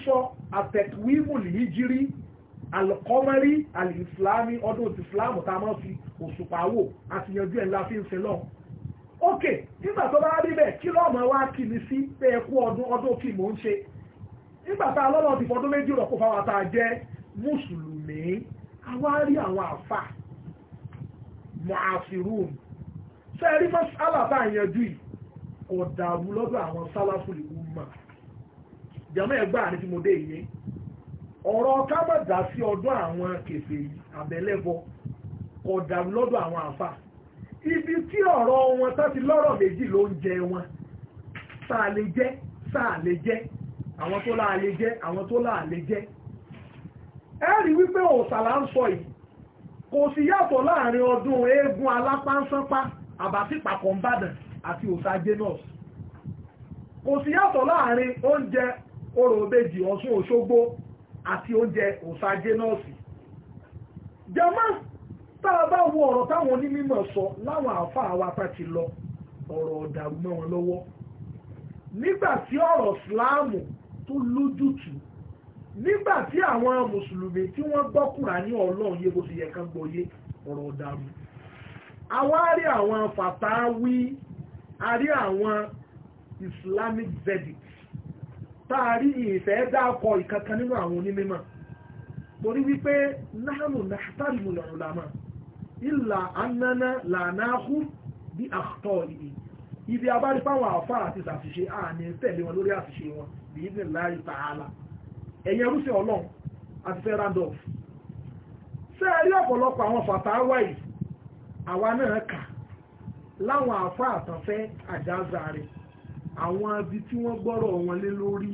alkọ́mọ́rí alìsílámì ọdún ti fìlámù tá a máa fi òṣùpá wò àti yanjú ẹ̀ ńlá fi ń sin lọ́hùn. ok nígbà tó bá rí bẹ́ẹ̀ kí lọ́ọ̀mọ́ wá kí mi sí pé ẹ kú ọdún ọdún kí mò ń ṣe nígbà tá a lọ́lọ́ ti fọdún méjì rọ̀ kó fáwọn tá a jẹ́ mùsùlùmí a wá rí àwọn àfà mọ̀àfìrún sẹ́ẹ̀rí mọ́sálà tá à ń yanjú yìí kò dàrú lọ́dọ̀ àwọn sálàfù lè wú mọ́ jàmọ́ ẹ̀gbá mo dé ìyẹn ọ̀rọ̀ kábàdà sí ọdún àwọn kèfèrí àbẹ̀lẹ́bọ kọ̀dà lọ́dọ̀ àwọn àfà ibi tí ọ̀rọ̀ wọn tá ti lọ́rọ̀ méjì ló ń jẹ wọn sáà lè jẹ sáà lè jẹ àwọn tó láà lè jẹ àwọn tó láà lè jẹ ẹ rí wípé òsàlà ń sọ yìí kò sí yàtọ̀ láàrin ọdún eégún alápánsánpá àbásípa kọ̀ǹbàdàn àti òsà Janus kò sí yàtọ̀ láàrin oúnjẹ orò ìbejì Ọ̀ṣun Òṣogbo àti oúnjẹ òsàjé nọ́ọ̀sì jama tá a bá wo ọ̀rọ̀ táwọn onímọ̀ sọ láwọn àáfàá wa tá ti lọ ọ̀rọ̀ ọ̀dàrú mọ́ wọn lọ́wọ́ nígbà tí ọ̀rọ̀ síláàmù tó lójútùú nígbà tí àwọn mùsùlùmí tí wọ́n gbọ́ Kùránì ọlọ́run yé bó ti yẹ kán gbọ́yé ọ̀rọ̀ ọ̀dàrú àwa rí àwọn fàtàwí a rí àwọn islamic verdict táàrí ìfẹ́ dákọ̀ ìkankan nínú àwọn onímọ̀ torí wípé náhàmù nàhtàrímù lọ́rọ̀lámà ìlà annana lànáhù bí àtọ̀ ìdí ibi abárí fáwọn àfá àti ṣàṣìṣe àní tẹ̀lé wọn lórí àṣìṣe wọn bí ibi láì tààlà ẹ̀yẹ rúṣẹ́ ọlọ́run àti fẹ́ randolph sẹ́ẹ̀rí àwọn ibi tí wọ́n gbọ́rọ̀ wọn lé lórí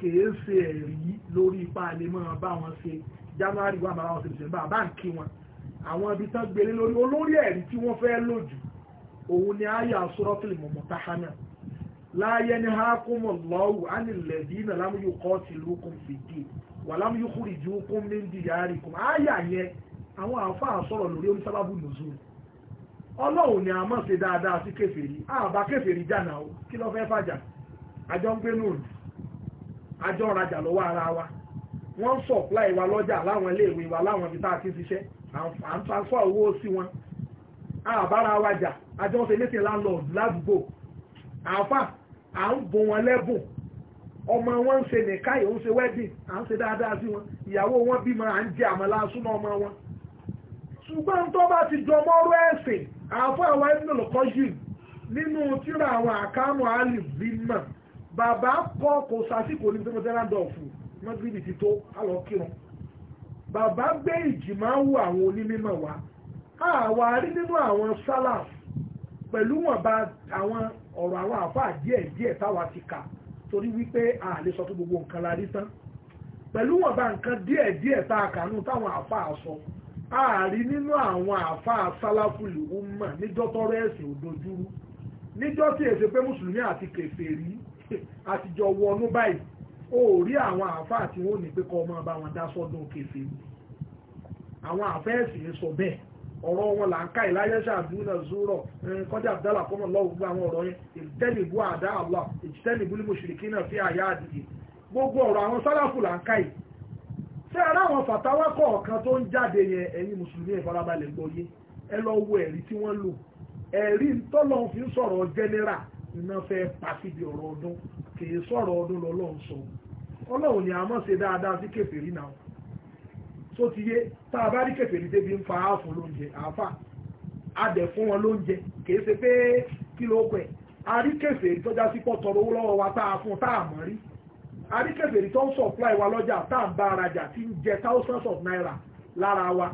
kèé ṣe ẹ̀rí lórí ipa lè máa bá wọn ṣe january wà bàbá wọn ṣe ṣe bàbá ń kí wọn àwọn ibi tán gbélé lórí olórí ẹ̀rí tí wọ́n fẹ́ lòjù òun ni àyà sọ́rọ́tìlì mọ̀mọ́tàhánà láyé ní hákùnmọ̀ lọ́wù ánìlẹ̀dí náà lámúyò kọ́ ti lókun fìdí wà lámúyò kúrìjú kún ní dìyàrí kún àyà yẹn àwọn àfáà sọ̀rọ̀ lórí onísábàbù nùzúrù ọlọ́run ni a mọ̀ ṣe dáadáa sí kèfèrí àbá kèfèrí jànà o kí ló fẹ́ fàjà àjọ ń gbénú òní àjọ rajà lọ́wọ́ ara wa wọ́n ń supply wa lọ́jà láwọn iléèwé wa láwọn ibi tá a ti ṣiṣẹ́ à ń transfer owó sí wọn àbára wa jà àjọ ń ṣe léṣe landlord ládùúgbò àfà à ń bùn wọn lẹ́bùn ọmọ wọn ń ṣe nìkáyọ̀ ń ṣe wedding à ń ṣe dáadáa sí wọn ìyàwó wọn bímọ à ń jẹ àmàlà súnmọ́ ọmọ wọn ṣùgbọ́n tó bá ti jọmọ́rọ́ ẹ̀sìn àfọ́ àwọn ìdùnnà kọ́jú nínú tíra àwọn àkámù alì bímọ bàbá kọ́ kò sàṣìkò ní tẹ́mọ́tẹ́rà dọ̀fù mọ́gídì ti tó alọ́kírun bàbá gbé ìjìmáwù àwọn onímọ̀ wa àwa rí nínú àwọn sálàf pẹ̀lú wọn bá àwọn ọ̀rọ̀ àwọn àfáà díẹ̀ díẹ̀ táwa ti kà torí wípé a lè sọ fún gbogbo nǹkan la rí tán pẹ̀lú wọn bá nǹkan díẹ̀ díẹ̀ tá a kà nù táwọn àfáà sọ ààrí nínú àwọn àáfàá sáláfùlì umma níjọ́ tọrọ ẹ̀sìn òdojúrú níjọ́ tí èsè pé mùsùlùmí àti kèfèrí (laughs) àtijọ́ wọnú báyìí ó rí àwọn àáfàá tí wọ́n ní pé kọ́ ọmọ bá wọn dá sọ́dún kèfèrí àwọn àáfàá ẹ̀sìn sọ bẹ́ẹ̀ ọ̀rọ̀ wọn là ń ká ìláyẹ́sà àdúrà zúrọ̀ kọjá àbdálà kọ́mọ̀ lọ́wọ́ gbogbo àwọn ọ̀rọ̀ yẹn ìtẹ́nìbú àdá àlọ́ ìtẹ́nìbú ní mùsùlùmí náà fi àyà àdìyẹ gbogbo ọ̀rọ̀ àwọn sálàfù là ń ká yìí ṣé ara àwọn fàtàwá kọ̀ọ̀kan tó ń jáde yẹn ẹ̀yin mùsùlùmí ẹ̀ farabalẹ̀ gbọ́ yé ẹ lọ wo ẹ̀rí tí wọ́n lò ẹ̀rí tọ́lọ́hún fi ń sọ̀rọ̀ general iná fẹ́ pa síbi ọ̀rọ̀ ọdún kìí sọ̀rọ̀ ọdún lọ́lọ́run sọ ọlọ́run ni a máa ṣe dáadáa sí kèfèrí náà tó ti yé tá a bá rí kèfèrí débi ń fa ààfò lóúnjẹ àáfà adẹ̀ fún wọn lóúnjẹ kìí ṣe pé kí ló pẹ̀ a rí kèfèrí tó já sí pọ̀ tọrọ owó lọ́wọ́ wa tá a fún tá a mọ̀ rí àríkèbèrè tó ń supply wa lọ́jà tá bá arajà tí ń jẹ thousands of naira lára wa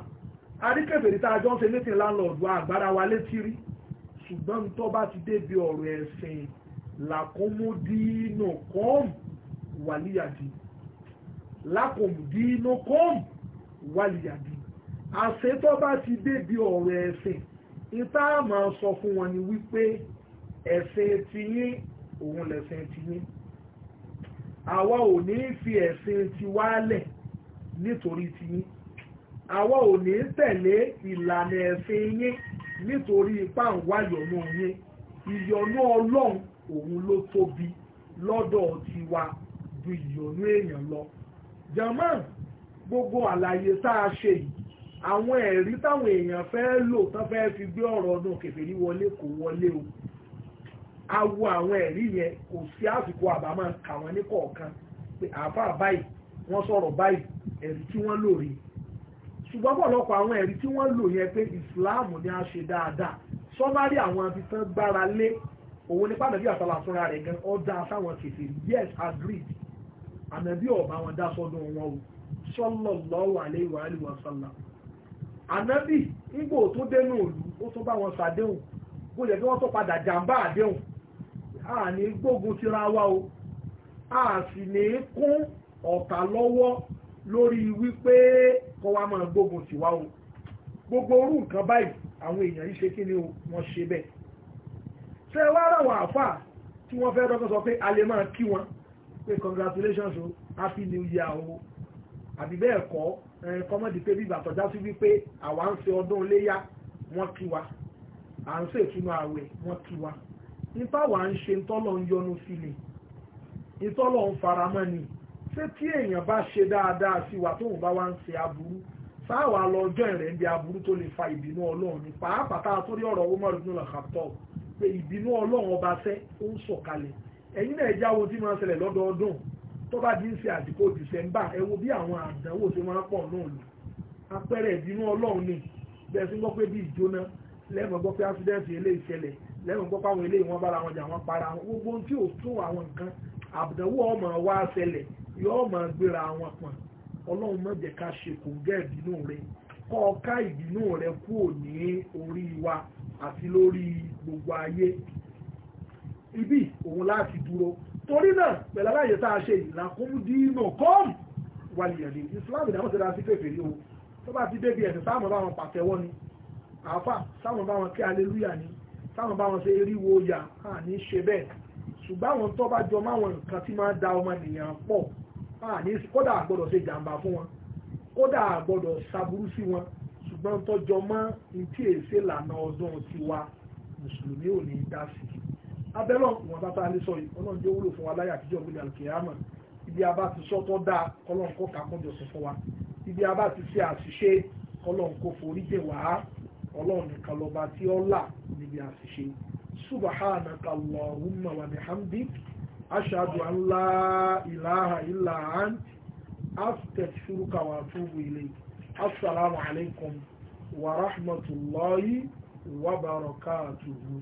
àríkèbèrè tá a jọ ń ṣe létí landlord wa àgbára wa létí rí ṣùgbọ́n tó bá ti débi ọ̀rọ̀ ẹ̀sìn làkómúdínú kọ́m wàlíyàdì lákòmúdínú kọ́m wàlíyàdì àṣẹ tó bá ti débi ọ̀rọ̀ ẹ̀sìn ìta máa sọ fún wọn ni wípé ẹ̀sìn tiyín òun lẹ̀sìn tiyín àwa ò ní fi ẹ̀sìn tiwa lẹ̀ nítorí tiyín àwa ò ní tẹ̀lé ìlànà ẹ̀sìn yín nítorí ipá ń wá ìyọ̀nú yín ìyọ̀nú ọlọ́run òun ló tóbi lọ́dọ̀ tiwa ju ìyọ̀nú èèyàn lọ jama gbogbo àlàyé tá a ṣe yìí àwọn ẹ̀rí táwọn èèyàn fẹ́ lò tán fẹ́ fi gbé ọ̀rọ̀ ọdún kèfèrí wọlé kò wọlé o awo àwọn ẹ̀rí yẹn kò sí àsìkò àbámọ̀ kàwọn ní kọ̀ọ̀kan pé àáfàá báyìí wọ́n sọ̀rọ̀ báyìí ẹ̀rí tí wọ́n lò rí ṣùgbọ́n pọ̀lọpọ̀ àwọn ẹ̀rí tí wọ́n lò yẹn pé ìsìláàmù ni a ṣe dáadáa sọ́márì àwọn ibi tán gbára lé òun ní pàdánù àtàlà fúnra rẹ̀ gan ọ̀dà sáwọn kèfè yes agreed ànàbí ọ̀bá wọn dá sọ́dún wọn o sallallahu alaihi wa alihi wọn ṣàdéhùn a ní gbógun tira wa o a sì ní kún ọ̀tá lọ́wọ́ lórí wípé kọ́ wa máa gbógun tiwa o gbogbo orú nǹkan báyìí àwọn èèyàn yìí ṣe kí ni wọ́n ṣe bẹ́ẹ̀ ṣe wá rà wà fà tí wọ́n fẹ́ dọ́kọ́ sọ pé a lè máa kí wọn pé congratulations o happy new year o àbí bẹ́ẹ̀ kọ́ kọ́mọ́dé pé bíbà tọ́já sí wípé àwa ń ṣe ọdún iléyá wọ́n kí wa à ń ṣètúnú ààwẹ̀ wọ́n kí wa ìtawà ń ṣe ìtọ́lọ̀ ń yọnu sílẹ̀ ìtọ́lọ̀ ń faramọ́ ni ṣé tí èèyàn bá ṣe dáadáa sí wa tóun bá wá ń ṣe aburú sáwà lọ́jọ́ ìrẹ̀ ń bí aburú tó lè fa ìbínú ọlọ́run ní pàápàá tá a tó rí ọ̀rọ̀ Umar ibn al-Khattab pé ìbínú ọlọ́run ọba fẹ́ ó ń sọ̀kalẹ̀ ẹ̀yin náà ẹja wo tí máa ṣẹlẹ̀ lọ́dọọdún tó bá dín sí àdìkò dìsẹ́mbà ẹ wo bí àwọn àdánwò tí wọ́n pọ̀ náà lò apẹ̀rẹ̀ ìbínú ọlọ́run ni bẹ́ẹ̀ sí gbọ́ pé bí ìjóná lẹ́mọ̀ gbọ́ pé ásídẹ́ǹtì ilé ìṣẹ̀lẹ̀ lẹ́mọ̀ gbọ́ páwọn ilé ìwọ̀n bára wọn jà wọ́n para wọn gbogbo tí ò tún àwọn nǹkan àbùdánwò ọmọ wa ṣẹlẹ̀ yóò máa gbéra wọn pọ̀n ọlọ́run má jẹ́ ká ṣe kò gẹ́ ìbínú rẹ kọ́ ọ ká ìbínú rẹ kúrò ní orí wa àti lórí gbogbo ayé ibi òun láti dúró torí náà pẹ̀lú aláyè tá a ṣe ìlàkúndínà kọ́ọ̀mù wàlìyàn ní islam ìdámọ̀tẹ́ra àáfà sáwọn bá wọn kí aleluya ni sáwọn bá wọn ṣe eríwo yà á ní ṣe bẹ́ẹ̀ ṣùgbọ́n àwọn tó bá jọ máwọn nǹkan tí máa da ọmọ nìyàn pọ̀ á ní kódà àgbọ́dọ̀ ṣe jàǹbá fún wọn kódà àgbọ́dọ̀ ṣàbúrú sí wọn ṣùgbọ́n tó jọ mọ́ ntí èsè lànà ọdún tiwa mùsùlùmí ò ní í dá sí i abẹ́lọ́ wọn bá tá a lè sọ yìí ọlọ́run jẹ́ wúlò fún wa láyé àtijọ́ gbé ibi a bá ti sọ tó dáa kọ́lọ́n wa ọlọ́run nìkan lọ́ba tí ó là níbi àṣìṣe subhanaka allahumma wa bihamdik ashhadu an la ilaha illa ant astaghfiruka wa atubu ilayk assalamu alaikum wa rahmatullahi wa barakatuhu